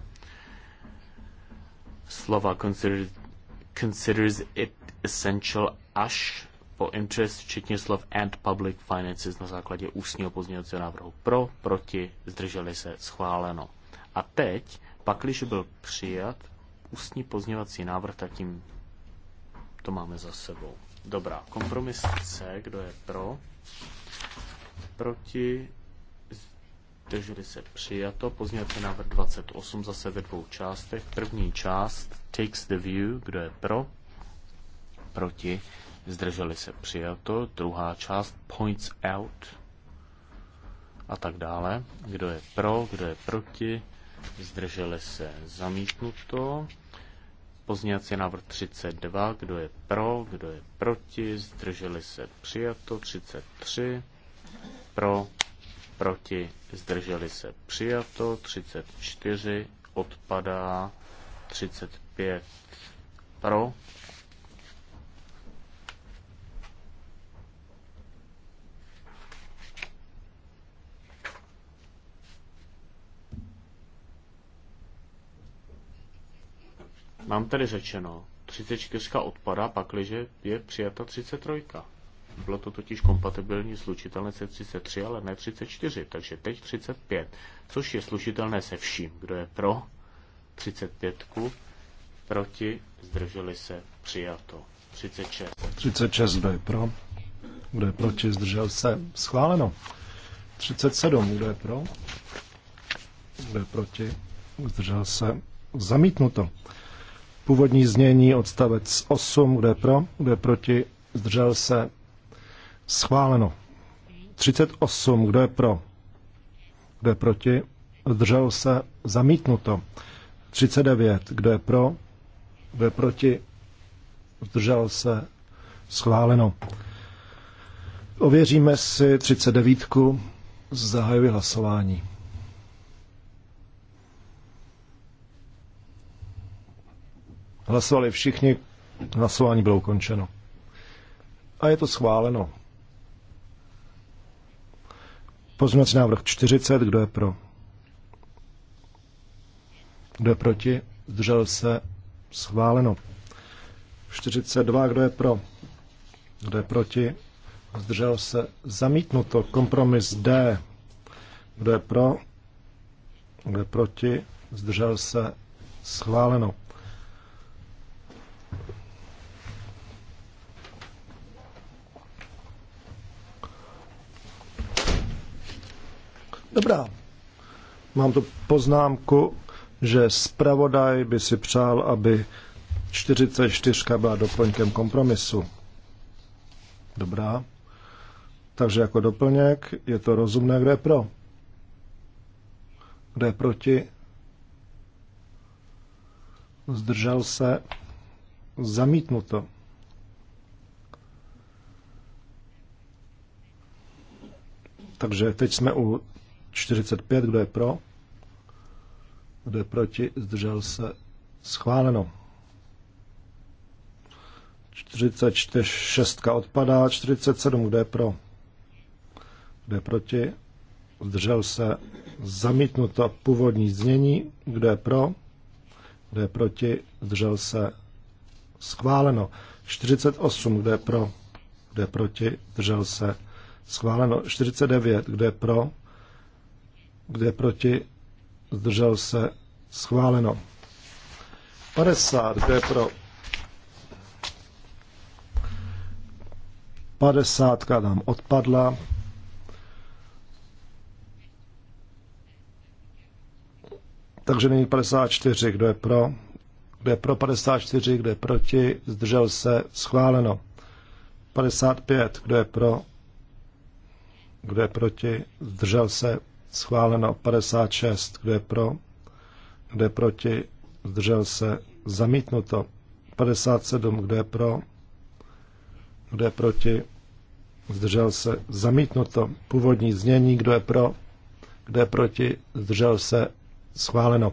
Slova considers considers it essential až po interest, včetně slov and public finances na základě ústního pozměňovacího návrhu pro, proti, zdrželi se, schváleno. A teď, pak, když byl přijat ústní pozměňovací návrh, tak tím to máme za sebou. Dobrá, kompromis C, kdo je pro, proti, zdrželi se přijato. Pozměňovací návrh 28 zase ve dvou částech. První část takes the view, kdo je pro, proti, zdrželi se přijato, druhá část points out a tak dále. Kdo je pro, kdo je proti, zdrželi se zamítnuto. Pozněcí návrh 32, kdo je pro, kdo je proti, zdrželi se přijato, 33, pro, proti, zdrželi se přijato, 34, odpadá, 35, pro, Mám tady řečeno, 34 odpadá, pakliže je přijata 33. Bylo to totiž kompatibilní slučitelné se 33, ale ne 34, takže teď 35, což je slučitelné se vším, kdo je pro 35, proti, zdrželi se, přijato. 36. 36, kdo je pro, kdo je proti, zdržel se, schváleno. 37, kdo je pro, kdo je proti, zdržel se, zamítnuto. Původní znění odstavec 8, kde pro, kde proti, zdržel se, schváleno. 38, kdo je pro, kde je proti, zdržel se, zamítnuto. 39, kdo je pro, kde je proti, zdržel se, schváleno. Ověříme si 39. Zahajuji hlasování. Hlasovali všichni, hlasování bylo ukončeno. A je to schváleno. Pozměňovací návrh 40, kdo je pro? Kdo je proti? Zdržel se? Schváleno. 42, kdo je pro? Kdo je proti? Zdržel se? Zamítnuto. Kompromis D. Kdo je pro? Kdo je proti? Zdržel se? Schváleno. Dobrá. Mám tu poznámku, že zpravodaj by si přál, aby 44 byla doplňkem kompromisu. Dobrá. Takže jako doplněk je to rozumné, kdo je pro. Kdo je proti? Zdržel se? Zamítnuto. Takže teď jsme u 45, kdo je pro? Kdo je proti? Zdržel se. Schváleno. 46 odpadá, 47, kdo je pro? Kdo je proti? Zdržel se. Zamítnuto původní znění. Kdo je pro? Kdo je proti? Zdržel se. Schváleno. 48, kdo je pro? Kdo je proti? Zdržel se. Schváleno. 49, kdo je pro? kde proti, zdržel se, schváleno. 50, kde pro, 50 nám odpadla, Takže není 54, kdo je pro, kdo je pro 54, kdo je proti, zdržel se, schváleno. 55, kdo je pro, kdo je proti, zdržel se, schváleno 56, kdo je pro, kdo je proti, zdržel se, zamítnuto 57, kdo je pro, kdo je proti, zdržel se, zamítnuto původní znění, kdo je pro, kdo je proti, zdržel se, schváleno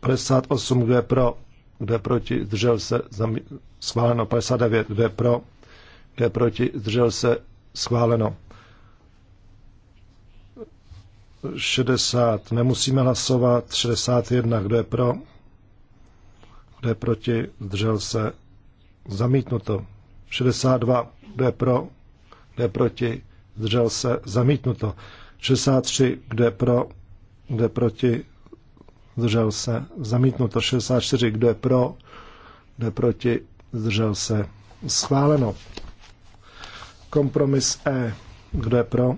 58, kdo je pro, kdo je proti, zdržel se, zamí... schváleno 59, kdo je pro, kdo je proti, zdržel se, schváleno 60. Nemusíme hlasovat. 61. Kdo je pro? Kdo je proti? Zdržel se. Zamítnuto. 62. Kdo je pro? Kdo je proti? Zdržel se. Zamítnuto. 63. Kdo je pro? Kdo je proti? Zdržel se. Zamítnuto. 64. Kdo je pro? Kdo je proti? Zdržel se. Schváleno. Kompromis E. Kdo je pro?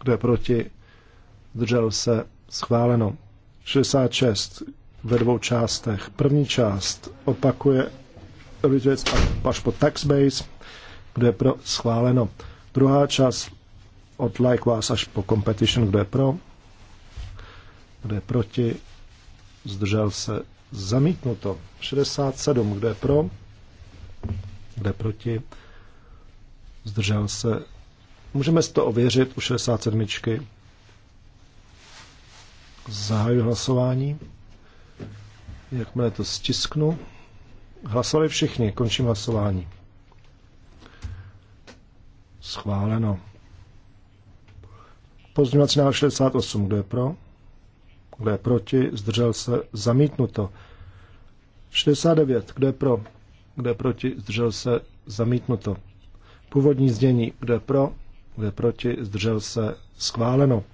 Kdo je proti? zdržel se, schváleno. 66 ve dvou částech. První část opakuje Regrets až po Tax Base, kde je pro schváleno. Druhá část od Likewise až po Competition, kde je pro, kde je proti, zdržel se zamítnuto. 67, kde je pro, kde je proti, zdržel se. Můžeme si to ověřit u 67. Zahajuji hlasování. Jakmile to stisknu. Hlasovali všichni, končím hlasování. Schváleno. Pozměňovací návrh 68. Kdo je pro? Kdo je proti? Zdržel se? Zamítnuto. 69. Kdo je pro? Kdo je proti? Zdržel se? Zamítnuto. Původní znění. Kdo je pro? Kdo je proti? Zdržel se? Schváleno.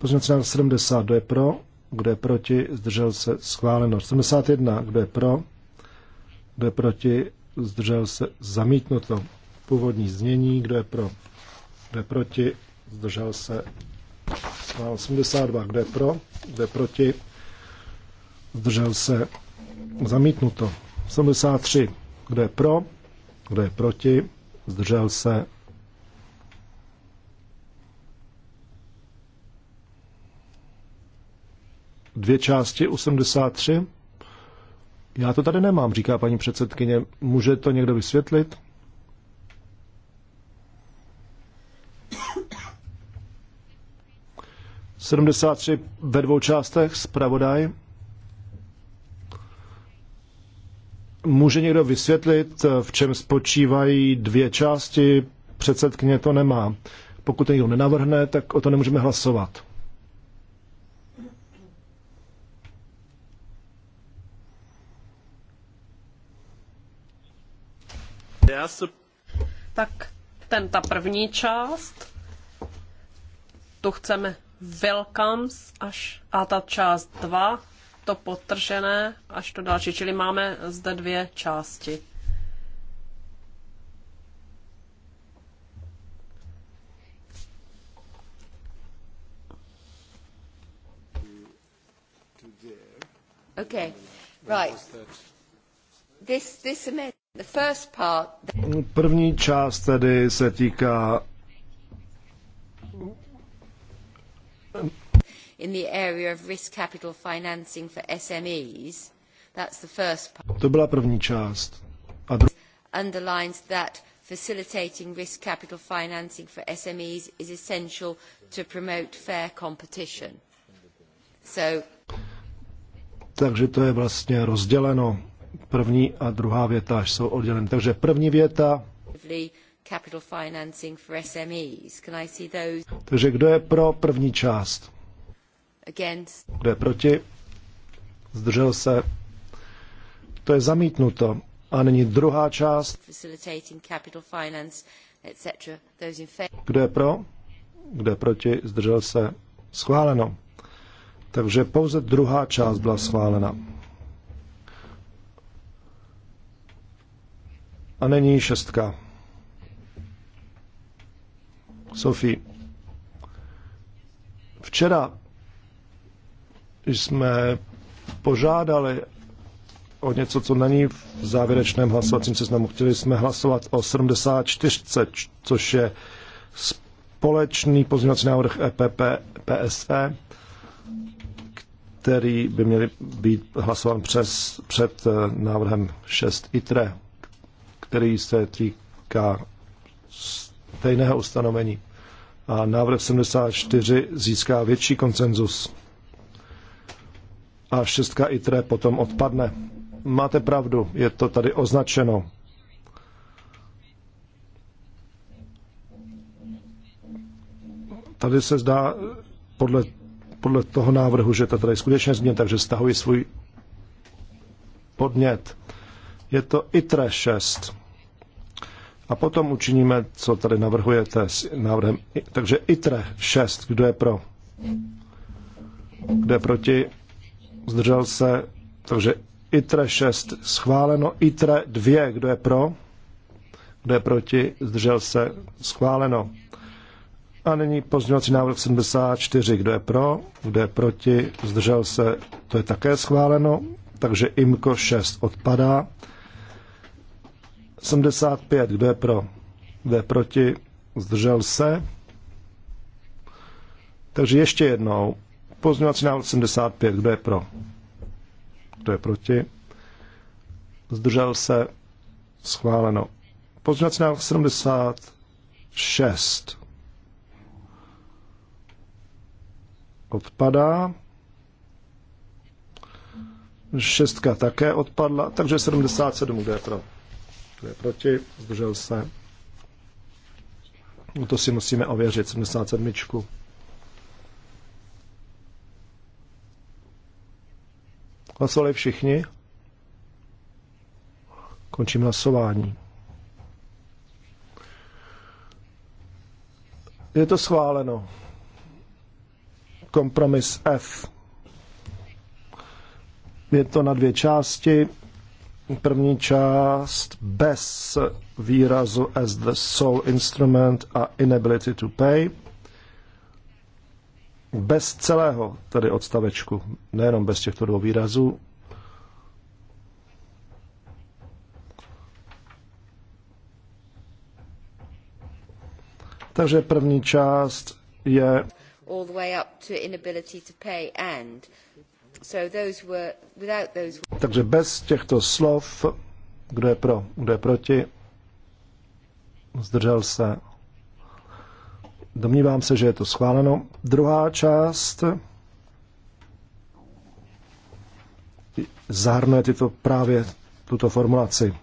Pozměňovací návrh 70, kdo je pro, kdo je proti, zdržel se, schváleno. 71, kdo je pro, kdo je proti, zdržel se, zamítnuto. Původní znění, kdo je pro, kdo je proti, zdržel se, schváleno. 82, kdo je pro, kdo je proti, zdržel se, zamítnuto. 73, kdo je pro, kdo je proti, zdržel se, dvě části 83? Já to tady nemám, říká paní předsedkyně. Může to někdo vysvětlit? Sedmdesát tři ve dvou částech, zpravodaj. Může někdo vysvětlit, v čem spočívají dvě části? Předsedkyně to nemá. Pokud to někdo nenavrhne, tak o to nemůžeme hlasovat. Tak ten, ta první část, tu chceme welcomes až a ta část 2, to potržené až to další, čili máme zde dvě části. Okay. Right. This, this... První část tedy se týká in the area of risk capital financing for SMEs. That's the first part. To byla první část. A dru- underlines that facilitating risk capital financing for SMEs is essential to promote fair competition. So... Takže to je vlastně rozděleno První a druhá věta jsou odděleny. Takže první věta. Takže kdo je pro první část? Kdo je proti? Zdržel se. To je zamítnuto. A není druhá část. Kdo je pro? Kdo je proti? Zdržel se. Schváleno. Takže pouze druhá část byla schválena. A není šestka. Sofie. Včera jsme požádali o něco, co není v závěrečném hlasovacím seznamu. Chtěli jsme hlasovat o 74, což je společný pozměňovací návrh EPP PSE, který by měl být hlasován přes, před eh, návrhem 6 ITRE který se týká stejného ustanovení. A návrh 74 získá větší konsenzus. A šestka ITRE potom odpadne. Máte pravdu, je to tady označeno. Tady se zdá podle, podle toho návrhu, že to tady je skutečně změn, takže stahuji svůj podnět. Je to ITRE 6. A potom učiníme, co tady navrhujete s návrhem. Takže ITRE 6, kdo je pro? Kdo je proti? Zdržel se. Takže ITRE 6 schváleno. ITRE 2, kdo je pro? Kdo je proti? Zdržel se. Schváleno. A nyní pozměňovací návrh 74. Kdo je pro? Kdo je proti? Zdržel se? To je také schváleno. Takže IMKO 6 odpadá. 75. Kdo je pro? Kdo je proti? Zdržel se? Takže ještě jednou. Pozměňovací návrh 75. Kdo je pro? Kdo je proti? Zdržel se? Schváleno. Pozměňovací návrh 76. Odpadá. Šestka také odpadla, takže 77. Kdo je pro? Kdo je proti? Zdržel se. No to si musíme ověřit, 77. Hlasovali všichni? Končím hlasování. Je to schváleno. Kompromis F. Je to na dvě části. První část bez výrazu as the sole instrument a inability to pay. Bez celého, tedy odstavečku, nejenom bez těchto dvou výrazů, Takže první část je all the way up to inability to pay and so those were without those takže bez těchto slov, kdo je pro, kdo je proti, zdržel se. Domnívám se, že je to schváleno. Druhá část zahrnuje tyto, právě tuto formulaci.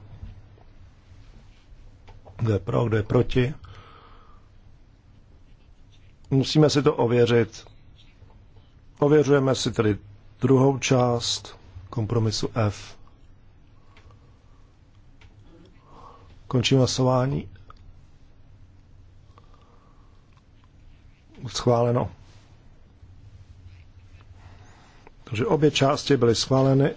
Kdo je pro, kdo je proti. Musíme si to ověřit. Ověřujeme si tedy druhou část kompromisu F. Končím hlasování. Schváleno. Takže obě části byly schváleny.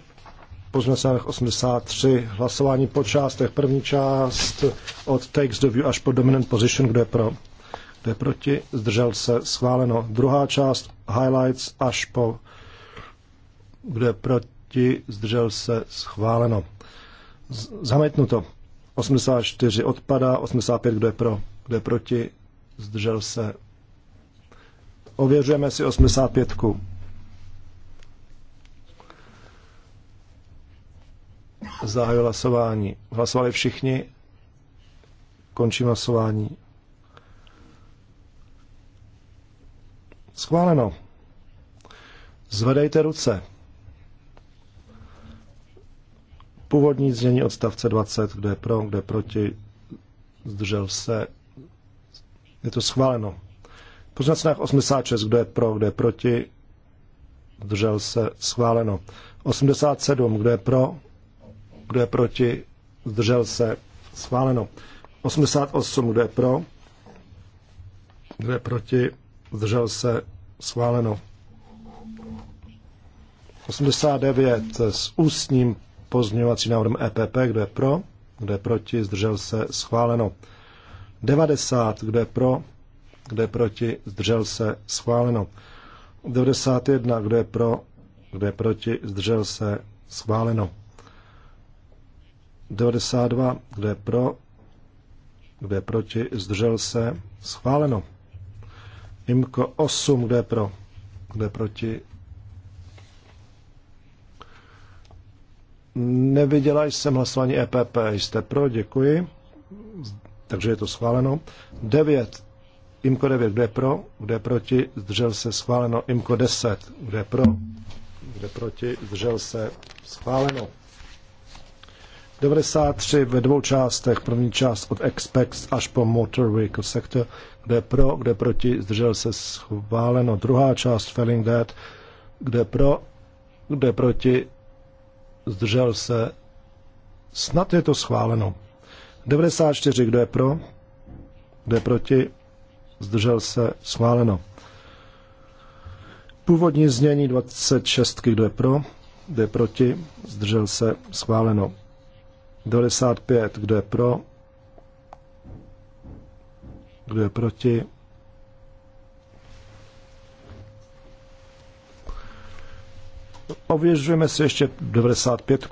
Pozměnce 83, hlasování po částech. První část od takes the view až po dominant position, kde je pro, kde je proti, zdržel se, schváleno. Druhá část highlights až po, kde je proti, proti, zdržel se, schváleno. Zamítnuto. 84 odpadá, 85 kdo je pro, kdo je proti, zdržel se. Ověřujeme si 85. -ku. Zahajuji hlasování. Hlasovali všichni. Končím hlasování. Schváleno. Zvedejte ruce. Původní znění odstavce 20, kde je pro, kde je proti, zdržel se. Je to schváleno. Poznací 86, kdo je pro, kdo je proti, zdržel se, schváleno. 87, kdo je pro, kdo je proti, zdržel se, schváleno. 88, kdo je pro, kdo je proti, zdržel se, schváleno. 89 s ústním pozměňovacím návrhem EPP, kdo je pro, kdo je proti, zdržel se, schváleno. 90, kdo je pro, kdo je proti, zdržel se, schváleno. 91, kdo je pro, kdo je proti, zdržel se, schváleno. 92, kdo je pro, kdo je proti, zdržel se, schváleno. Imko 8, kdo je pro, kdo je proti, Neviděla jsem hlasování EPP. Jste pro, děkuji. Takže je to schváleno. 9. IMKO 9, kde je pro, kde je proti, zdržel se schváleno. IMKO 10, kde je pro, kde je proti, zdržel se schváleno. 93 ve dvou částech, první část od Expex až po Motor Vehicle Sector, kde je pro, kde je proti, zdržel se schváleno. Druhá část Felling Dead, kde je pro, kde je proti, zdržel se, snad je to schváleno. 94, kdo je pro, kdo je proti, zdržel se, schváleno. Původní znění 26, kdo je pro, kdo je proti, zdržel se, schváleno. 95, kdo je pro, kdo je proti, Ověřujeme si ještě 95.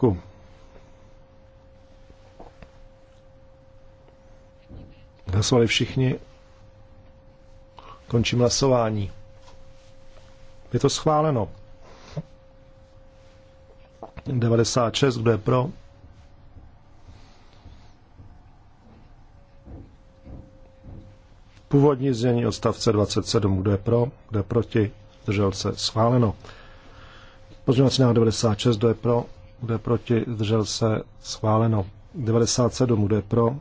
Hlasovali všichni. Končím hlasování. Je to schváleno. 96, kdo je pro? Původní znění odstavce 27, kdo je pro, kdo je proti, držel se schváleno. Pozměňovací návrh 96, kdo je pro, kdo je proti, zdržel se, schváleno. 97, kdo je pro,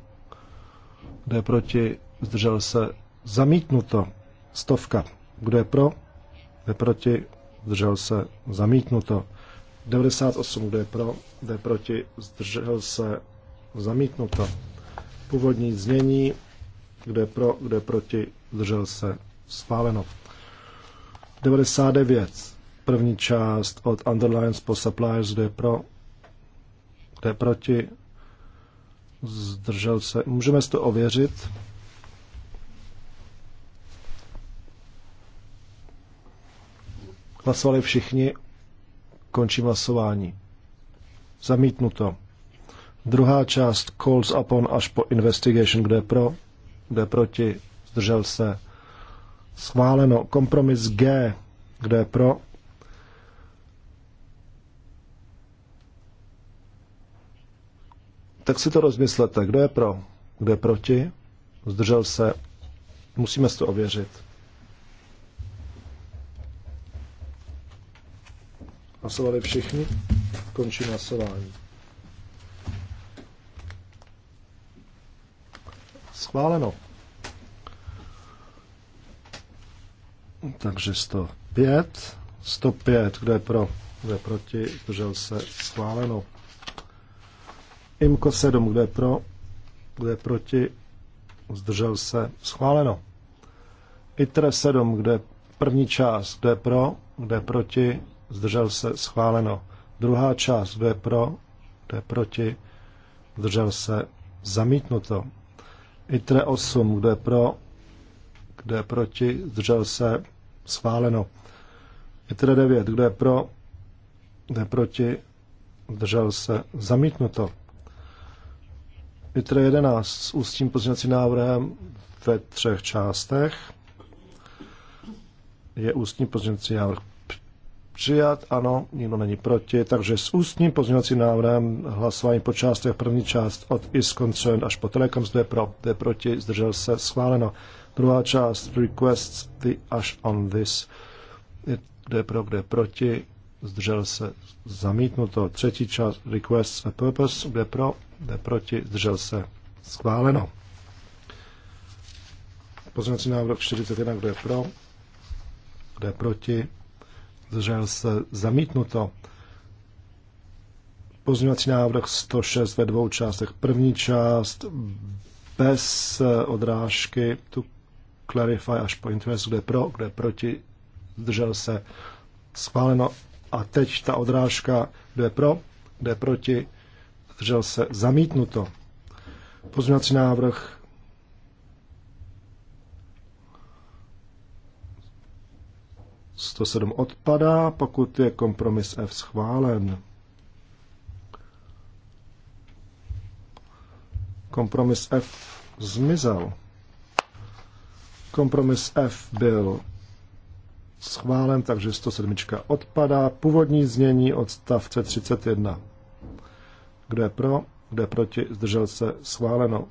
kdo je proti, zdržel se, zamítnuto. Stovka, kdo je pro, kdo je proti, zdržel se, zamítnuto. 98, kdo je pro, kdo je proti, zdržel se, zamítnuto. Původní znění, kdo je pro, kdo je proti, zdržel se, schváleno. 99, První část od underlines po suppliers, kde je pro, kde je proti, zdržel se. Můžeme si to ověřit. Hlasovali všichni, končím hlasování. Zamítnuto. Druhá část calls upon až po investigation, kde je pro, kde je proti, zdržel se. Schváleno. Kompromis G, kde je pro, tak si to rozmyslete. Kdo je pro? Kdo je proti? Zdržel se? Musíme si to ověřit. Hlasovali všichni? končí hlasování. Schváleno. Takže 105. 105. Kdo je pro? Kdo je proti? Zdržel se? Schváleno. Imko 7, kdo je pro, kdo je proti, zdržel se, schváleno. ITR 7, kdo je první část, kdo je pro, kdo je proti, zdržel se, schváleno. Druhá část, kdo je pro, kdo je proti, zdržel se, zamítnuto. ITR 8, kdo je pro, kdo je proti, zdržel se, schváleno. ITR 9, kdo je pro, kdo je proti, zdržel se, zamítnuto. Petr 11 s ústním pozměňovacím návrhem ve třech částech. Je ústní pozměňovací návrh přijat, ano, nikdo není proti, takže s ústním pozměňovacím návrhem hlasování po částech první část od is concerned až po telekom, zde pro, zde proti, zdržel se, schváleno. Druhá část requests the až on this, kde pro, kde proti, zdržel se, zamítnuto. Třetí část requests a purpose, kde pro, jde proti, zdržel se, schváleno. Pozměňovací návrh 41, kdo je pro, kdo je proti, zdržel se, zamítnuto. Pozměňovací návrh 106 ve dvou částech. První část bez eh, odrážky, tu clarify až po interest, kde pro, kde proti, zdržel se, schváleno. A teď ta odrážka, kde pro, kde proti, zdržel se, zamítnuto. Pozměňovací návrh sedm odpadá, pokud je kompromis F schválen. Kompromis F zmizel. Kompromis F byl schválen, takže 107 odpadá. Původní znění odstavce 31 kdo je pro? Kdo je proti? Zdržel se? Schváleno.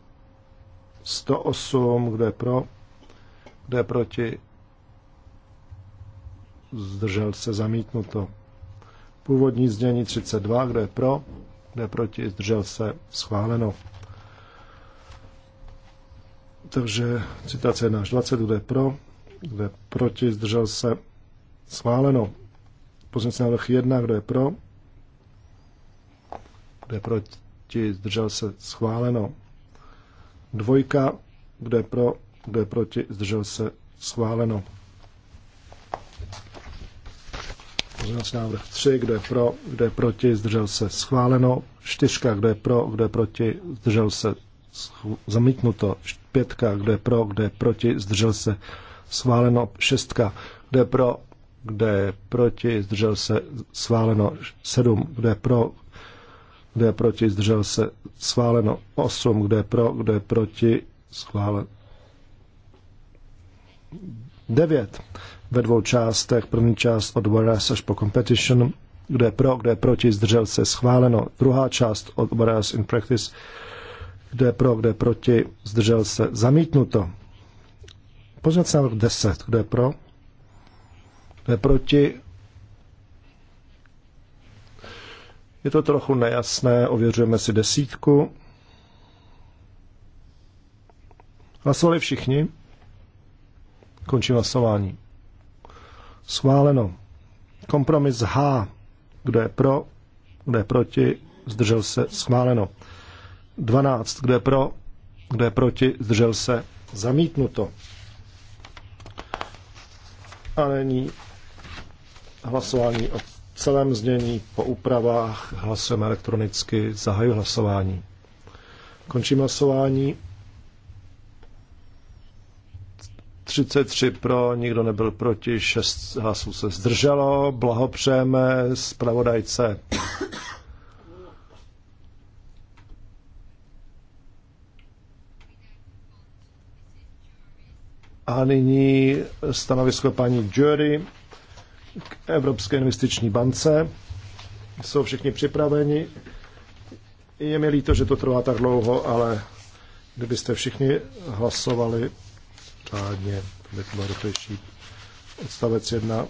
108. Kdo je pro? Kdo je proti? Zdržel se? Zamítnuto. Původní znění 32. Kdo je pro? Kdo je proti? Zdržel se? Schváleno. Takže citace 1 až 20. Kdo je pro? Kdo je proti? Zdržel se? Schváleno. Pozměnce návrh 1. Kdo je pro? je proti, zdržel se schváleno. Dvojka, je pro, je proti, zdržel se schváleno. Pozměňovací návrh 3, je pro, je proti, zdržel se schváleno. Čtyřka, je pro, je proti, zdržel se zamítnuto. Pětka, je pro, je proti, zdržel se schváleno. Šestka, je pro, kde proti, zdržel se schváleno. Sedm, kde pro, kdo je proti, zdržel se, schváleno 8, kdo je pro, kdo je proti, schválen 9 ve dvou částech, první část od Warriors až po Competition, kdo je pro, kdo je proti, zdržel se, schváleno, druhá část od Warriors in Practice, kdo je pro, kdo je proti, zdržel se, zamítnuto. se návrh 10, kdo je pro, kdo je proti, Je to trochu nejasné, ověřujeme si desítku. Hlasovali všichni? Končí hlasování. Schváleno. Kompromis H. Kdo je pro? Kdo je proti? Zdržel se. Schváleno. 12. Kdo je pro? Kdo je proti? Zdržel se. Zamítnuto. A není hlasování o celém znění po úpravách hlasujeme elektronicky. Zahajuji hlasování. Končím hlasování. 33 pro, nikdo nebyl proti, 6 hlasů se zdrželo. Blahopřejeme zpravodajce. A nyní stanovisko paní Jury k Evropské investiční bance. Jsou všichni připraveni. Je mi líto, že to trvá tak dlouho, ale kdybyste všichni hlasovali řádně, to by to bylo rychlejší. Odstavec 1,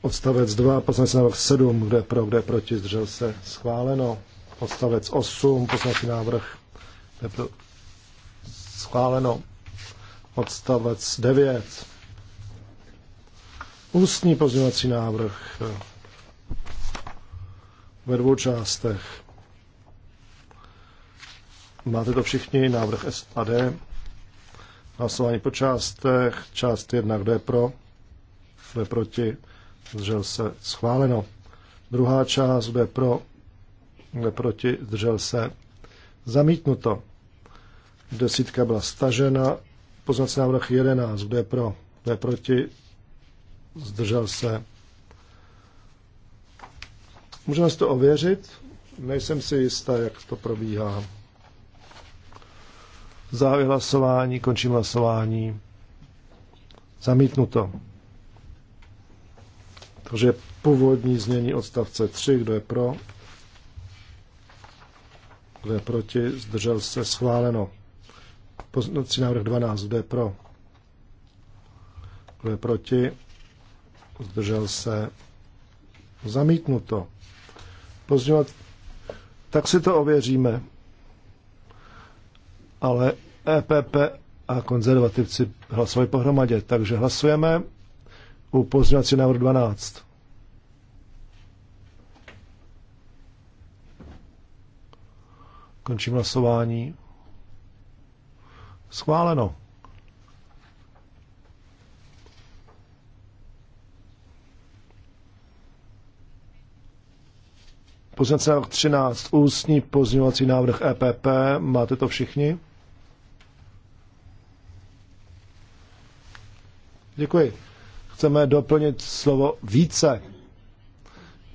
odstavec 2, poslanec návrh 7, kde pro, kde proti, zdržel se, schváleno. Odstavec 8, poslanecí návrh, kde pro, schváleno. Odstavec 9, Ústní pozměňovací návrh eh, ve dvou částech. Máte to všichni, návrh S a D. Hlasování po částech, část 1, kdo je pro, kdo je proti, zdržel se, schváleno. Druhá část, kdo je pro, kdo je proti, zdržel se, zamítnuto. Desítka byla stažena, poznací návrh 11, kdo je pro, kdo je proti, zdržel se. Můžeme si to ověřit, nejsem si jistá, jak to probíhá. Závěr hlasování, končím hlasování. Zamítnuto. Takže původní znění odstavce 3, kdo je pro, kdo je proti, zdržel se, schváleno. Poznací návrh 12, kdo je pro, kdo je proti, zdržel se, zamítnuto. Pozdělat, tak si to ověříme. Ale EPP a konzervativci hlasovali pohromadě, takže hlasujeme u pozdělací návrh 12. Končím hlasování. Schváleno. Pozměňovací návrh 13, ústní pozměňovací návrh EPP, máte to všichni? Děkuji. Chceme doplnit slovo více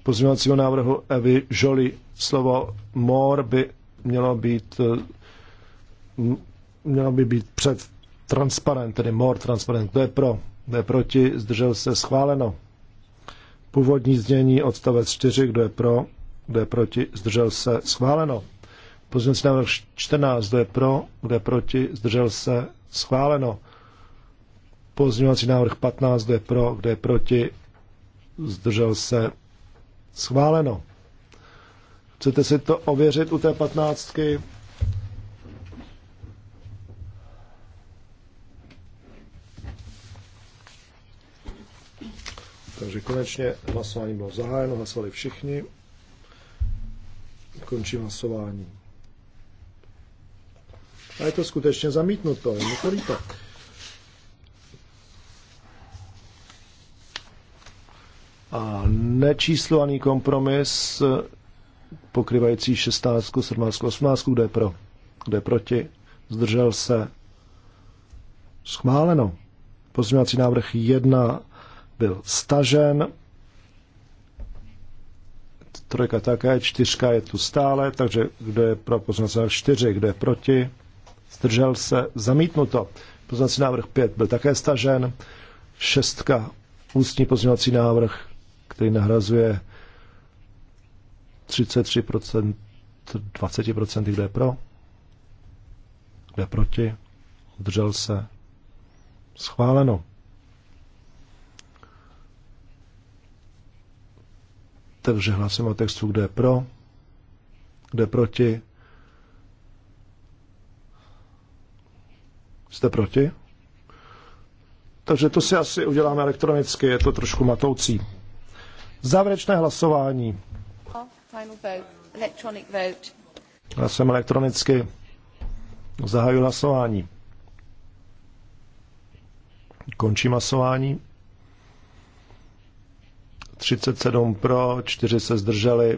pozměňovacího návrhu Evy Žoli. Slovo more by mělo být mělo by být před transparent, tedy more transparent. To je pro, to je proti, zdržel se schváleno. Původní znění odstavec 4, kdo je pro, kdo je proti, zdržel se, schváleno. Pozměňovací návrh 14, kdo je pro, kdo je proti, zdržel se, schváleno. Pozměňovací návrh 15, kdo je pro, kdo je proti, zdržel se, schváleno. Chcete si to ověřit u té patnáctky? Takže konečně hlasování bylo zahájeno, hlasovali všichni. Končím hlasování. A je to skutečně zamítnuto, je to líto. A nečíslovaný kompromis pokrývající 16, 17, 18, kde je pro, kde je proti, zdržel se, schváleno. Pozměňovací návrh 1 byl stažen, trojka také, čtyřka je tu stále, takže kdo je pro poznací návrh čtyři, kdo je proti, zdržel se, zamítnuto. Poznací návrh pět byl také stažen, šestka ústní pozměňovací návrh, který nahrazuje 33%, 20%, kdo je pro, kdo je proti, zdržel se, schváleno. Takže hlasujeme o textu, kde je pro, kde je proti. Jste proti? Takže to si asi uděláme elektronicky, je to trošku matoucí. Závěrečné hlasování. Hlasujeme elektronicky. Zahajuji hlasování. Končím hlasování. 37 pro, 4 se zdrželi.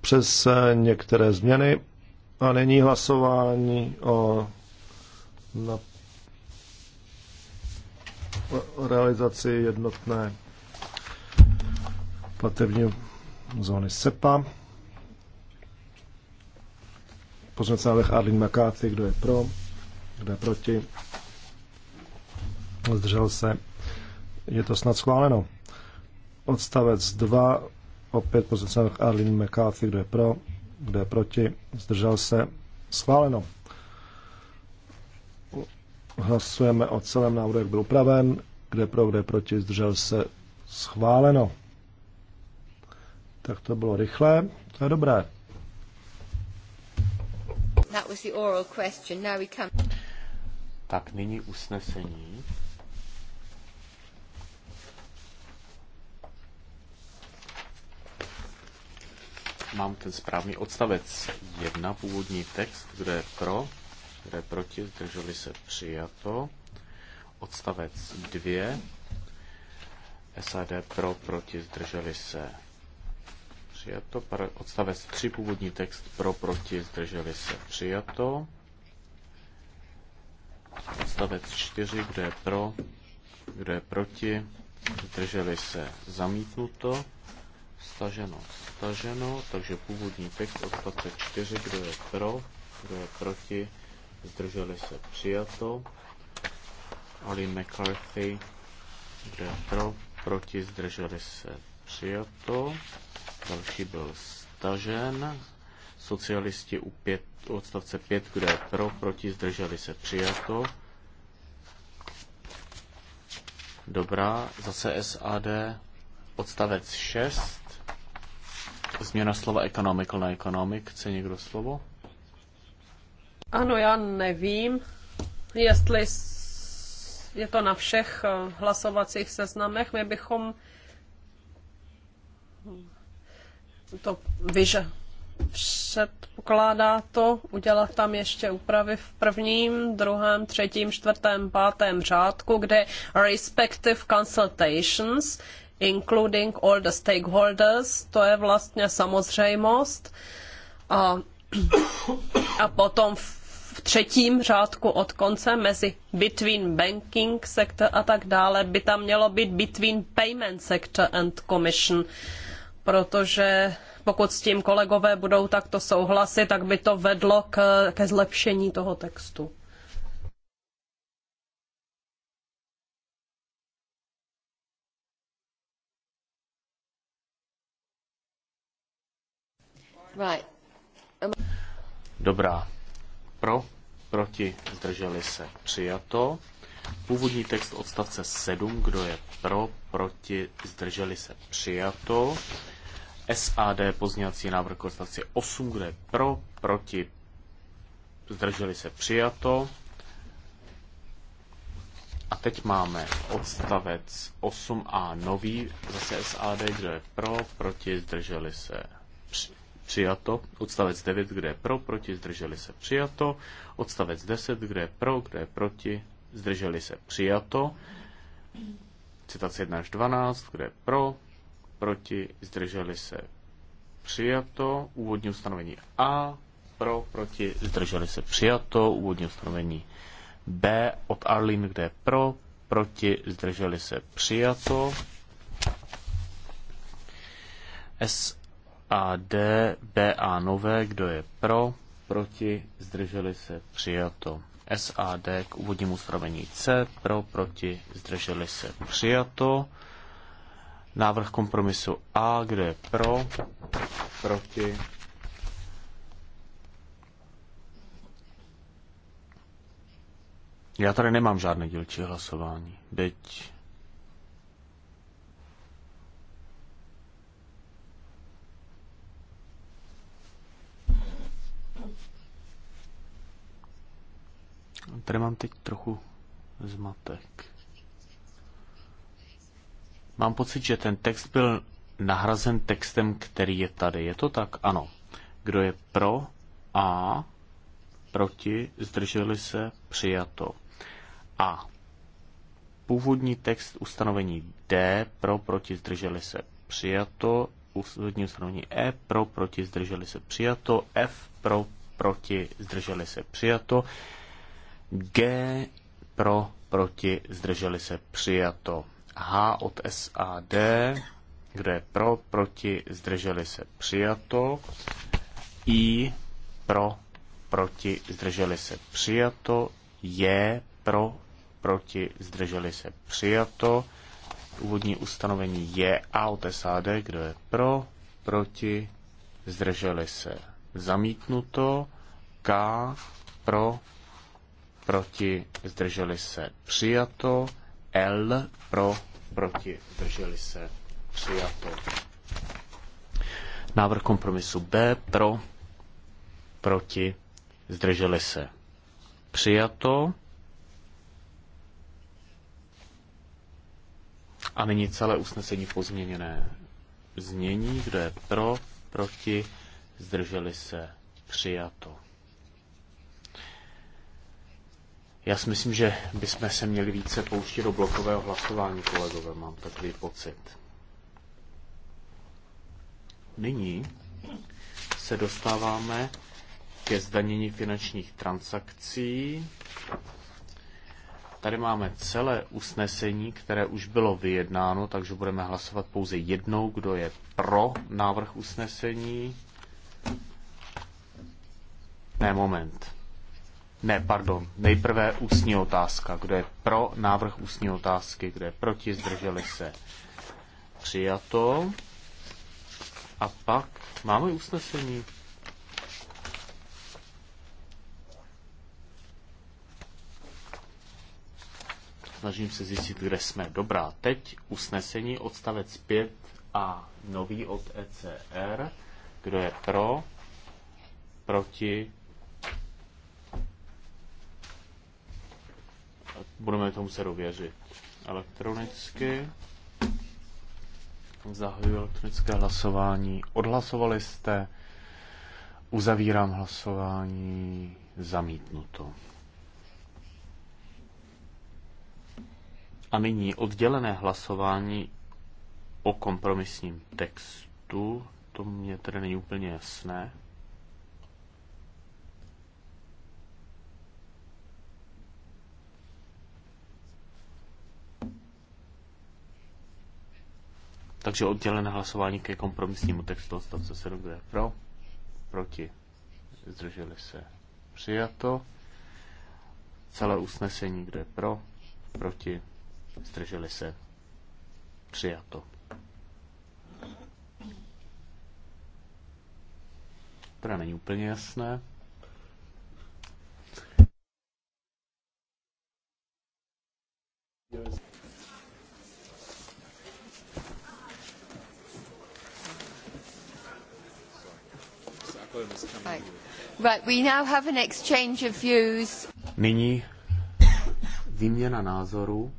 Přes některé změny. A není hlasování o na realizaci jednotné platební zóny SEPA. Pozměnce návrh Arlene McCarthy, kdo je pro, kdo je proti. Zdržel se je to snad schváleno. Odstavec 2, opět pozice Arlene McCarthy, kdo je pro, kdo je proti, zdržel se, schváleno. Hlasujeme o celém návrhu, jak byl upraven, kde pro, kde proti, zdržel se, schváleno. Tak to bylo rychlé, to je dobré. That was the oral question. Now we come... Tak nyní usnesení. mám ten správný odstavec 1, původní text, kde je pro, kde je proti, zdrželi se přijato. Odstavec 2, SAD pro, proti, zdrželi se přijato. Odstavec 3, původní text pro, proti, zdrželi se přijato. Odstavec 4, kde je pro, kde je proti, zdrželi se zamítnuto staženo, staženo, takže původní text odstavce 4, kdo je pro, kdo je proti, zdrželi se přijato. Ali McCarthy, kdo je pro, proti, zdrželi se přijato. Další byl stažen. Socialisti u pět, odstavce 5, kdo je pro, proti, zdrželi se přijato. Dobrá, zase SAD, odstavec 6, Změna slova economical na economic. Chce někdo slovo? Ano, já nevím, jestli je to na všech eh, hlasovacích seznamech. My bychom to vyže předpokládá to udělat tam ještě úpravy v prvním, druhém, třetím, čtvrtém, pátém řádku, kde respective consultations including all the stakeholders, to je vlastně samozřejmost. A, a potom v třetím řádku od konce mezi between banking sector a tak dále by tam mělo být between payment sector and commission, protože pokud s tím kolegové budou takto souhlasit, tak by to vedlo k, ke zlepšení toho textu. Dobrá. Pro, proti, zdrželi se, přijato. Původní text odstavce 7, kdo je pro, proti, zdrželi se, přijato. SAD pozněvací návrh k odstavci 8, kdo je pro, proti, zdrželi se, přijato. A teď máme odstavec 8a nový, zase SAD, kdo je pro, proti, zdrželi se, přijato, odstavec 9, kde je pro, proti, zdrželi se, přijato, odstavec 10, kde je pro, kde je proti, zdrželi se, přijato, citace 1 až 12, kde je pro, proti, zdrželi se, přijato, úvodní ustanovení A, pro, proti, zdrželi se, přijato, úvodní ustanovení B od Arlin, kde je pro, proti, zdrželi se, přijato, S a D, B a nové, kdo je pro, proti, zdrželi se, přijato. SAD k úvodnímu stravení C, pro, proti, zdrželi se, přijato. Návrh kompromisu A, kdo je pro, proti, Já tady nemám žádné dílčí hlasování, byť Tady mám teď trochu zmatek. Mám pocit, že ten text byl nahrazen textem, který je tady. Je to tak? Ano. Kdo je pro A, proti, zdrželi se, přijato. A. Původní text ustanovení D, pro, proti, zdrželi se, přijato. Původní ustanovení E, pro, proti, zdrželi se, přijato. F, pro, proti, zdrželi se, přijato. G pro, proti, zdrželi se, přijato. H od SAD, kdo je pro, proti, zdrželi se, přijato. I pro, proti, zdrželi se, přijato. J pro, proti, zdrželi se, přijato. Úvodní ustanovení je A od SAD, kdo je pro, proti, zdrželi se, zamítnuto. K pro, proti, zdrželi se, přijato. L pro, proti, zdrželi se, přijato. Návrh kompromisu B pro, proti, zdrželi se, přijato. A nyní celé usnesení pozměněné znění, kdo je pro, proti, zdrželi se, přijato. Já si myslím, že bychom se měli více pouštět do blokového hlasování, kolegové, mám takový pocit. Nyní se dostáváme ke zdanění finančních transakcí. Tady máme celé usnesení, které už bylo vyjednáno, takže budeme hlasovat pouze jednou, kdo je pro návrh usnesení. Ne, moment. Ne, pardon. Nejprve ústní otázka. Kdo je pro návrh ústní otázky? Kdo je proti? Zdrželi se? Přijato. A pak máme usnesení. Snažím se zjistit, kde jsme. Dobrá, teď usnesení odstavec 5 a nový od ECR. Kdo je pro? Proti? budeme tomu se dověřit. elektronicky. Zahajuji elektronické hlasování. Odhlasovali jste. Uzavírám hlasování. Zamítnuto. A nyní oddělené hlasování o kompromisním textu. To mě tedy není úplně jasné. Takže oddělené hlasování ke kompromisnímu textu odstavce 7, kde je pro, proti, zdrželi se, přijato. Celé usnesení, kde je pro, proti, zdrželi se, přijato. Teda není úplně jasné. Yes. Nyní výměna názorů.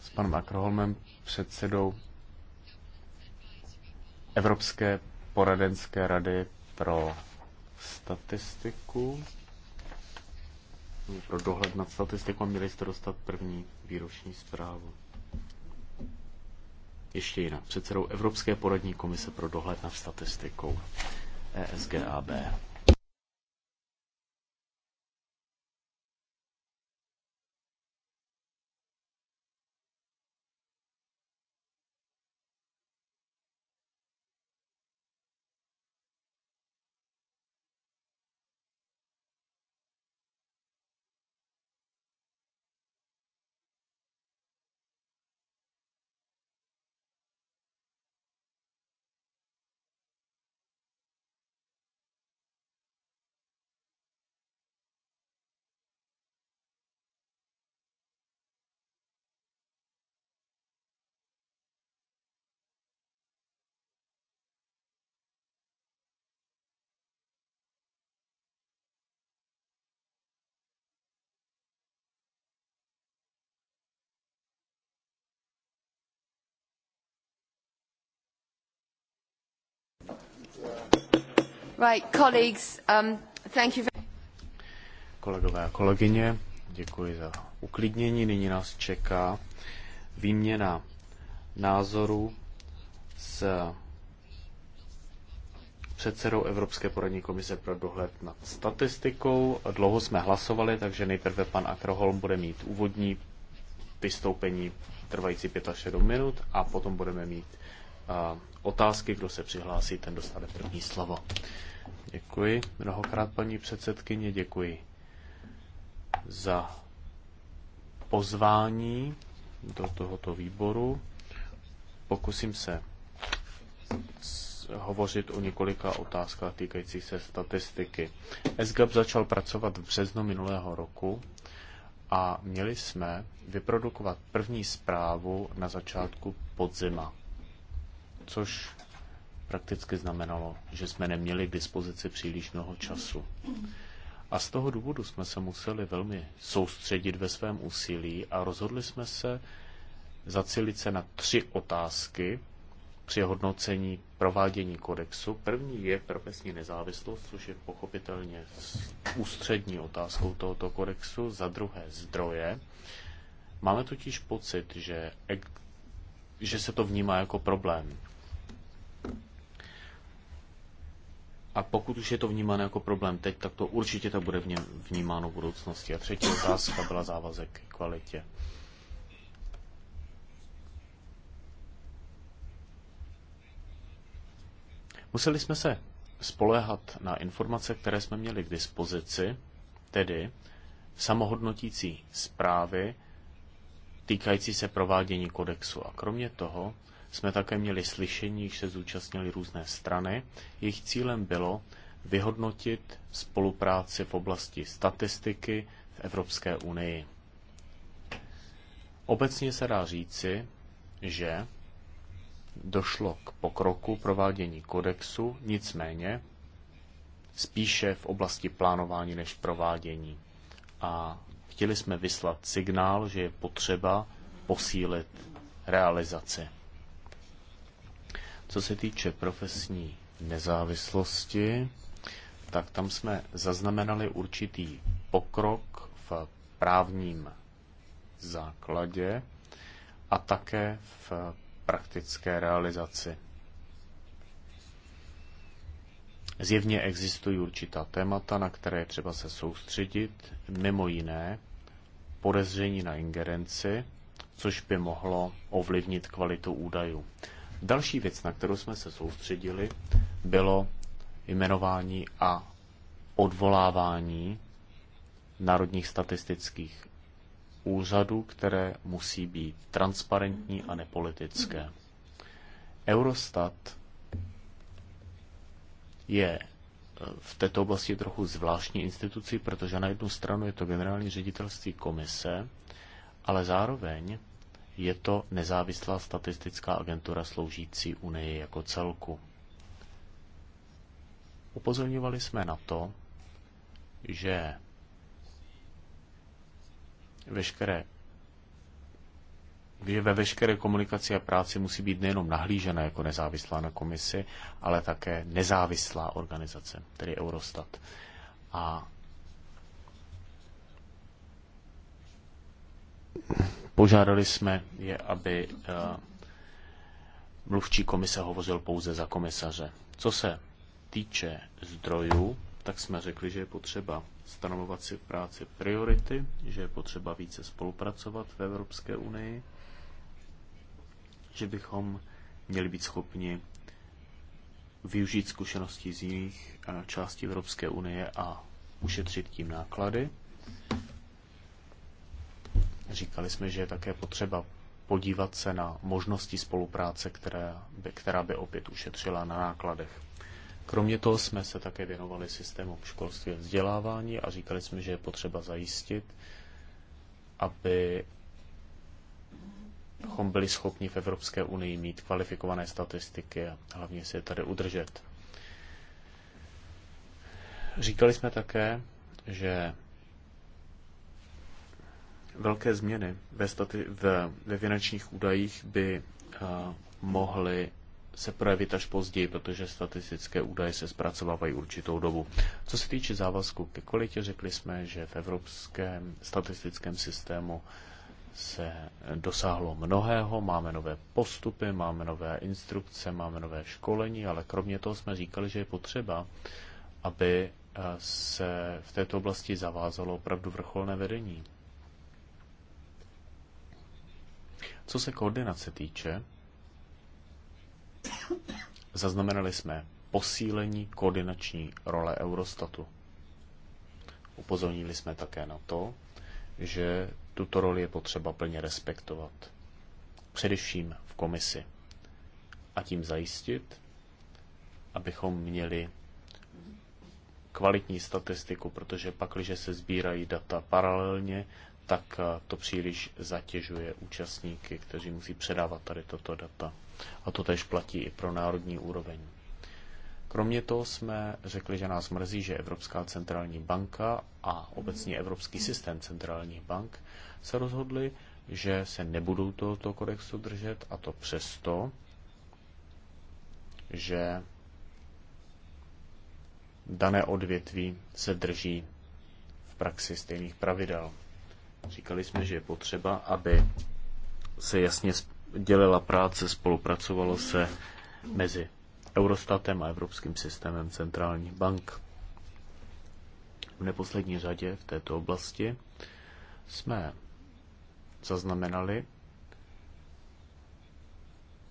S panem Akroholmem, předsedou Evropské poradenské rady pro statistiku, pro dohled nad statistikou, měli jste dostat první výroční zprávu ještě jinak předsedou Evropské poradní komise pro dohled nad statistikou ESGAB. Um, Kolegové a kolegyně, děkuji za uklidnění. Nyní nás čeká výměna názorů s předsedou Evropské poradní komise pro dohled nad statistikou. Dlouho jsme hlasovali, takže nejprve pan Akroholm bude mít úvodní vystoupení trvající 5 až 7 minut a potom budeme mít otázky. Kdo se přihlásí, ten dostane první slovo. Děkuji mnohokrát, paní předsedkyně, děkuji za pozvání do tohoto výboru. Pokusím se hovořit o několika otázkách týkajících se statistiky. SGAP začal pracovat v březnu minulého roku a měli jsme vyprodukovat první zprávu na začátku podzima což prakticky znamenalo, že jsme neměli k dispozici příliš mnoho času. A z toho důvodu jsme se museli velmi soustředit ve svém úsilí a rozhodli jsme se zacilit se na tři otázky při hodnocení provádění kodexu. První je profesní nezávislost, což je pochopitelně ústřední otázkou tohoto kodexu. Za druhé zdroje. Máme totiž pocit, že, že se to vnímá jako problém A pokud už je to vnímáno jako problém teď, tak to určitě to bude vnímáno v budoucnosti. A třetí otázka byla závazek k kvalitě. Museli jsme se spolehat na informace, které jsme měli k dispozici, tedy samohodnotící zprávy týkající se provádění kodexu. A kromě toho jsme také měli slyšení, již se zúčastnili různé strany. Jejich cílem bylo vyhodnotit spolupráci v oblasti statistiky v Evropské unii. Obecně se dá říci, že došlo k pokroku provádění kodexu, nicméně spíše v oblasti plánování než provádění. A chtěli jsme vyslat signál, že je potřeba posílit realizaci. Co se týče profesní nezávislosti, tak tam jsme zaznamenali určitý pokrok v právním základě a také v praktické realizaci. Zjevně existují určitá témata, na které je třeba se soustředit, mimo jiné podezření na ingerenci, což by mohlo ovlivnit kvalitu údajů. Další věc, na kterou jsme se soustředili, bylo jmenování a odvolávání národních statistických úřadů, které musí být transparentní a nepolitické. Eurostat je e, v této oblasti trochu zvláštní institucí, protože na jednu stranu je to generální ředitelství komise, ale zároveň je to nezávislá statistická agentura sloužící Unii jako celku. Upozorňovali jsme na to, že veškeré že ve veškeré komunikaci a práci musí být nejenom nahlížena jako nezávislá na komisi, ale také nezávislá organizace, tedy Eurostat. A Požádali jsme je, aby eh, mluvčí komise hovořil pouze za komisaře. Co se týče zdrojů, tak jsme řekli, že je potřeba stanovovat si v práci priority, že je potřeba více spolupracovat v Evropské unii, že bychom měli být schopni využít zkušenosti z jiných eh, částí Evropské unie a ušetřit tím náklady. Říkali jsme, že je také potřeba podívat se na možnosti spolupráce, které by, která by opět ušetřila na nákladech. Kromě toho jsme se také věnovali systému školství a vzdělávání a říkali jsme, že je potřeba zajistit, aby bychom byli schopni v Evropské unii mít kvalifikované statistiky a hlavně si je tady udržet. Říkali jsme také, že velké změny ve, stati- ve, ve finančních údajích by a, eh, mohly se projevit až později, protože statistické údaje se zpracovávají určitou dobu. Co se týče závazku ke kvalitě, řekli jsme, že v evropském statistickém systému se dosáhlo mnohého, máme nové postupy, máme nové instrukce, máme nové školení, ale kromě toho jsme říkali, že je potřeba, aby eh, se v této oblasti zavázalo opravdu vrcholné vedení. Co se koordinace týče, zaznamenali jsme posílení koordinační role Eurostatu. Upozornili jsme také na to, že tuto roli je potřeba plně respektovat. Především v komisi. A tím zajistit, abychom měli kvalitní statistiku, protože pak, když se sbírají data paralelně, tak eh, to příliš zatěžuje účastníky, kteří musí předávat tady toto data. A to tež platí i pro národní úroveň. Kromě toho jsme řekli, že nás mrzí, že Evropská centrální banka a obecně Evropský systém centrálních bank se rozhodli, že se nebudou tohoto kodexu držet a to přesto, že dané odvětví se drží v praxi stejných pravidel. Říkali jsme, že je potřeba, aby se jasně dělila práce, spolupracovalo se mezi Eurostatem a Evropským systémem centrálních bank. V neposlední řadě v této oblasti jsme zaznamenali,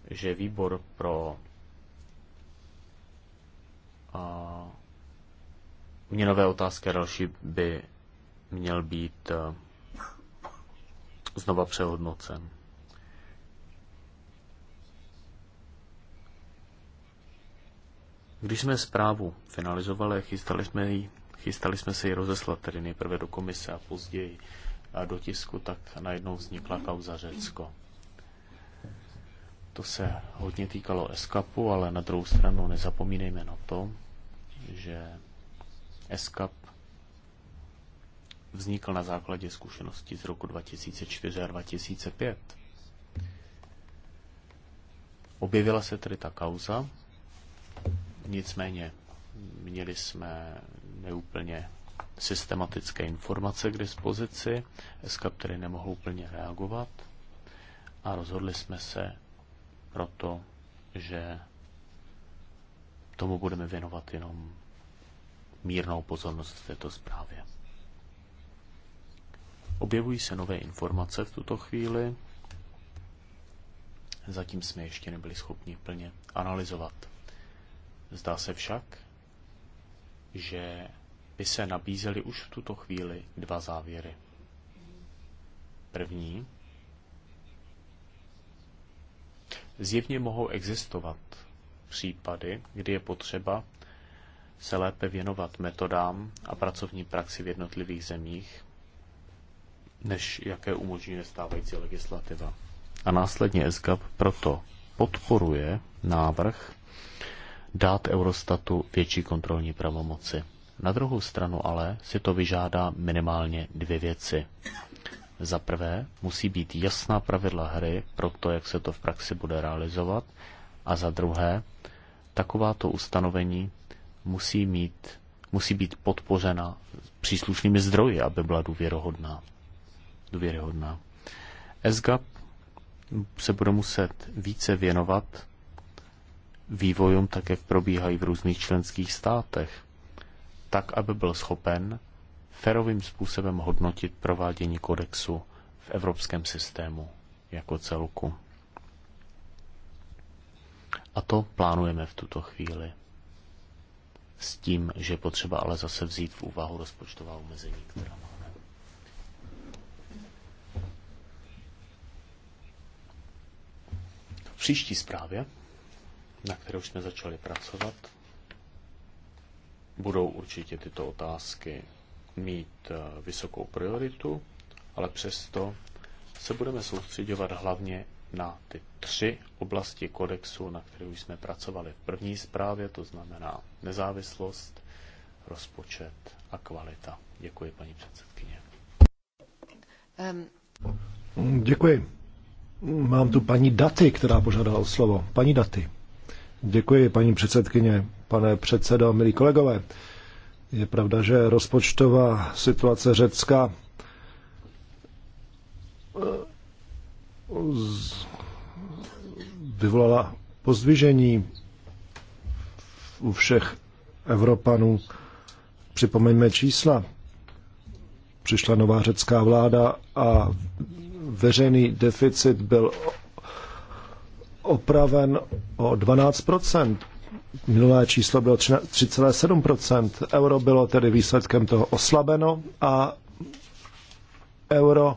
že výbor pro a, měnové otázky a další by měl být znova přehodnocen. Když jsme zprávu finalizovali, chystali jsme, ji, chystali jsme se ji rozeslat tedy nejprve do komise a později a do tisku, tak najednou vznikla kauza Řecko. To se hodně týkalo ESCAPu, ale na druhou stranu nezapomínejme na to, že ESCAP vznikl na základě zkušeností z roku 2004 a 2005. Objevila se tedy ta kauza, nicméně měli jsme neúplně systematické informace k dispozici, SK, tedy nemohl úplně reagovat a rozhodli jsme se proto, že tomu budeme věnovat jenom mírnou pozornost v této zprávě. Objevují se nové informace v tuto chvíli. Zatím jsme ještě nebyli schopni plně analyzovat. Zdá se však, že by se nabízely už v tuto chvíli dva závěry. První. Zjevně mohou existovat případy, kdy je potřeba se lépe věnovat metodám a pracovní praxi v jednotlivých zemích než jaké umožňuje stávající legislativa. A následně SGAP proto podporuje návrh dát Eurostatu větší kontrolní pravomoci. Na druhou stranu ale si to vyžádá minimálně dvě věci. Za prvé musí být jasná pravidla hry pro to, jak se to v praxi bude realizovat, a za druhé takováto ustanovení musí, mít, musí být podpořena příslušnými zdroji, aby byla důvěrohodná důvěryhodná. SGAP se bude muset více věnovat vývojům, tak jak probíhají v různých členských státech, tak, aby byl schopen ferovým způsobem hodnotit provádění kodexu v evropském systému jako celku. A to plánujeme v tuto chvíli. S tím, že potřeba ale zase vzít v úvahu rozpočtová omezení, která má. příští zprávě, na kterou jsme začali pracovat, budou určitě tyto otázky mít eh, vysokou prioritu, ale přesto se budeme soustředovat hlavně na ty tři oblasti kodexu, na které už jsme pracovali v první zprávě, to znamená nezávislost, rozpočet a kvalita. Děkuji, paní předsedkyně. Um. Děkuji. Mám tu paní Daty, která požádala o slovo. Paní Daty. Děkuji, paní předsedkyně, pane předsedo, milí kolegové. Je pravda, že rozpočtová situace Řecka eh, vyvolala pozdvižení u všech Evropanů. Připomeňme čísla. Přišla nová řecká vláda a veřejný deficit byl opraven o 12 Minulé číslo bylo 3,7 Euro bylo tedy výsledkem toho oslabeno a euro,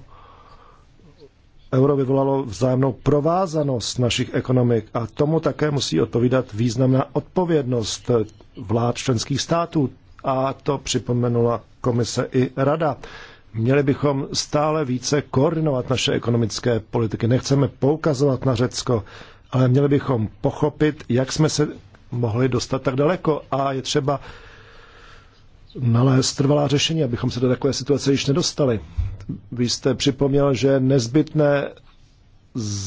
euro vyvolalo vzájemnou provázanost našich ekonomik a tomu také musí odpovídat významná odpovědnost vlád členských států. A to připomenula komise i rada. Měli bychom stále více koordinovat naše ekonomické politiky. Nechceme poukazovat na Řecko, ale měli bychom pochopit, jak jsme se mohli dostat tak daleko. A je třeba nalézt trvalá řešení, abychom se do takové situace již nedostali. Vy jste připomněl, že je nezbytné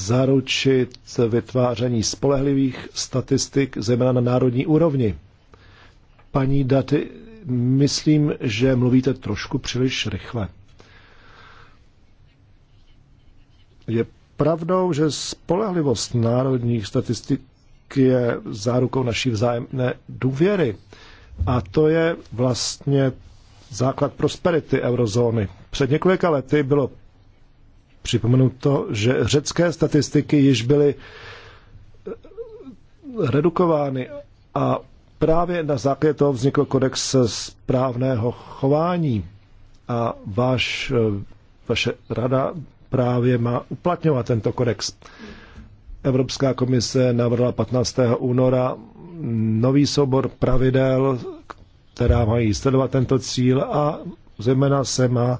zaručit vytváření spolehlivých statistik, zejména na národní úrovni. Paní Daty Myslím, že mluvíte trošku příliš rychle. Je pravdou, že spolehlivost národních statistik je zárukou naší vzájemné důvěry. A to je vlastně základ prosperity eurozóny. Před několika lety bylo připomenuto, že řecké statistiky již byly redukovány a Právě na základě toho vznikl kodex správného chování a váš, eh, vaše rada právě má uplatňovat tento kodex. Evropská komise navrhla 15. února nový soubor pravidel, která mají sledovat tento cíl a zejména se má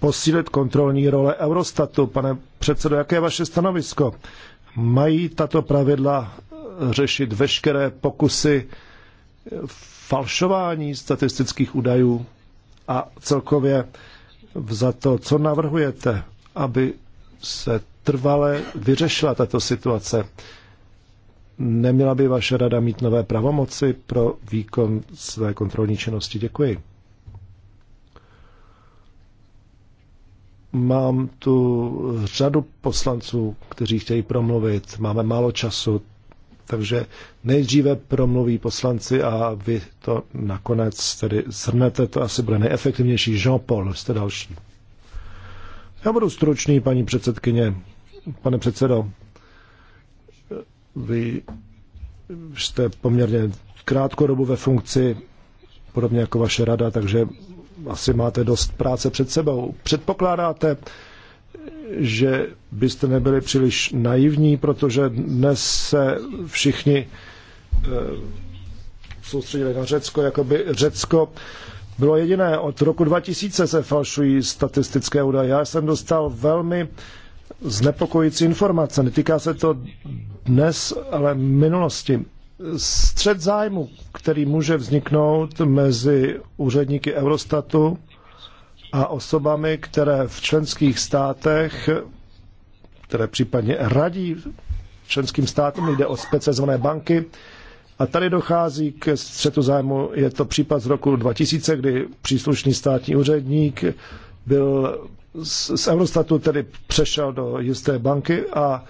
posílit kontrolní role Eurostatu. Pane předsedo, jaké je vaše stanovisko? Mají tato pravidla řešit veškeré pokusy falšování statistických údajů a celkově za to, co navrhujete, aby se trvale vyřešila tato situace. Neměla by vaše rada mít nové pravomoci pro výkon své kontrolní činnosti? Děkuji. Mám tu řadu poslanců, kteří chtějí promluvit. Máme málo času, takže nejdříve promluví poslanci a vy to nakonec tedy zhrnete, to asi bude nejefektivnější. Jean-Paul, jste další. Já budu stručný, paní předsedkyně. Pane předsedo, vy jste poměrně krátkou dobu ve funkci, podobně jako vaše rada, takže asi máte dost práce před sebou. Předpokládáte, že byste nebyli příliš naivní, protože dnes se všichni eh, soustředili na Řecko, jako by Řecko bylo jediné. Od roku 2000 se falšují statistické údaje. Já jsem dostal velmi znepokojící informace. Netýká se to dnes, ale minulosti. Střed zájmu, který může vzniknout mezi úředníky Eurostatu a osobami, které v členských státech, které případně radí členským státům, jde o specializované banky. A tady dochází k střetu zájmu. Je to případ z roku 2000, kdy příslušný státní úředník byl z, z Eurostatu tedy přešel do jisté banky a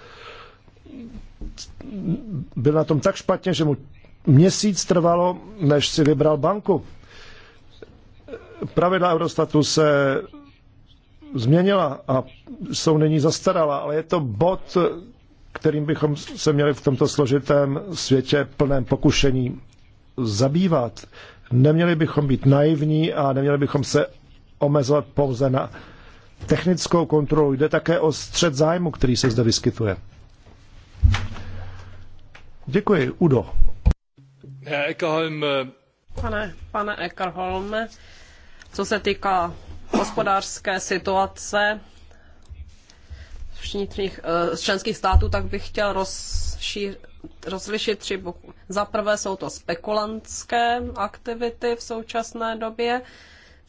byl na tom tak špatně, že mu měsíc trvalo, než si vybral banku pravidla Eurostatu se změnila a jsou nyní zastarala, ale je to bod, kterým bychom se měli v tomto složitém světě plném pokušení zabývat. Neměli bychom být naivní a neměli bychom se omezovat pouze na technickou kontrolu. Jde také o střed zájmu, který se zde vyskytuje. Děkuji, Udo. Äh, pane, pane Eckerholm, co se týká hospodářské situace vnitřních, eh, z členských států, tak bych chtěl rozlišit tři boku. Za prvé jsou to spekulantské aktivity v současné době,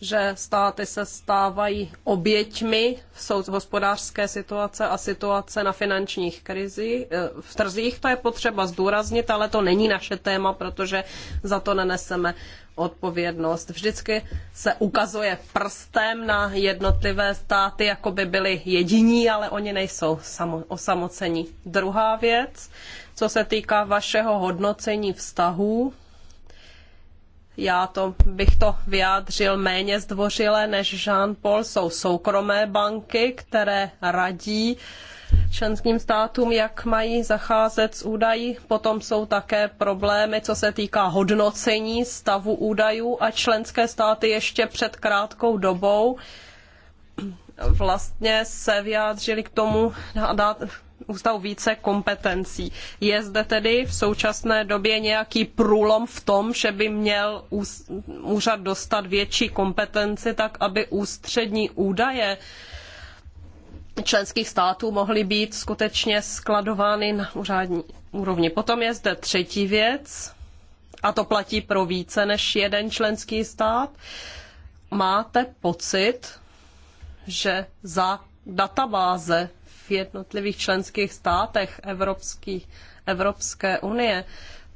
že státy se stávají oběťmi v hospodářské situace a situace na finančních krizi, eh, v trzích. To je potřeba zdůraznit, ale to není naše téma, protože za to neneseme odpovědnost. Vždycky se ukazuje prstem na jednotlivé státy, jako by byli jediní, ale oni nejsou samo, osamocení. Druhá věc, co se týká vašeho hodnocení vztahů já to bych to vyjádřil méně zdvořile než Jean-Paul, jsou soukromé banky, které radí členským státům, jak mají zacházet s údaji. Potom jsou také problémy, co se týká hodnocení stavu údajů a členské státy ještě před krátkou dobou vlastně se vyjádřili k tomu, ústavu více kompetencí. Je zde tedy v současné době nějaký průlom v tom, že by měl úřad dostat větší kompetenci, tak aby ústřední údaje členských států mohly být skutečně skladovány na úřadní úrovni. Potom je zde třetí věc, a to platí pro více než jeden členský stát. Máte pocit, že za databáze jednotlivých členských státech Evropský, Evropské unie,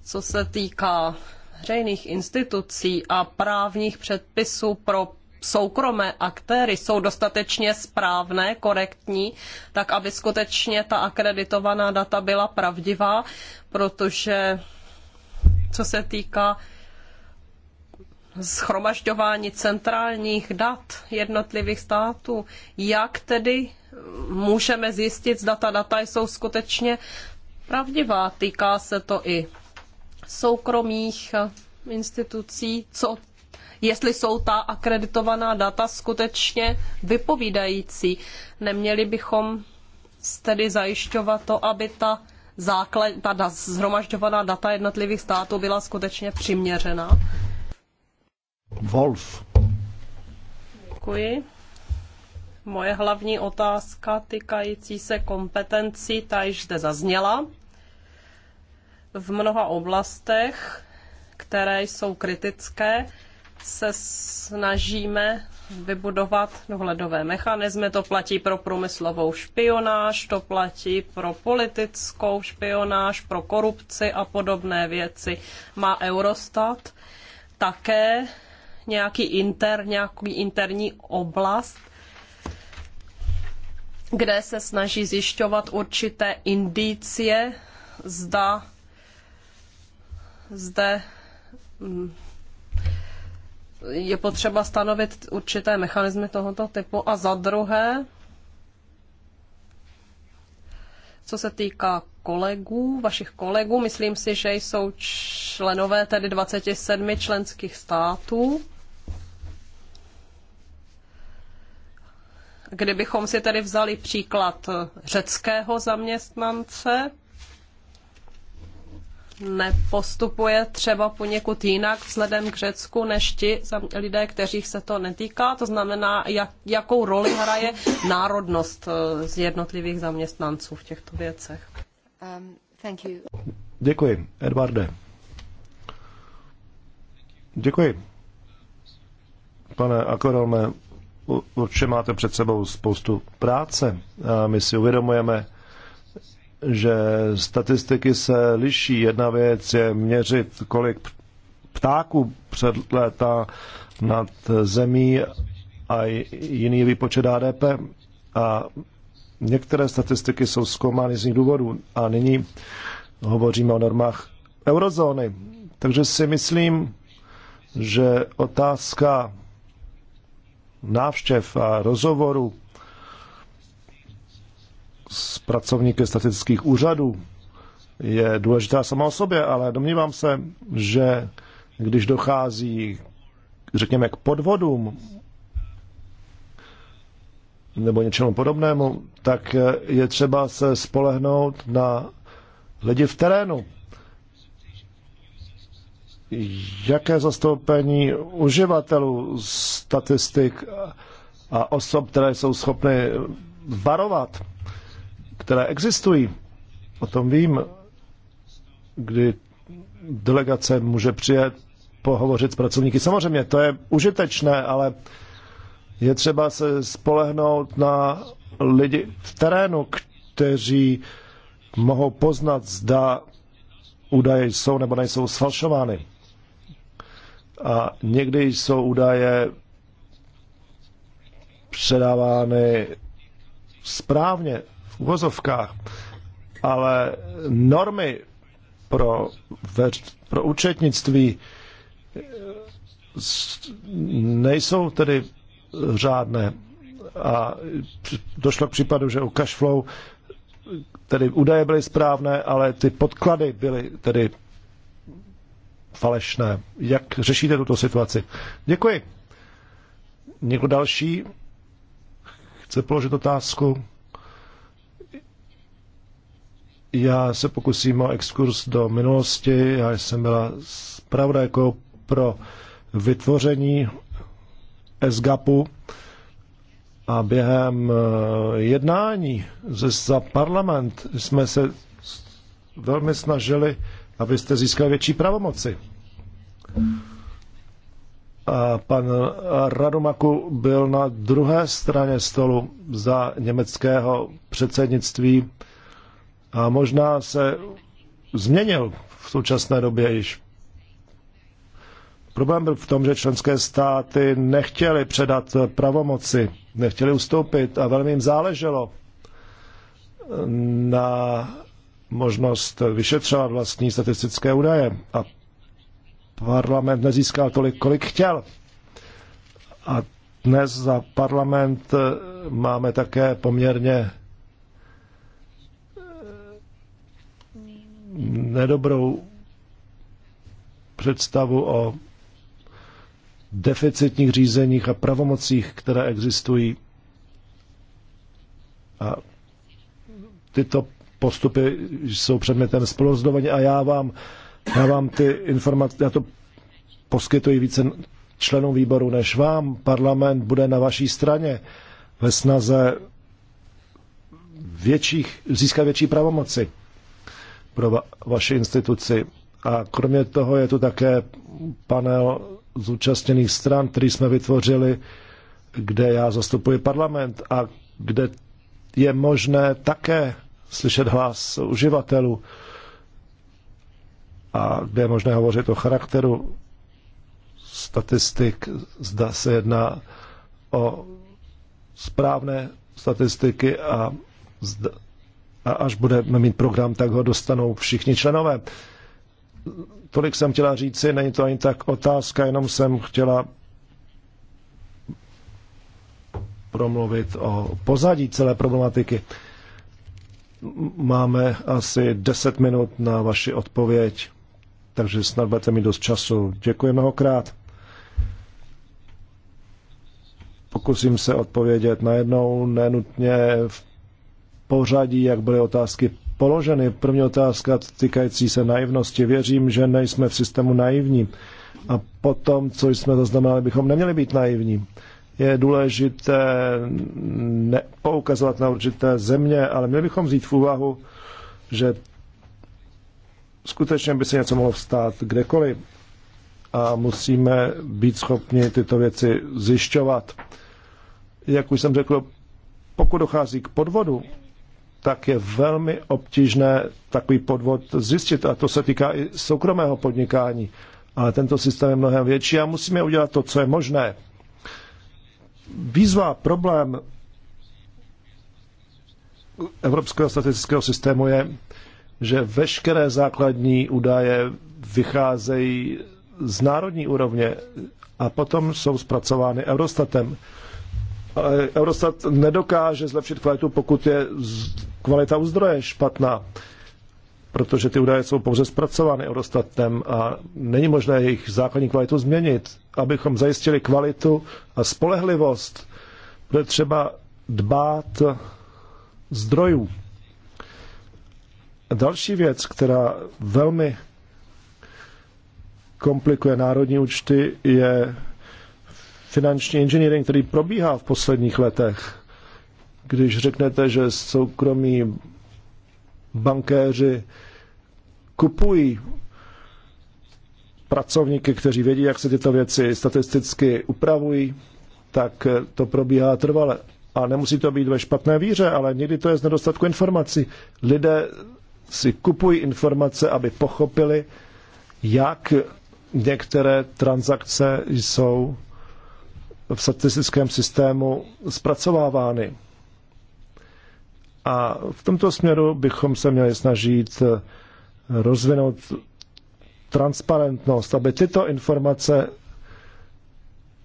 co se týká veřejných institucí a právních předpisů pro soukromé aktéry jsou dostatečně správné, korektní, tak aby skutečně ta akreditovaná data byla pravdivá, protože co se týká schromažďování centrálních dat jednotlivých států, jak tedy můžeme zjistit, zda ta data jsou skutečně pravdivá. Týká se to i soukromých institucí, co, jestli jsou ta akreditovaná data skutečně vypovídající. Neměli bychom tedy zajišťovat to, aby ta, základ, ta zhromažďovaná data jednotlivých států byla skutečně přiměřená. Wolf. Děkuji. Moje hlavní otázka týkající se kompetencí, ta již zde zazněla. V mnoha oblastech, které jsou kritické, se snažíme vybudovat dohledové mechanismy. To platí pro průmyslovou špionáž, to platí pro politickou špionáž, pro korupci a podobné věci. Má Eurostat také nějaký, inter, nějaký interní oblast, kde se snaží zjišťovat určité indicie, zda zde mm, je potřeba stanovit určité mechanismy tohoto typu. A za druhé, co se týká kolegů, vašich kolegů, myslím si, že jsou členové tedy 27 členských států. Kdybychom si tedy vzali příklad eh, řeckého zaměstnance, nepostupuje třeba poněkud jinak vzhledem k Řecku než ti lidé, kteřích se to netýká? To znamená, jak, jakou roli hraje národnost eh, z jednotlivých zaměstnanců v těchto věcech? Um, thank you. Děkuji. Edvarde. Děkuji. Pane Akorolme, určitě máte před sebou spoustu práce. A my si uvědomujeme, že statistiky se liší. Jedna věc je měřit, kolik ptáků předlétá nad zemí a jiný výpočet HDP. A některé statistiky jsou zkoumány z jiných důvodů. A nyní hovoříme o normách eurozóny. Takže si myslím, že otázka návštěv a rozhovoru s pracovníky statistických úřadů je důležitá sama o sobě, ale domnívám se, že když dochází, řekněme, k podvodům nebo něčemu podobnému, tak je třeba se spolehnout na lidi v terénu jaké zastoupení uživatelů statistik a osob, které jsou schopny varovat, které existují. O tom vím, kdy delegace může přijet pohovořit s pracovníky. Samozřejmě to je užitečné, ale je třeba se spolehnout na lidi v terénu, kteří mohou poznat, zda údaje jsou nebo nejsou sfalšovány a někdy jsou údaje předávány správně v uvozovkách, ale normy pro, pro účetnictví eh, nejsou tedy řádné. A došlo k případu, že u cashflow tedy údaje byly správné, ale ty podklady byly tedy falešné. Jak řešíte tuto situaci? Děkuji. Někdo další chce položit otázku? Já se pokusím o exkurs do minulosti. Já jsem byla jako pro vytvoření SGAPu a během eh, jednání za parlament jsme se velmi snažili abyste získali větší pravomoci. A pan Radomaku byl na druhé straně stolu za německého předsednictví a možná se změnil v současné době již. Problém byl v tom, že členské státy nechtěly předat pravomoci, nechtěly ustoupit a velmi jim záleželo na možnost vyšetřovat vlastní statistické údaje a parlament nezískal tolik, kolik chtěl. A dnes za parlament máme také poměrně nedobrou představu o deficitních řízeních a pravomocích, které existují. A tyto postupy jsou předmětem spolurozhodování a já vám, já vám ty informace, já to poskytuji více členům výboru než vám. Parlament bude na vaší straně ve snaze větších, získat větší pravomoci pro va- vaši instituci. A kromě toho je tu také panel zúčastněných stran, který jsme vytvořili, kde já zastupuji parlament a kde je možné také slyšet hlas uživatelů a kde je možné hovořit o charakteru statistik, zda se jedná o správné statistiky a, zda, a až budeme mít program, tak ho dostanou všichni členové. Tolik jsem chtěla říci, není to ani tak otázka, jenom jsem chtěla promluvit o pozadí celé problematiky. Máme asi 10 minut na vaši odpověď, takže snad budete mít dost času. Děkuji mnohokrát. Pokusím se odpovědět najednou, nenutně v pořadí, jak byly otázky položeny. První otázka týkající se naivnosti. Věřím, že nejsme v systému naivní. A potom, co jsme zaznamenali, bychom neměli být naivní je důležité ne, poukazovat na určité země, ale měli bychom vzít v úvahu, že skutečně by se něco mohlo vstát kdekoliv a musíme být schopni tyto věci zjišťovat. Jak už jsem řekl, pokud dochází k podvodu, tak je velmi obtížné takový podvod zjistit a to se týká i soukromého podnikání. Ale tento systém je mnohem větší a musíme udělat to, co je možné výzva, problém Evropského statistického systému je, že veškeré základní údaje vycházejí z národní úrovně a potom jsou zpracovány Eurostatem. Ale Eurostat nedokáže zlepšit kvalitu, pokud je kvalita u zdroje špatná protože ty údaje jsou pouze zpracovány Eurostatem a není možné jejich základní kvalitu změnit. Abychom zajistili kvalitu a spolehlivost, bude třeba dbát zdrojů. Další věc, která velmi komplikuje národní účty, je finanční inženýring, který probíhá v posledních letech. Když řeknete, že soukromí bankéři kupují pracovníky, kteří vědí, jak se tyto věci statisticky upravují, tak to probíhá trvale. A nemusí to být ve špatné víře, ale někdy to je z nedostatku informací. Lidé si kupují informace, aby pochopili, jak některé transakce jsou v statistickém systému zpracovávány. A v tomto směru bychom se měli snažit rozvinout transparentnost, aby tyto informace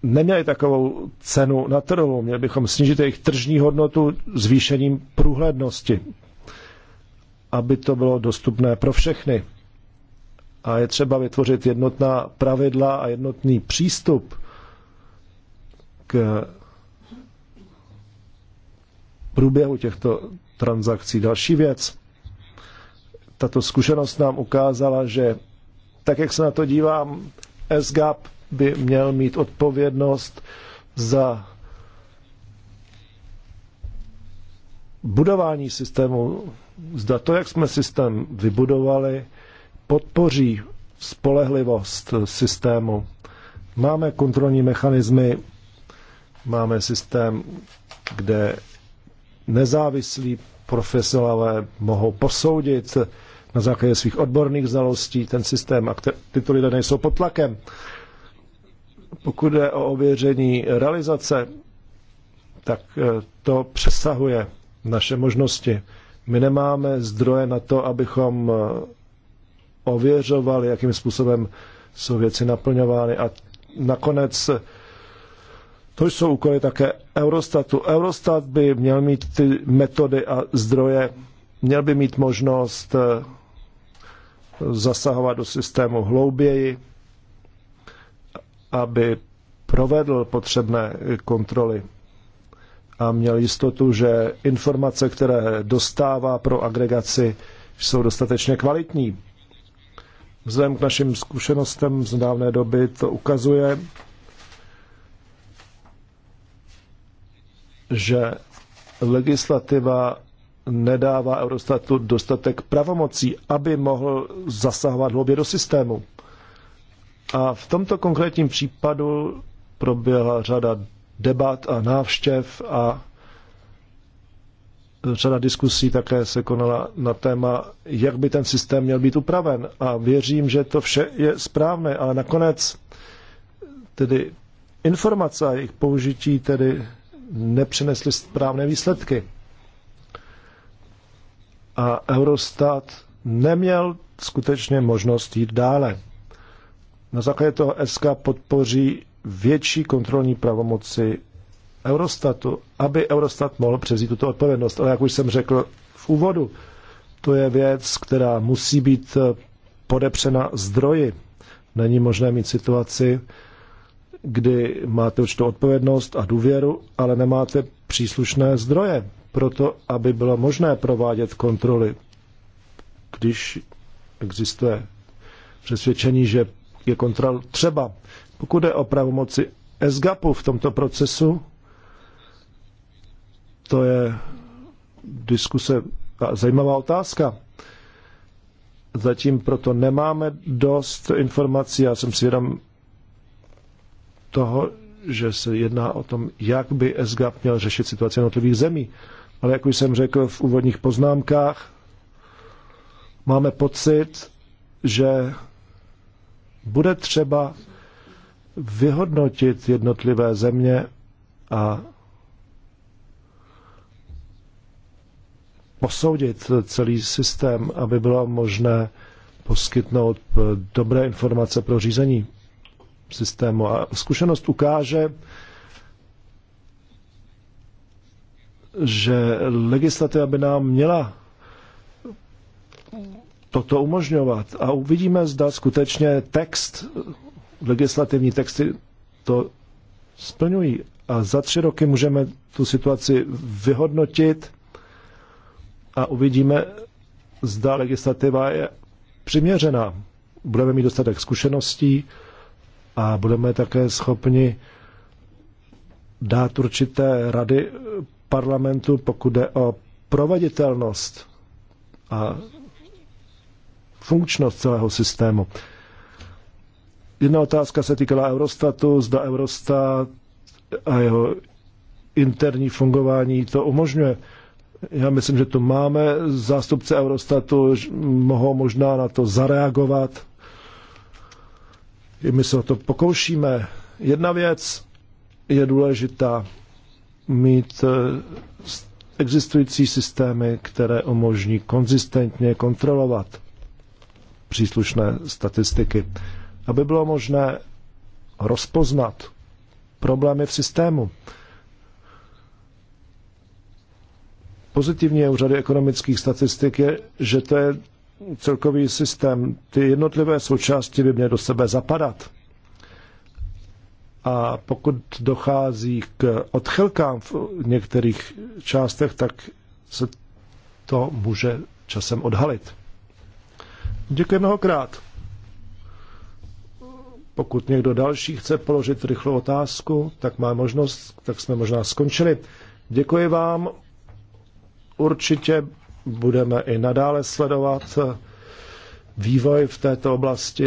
neměly takovou cenu na trhu. Měli bychom snížit jejich tržní hodnotu zvýšením průhlednosti, aby to bylo dostupné pro všechny. A je třeba vytvořit jednotná pravidla a jednotný přístup k průběhu těchto transakcí. Další věc tato zkušenost nám ukázala, že tak, jak se na to dívám, SGAP by měl mít odpovědnost za budování systému, zda to, jak jsme systém vybudovali, podpoří spolehlivost systému. Máme kontrolní mechanismy, máme systém, kde nezávislí profesionálové mohou posoudit, na základě svých odborných znalostí ten systém a tyto lidé nejsou pod tlakem. Pokud je o ověření realizace, tak eh, to přesahuje naše možnosti. My nemáme zdroje na to, abychom eh, ověřovali, jakým způsobem jsou věci naplňovány. A nakonec eh, to jsou úkoly také Eurostatu. Eurostat by měl mít ty metody a zdroje, měl by mít možnost zasahovat do systému hlouběji, aby provedl potřebné kontroly a měl jistotu, že informace, které dostává pro agregaci, jsou dostatečně kvalitní. Vzhledem k našim zkušenostem z dávné doby to ukazuje, že legislativa nedává Eurostatu dostatek pravomocí, aby mohl zasahovat hloubě do systému. A v tomto konkrétním případu proběhla řada debat a návštěv a řada diskusí také se konala na téma, jak by ten systém měl být upraven. A věřím, že to vše je správné, ale nakonec tedy informace a jejich použití tedy nepřinesly správné výsledky a Eurostat neměl skutečně možnost jít dále. Na základě toho SK podpoří větší kontrolní pravomoci Eurostatu, aby Eurostat mohl převzít tuto odpovědnost. Ale jak už jsem řekl v úvodu, to je věc, která musí být podepřena zdroji. Není možné mít situaci, kdy máte určitou odpovědnost a důvěru, ale nemáte příslušné zdroje proto aby bylo možné provádět kontroly, když existuje přesvědčení, že je kontrol třeba. Pokud je o pravomoci SGAPu v tomto procesu, to je diskuse a zajímavá otázka. Zatím proto nemáme dost informací. Já jsem svědom toho, že se jedná o tom, jak by SGAP měl řešit situaci jednotlivých zemí ale jak už jsem řekl v úvodních poznámkách, máme pocit, že bude třeba vyhodnotit jednotlivé země a posoudit celý systém, aby bylo možné poskytnout dobré informace pro řízení systému. A zkušenost ukáže, že legislativa by nám měla toto umožňovat. A uvidíme, zda skutečně text, legislativní texty to splňují. A za tři roky můžeme tu situaci vyhodnotit a uvidíme, zda legislativa je přiměřená. Budeme mít dostatek zkušeností a budeme také schopni dát určité rady parlamentu, pokud jde o proveditelnost a funkčnost celého systému. Jedna otázka se týkala Eurostatu, zda Eurostat a jeho interní fungování to umožňuje. Já myslím, že tu máme zástupce Eurostatu, mohou možná na to zareagovat. My se o to pokoušíme. Jedna věc je důležitá mít eh, existující systémy, které umožní konzistentně kontrolovat příslušné statistiky, aby bylo možné rozpoznat problémy v systému. Pozitivní je u řady ekonomických statistik je, že to je celkový systém. Ty jednotlivé součásti by měly do sebe zapadat. A pokud dochází k odchylkám v některých částech, tak se to může časem odhalit. Děkuji mnohokrát. Pokud někdo další chce položit rychlou otázku, tak má možnost, tak jsme možná skončili. Děkuji vám. Určitě budeme i nadále sledovat vývoj v této oblasti.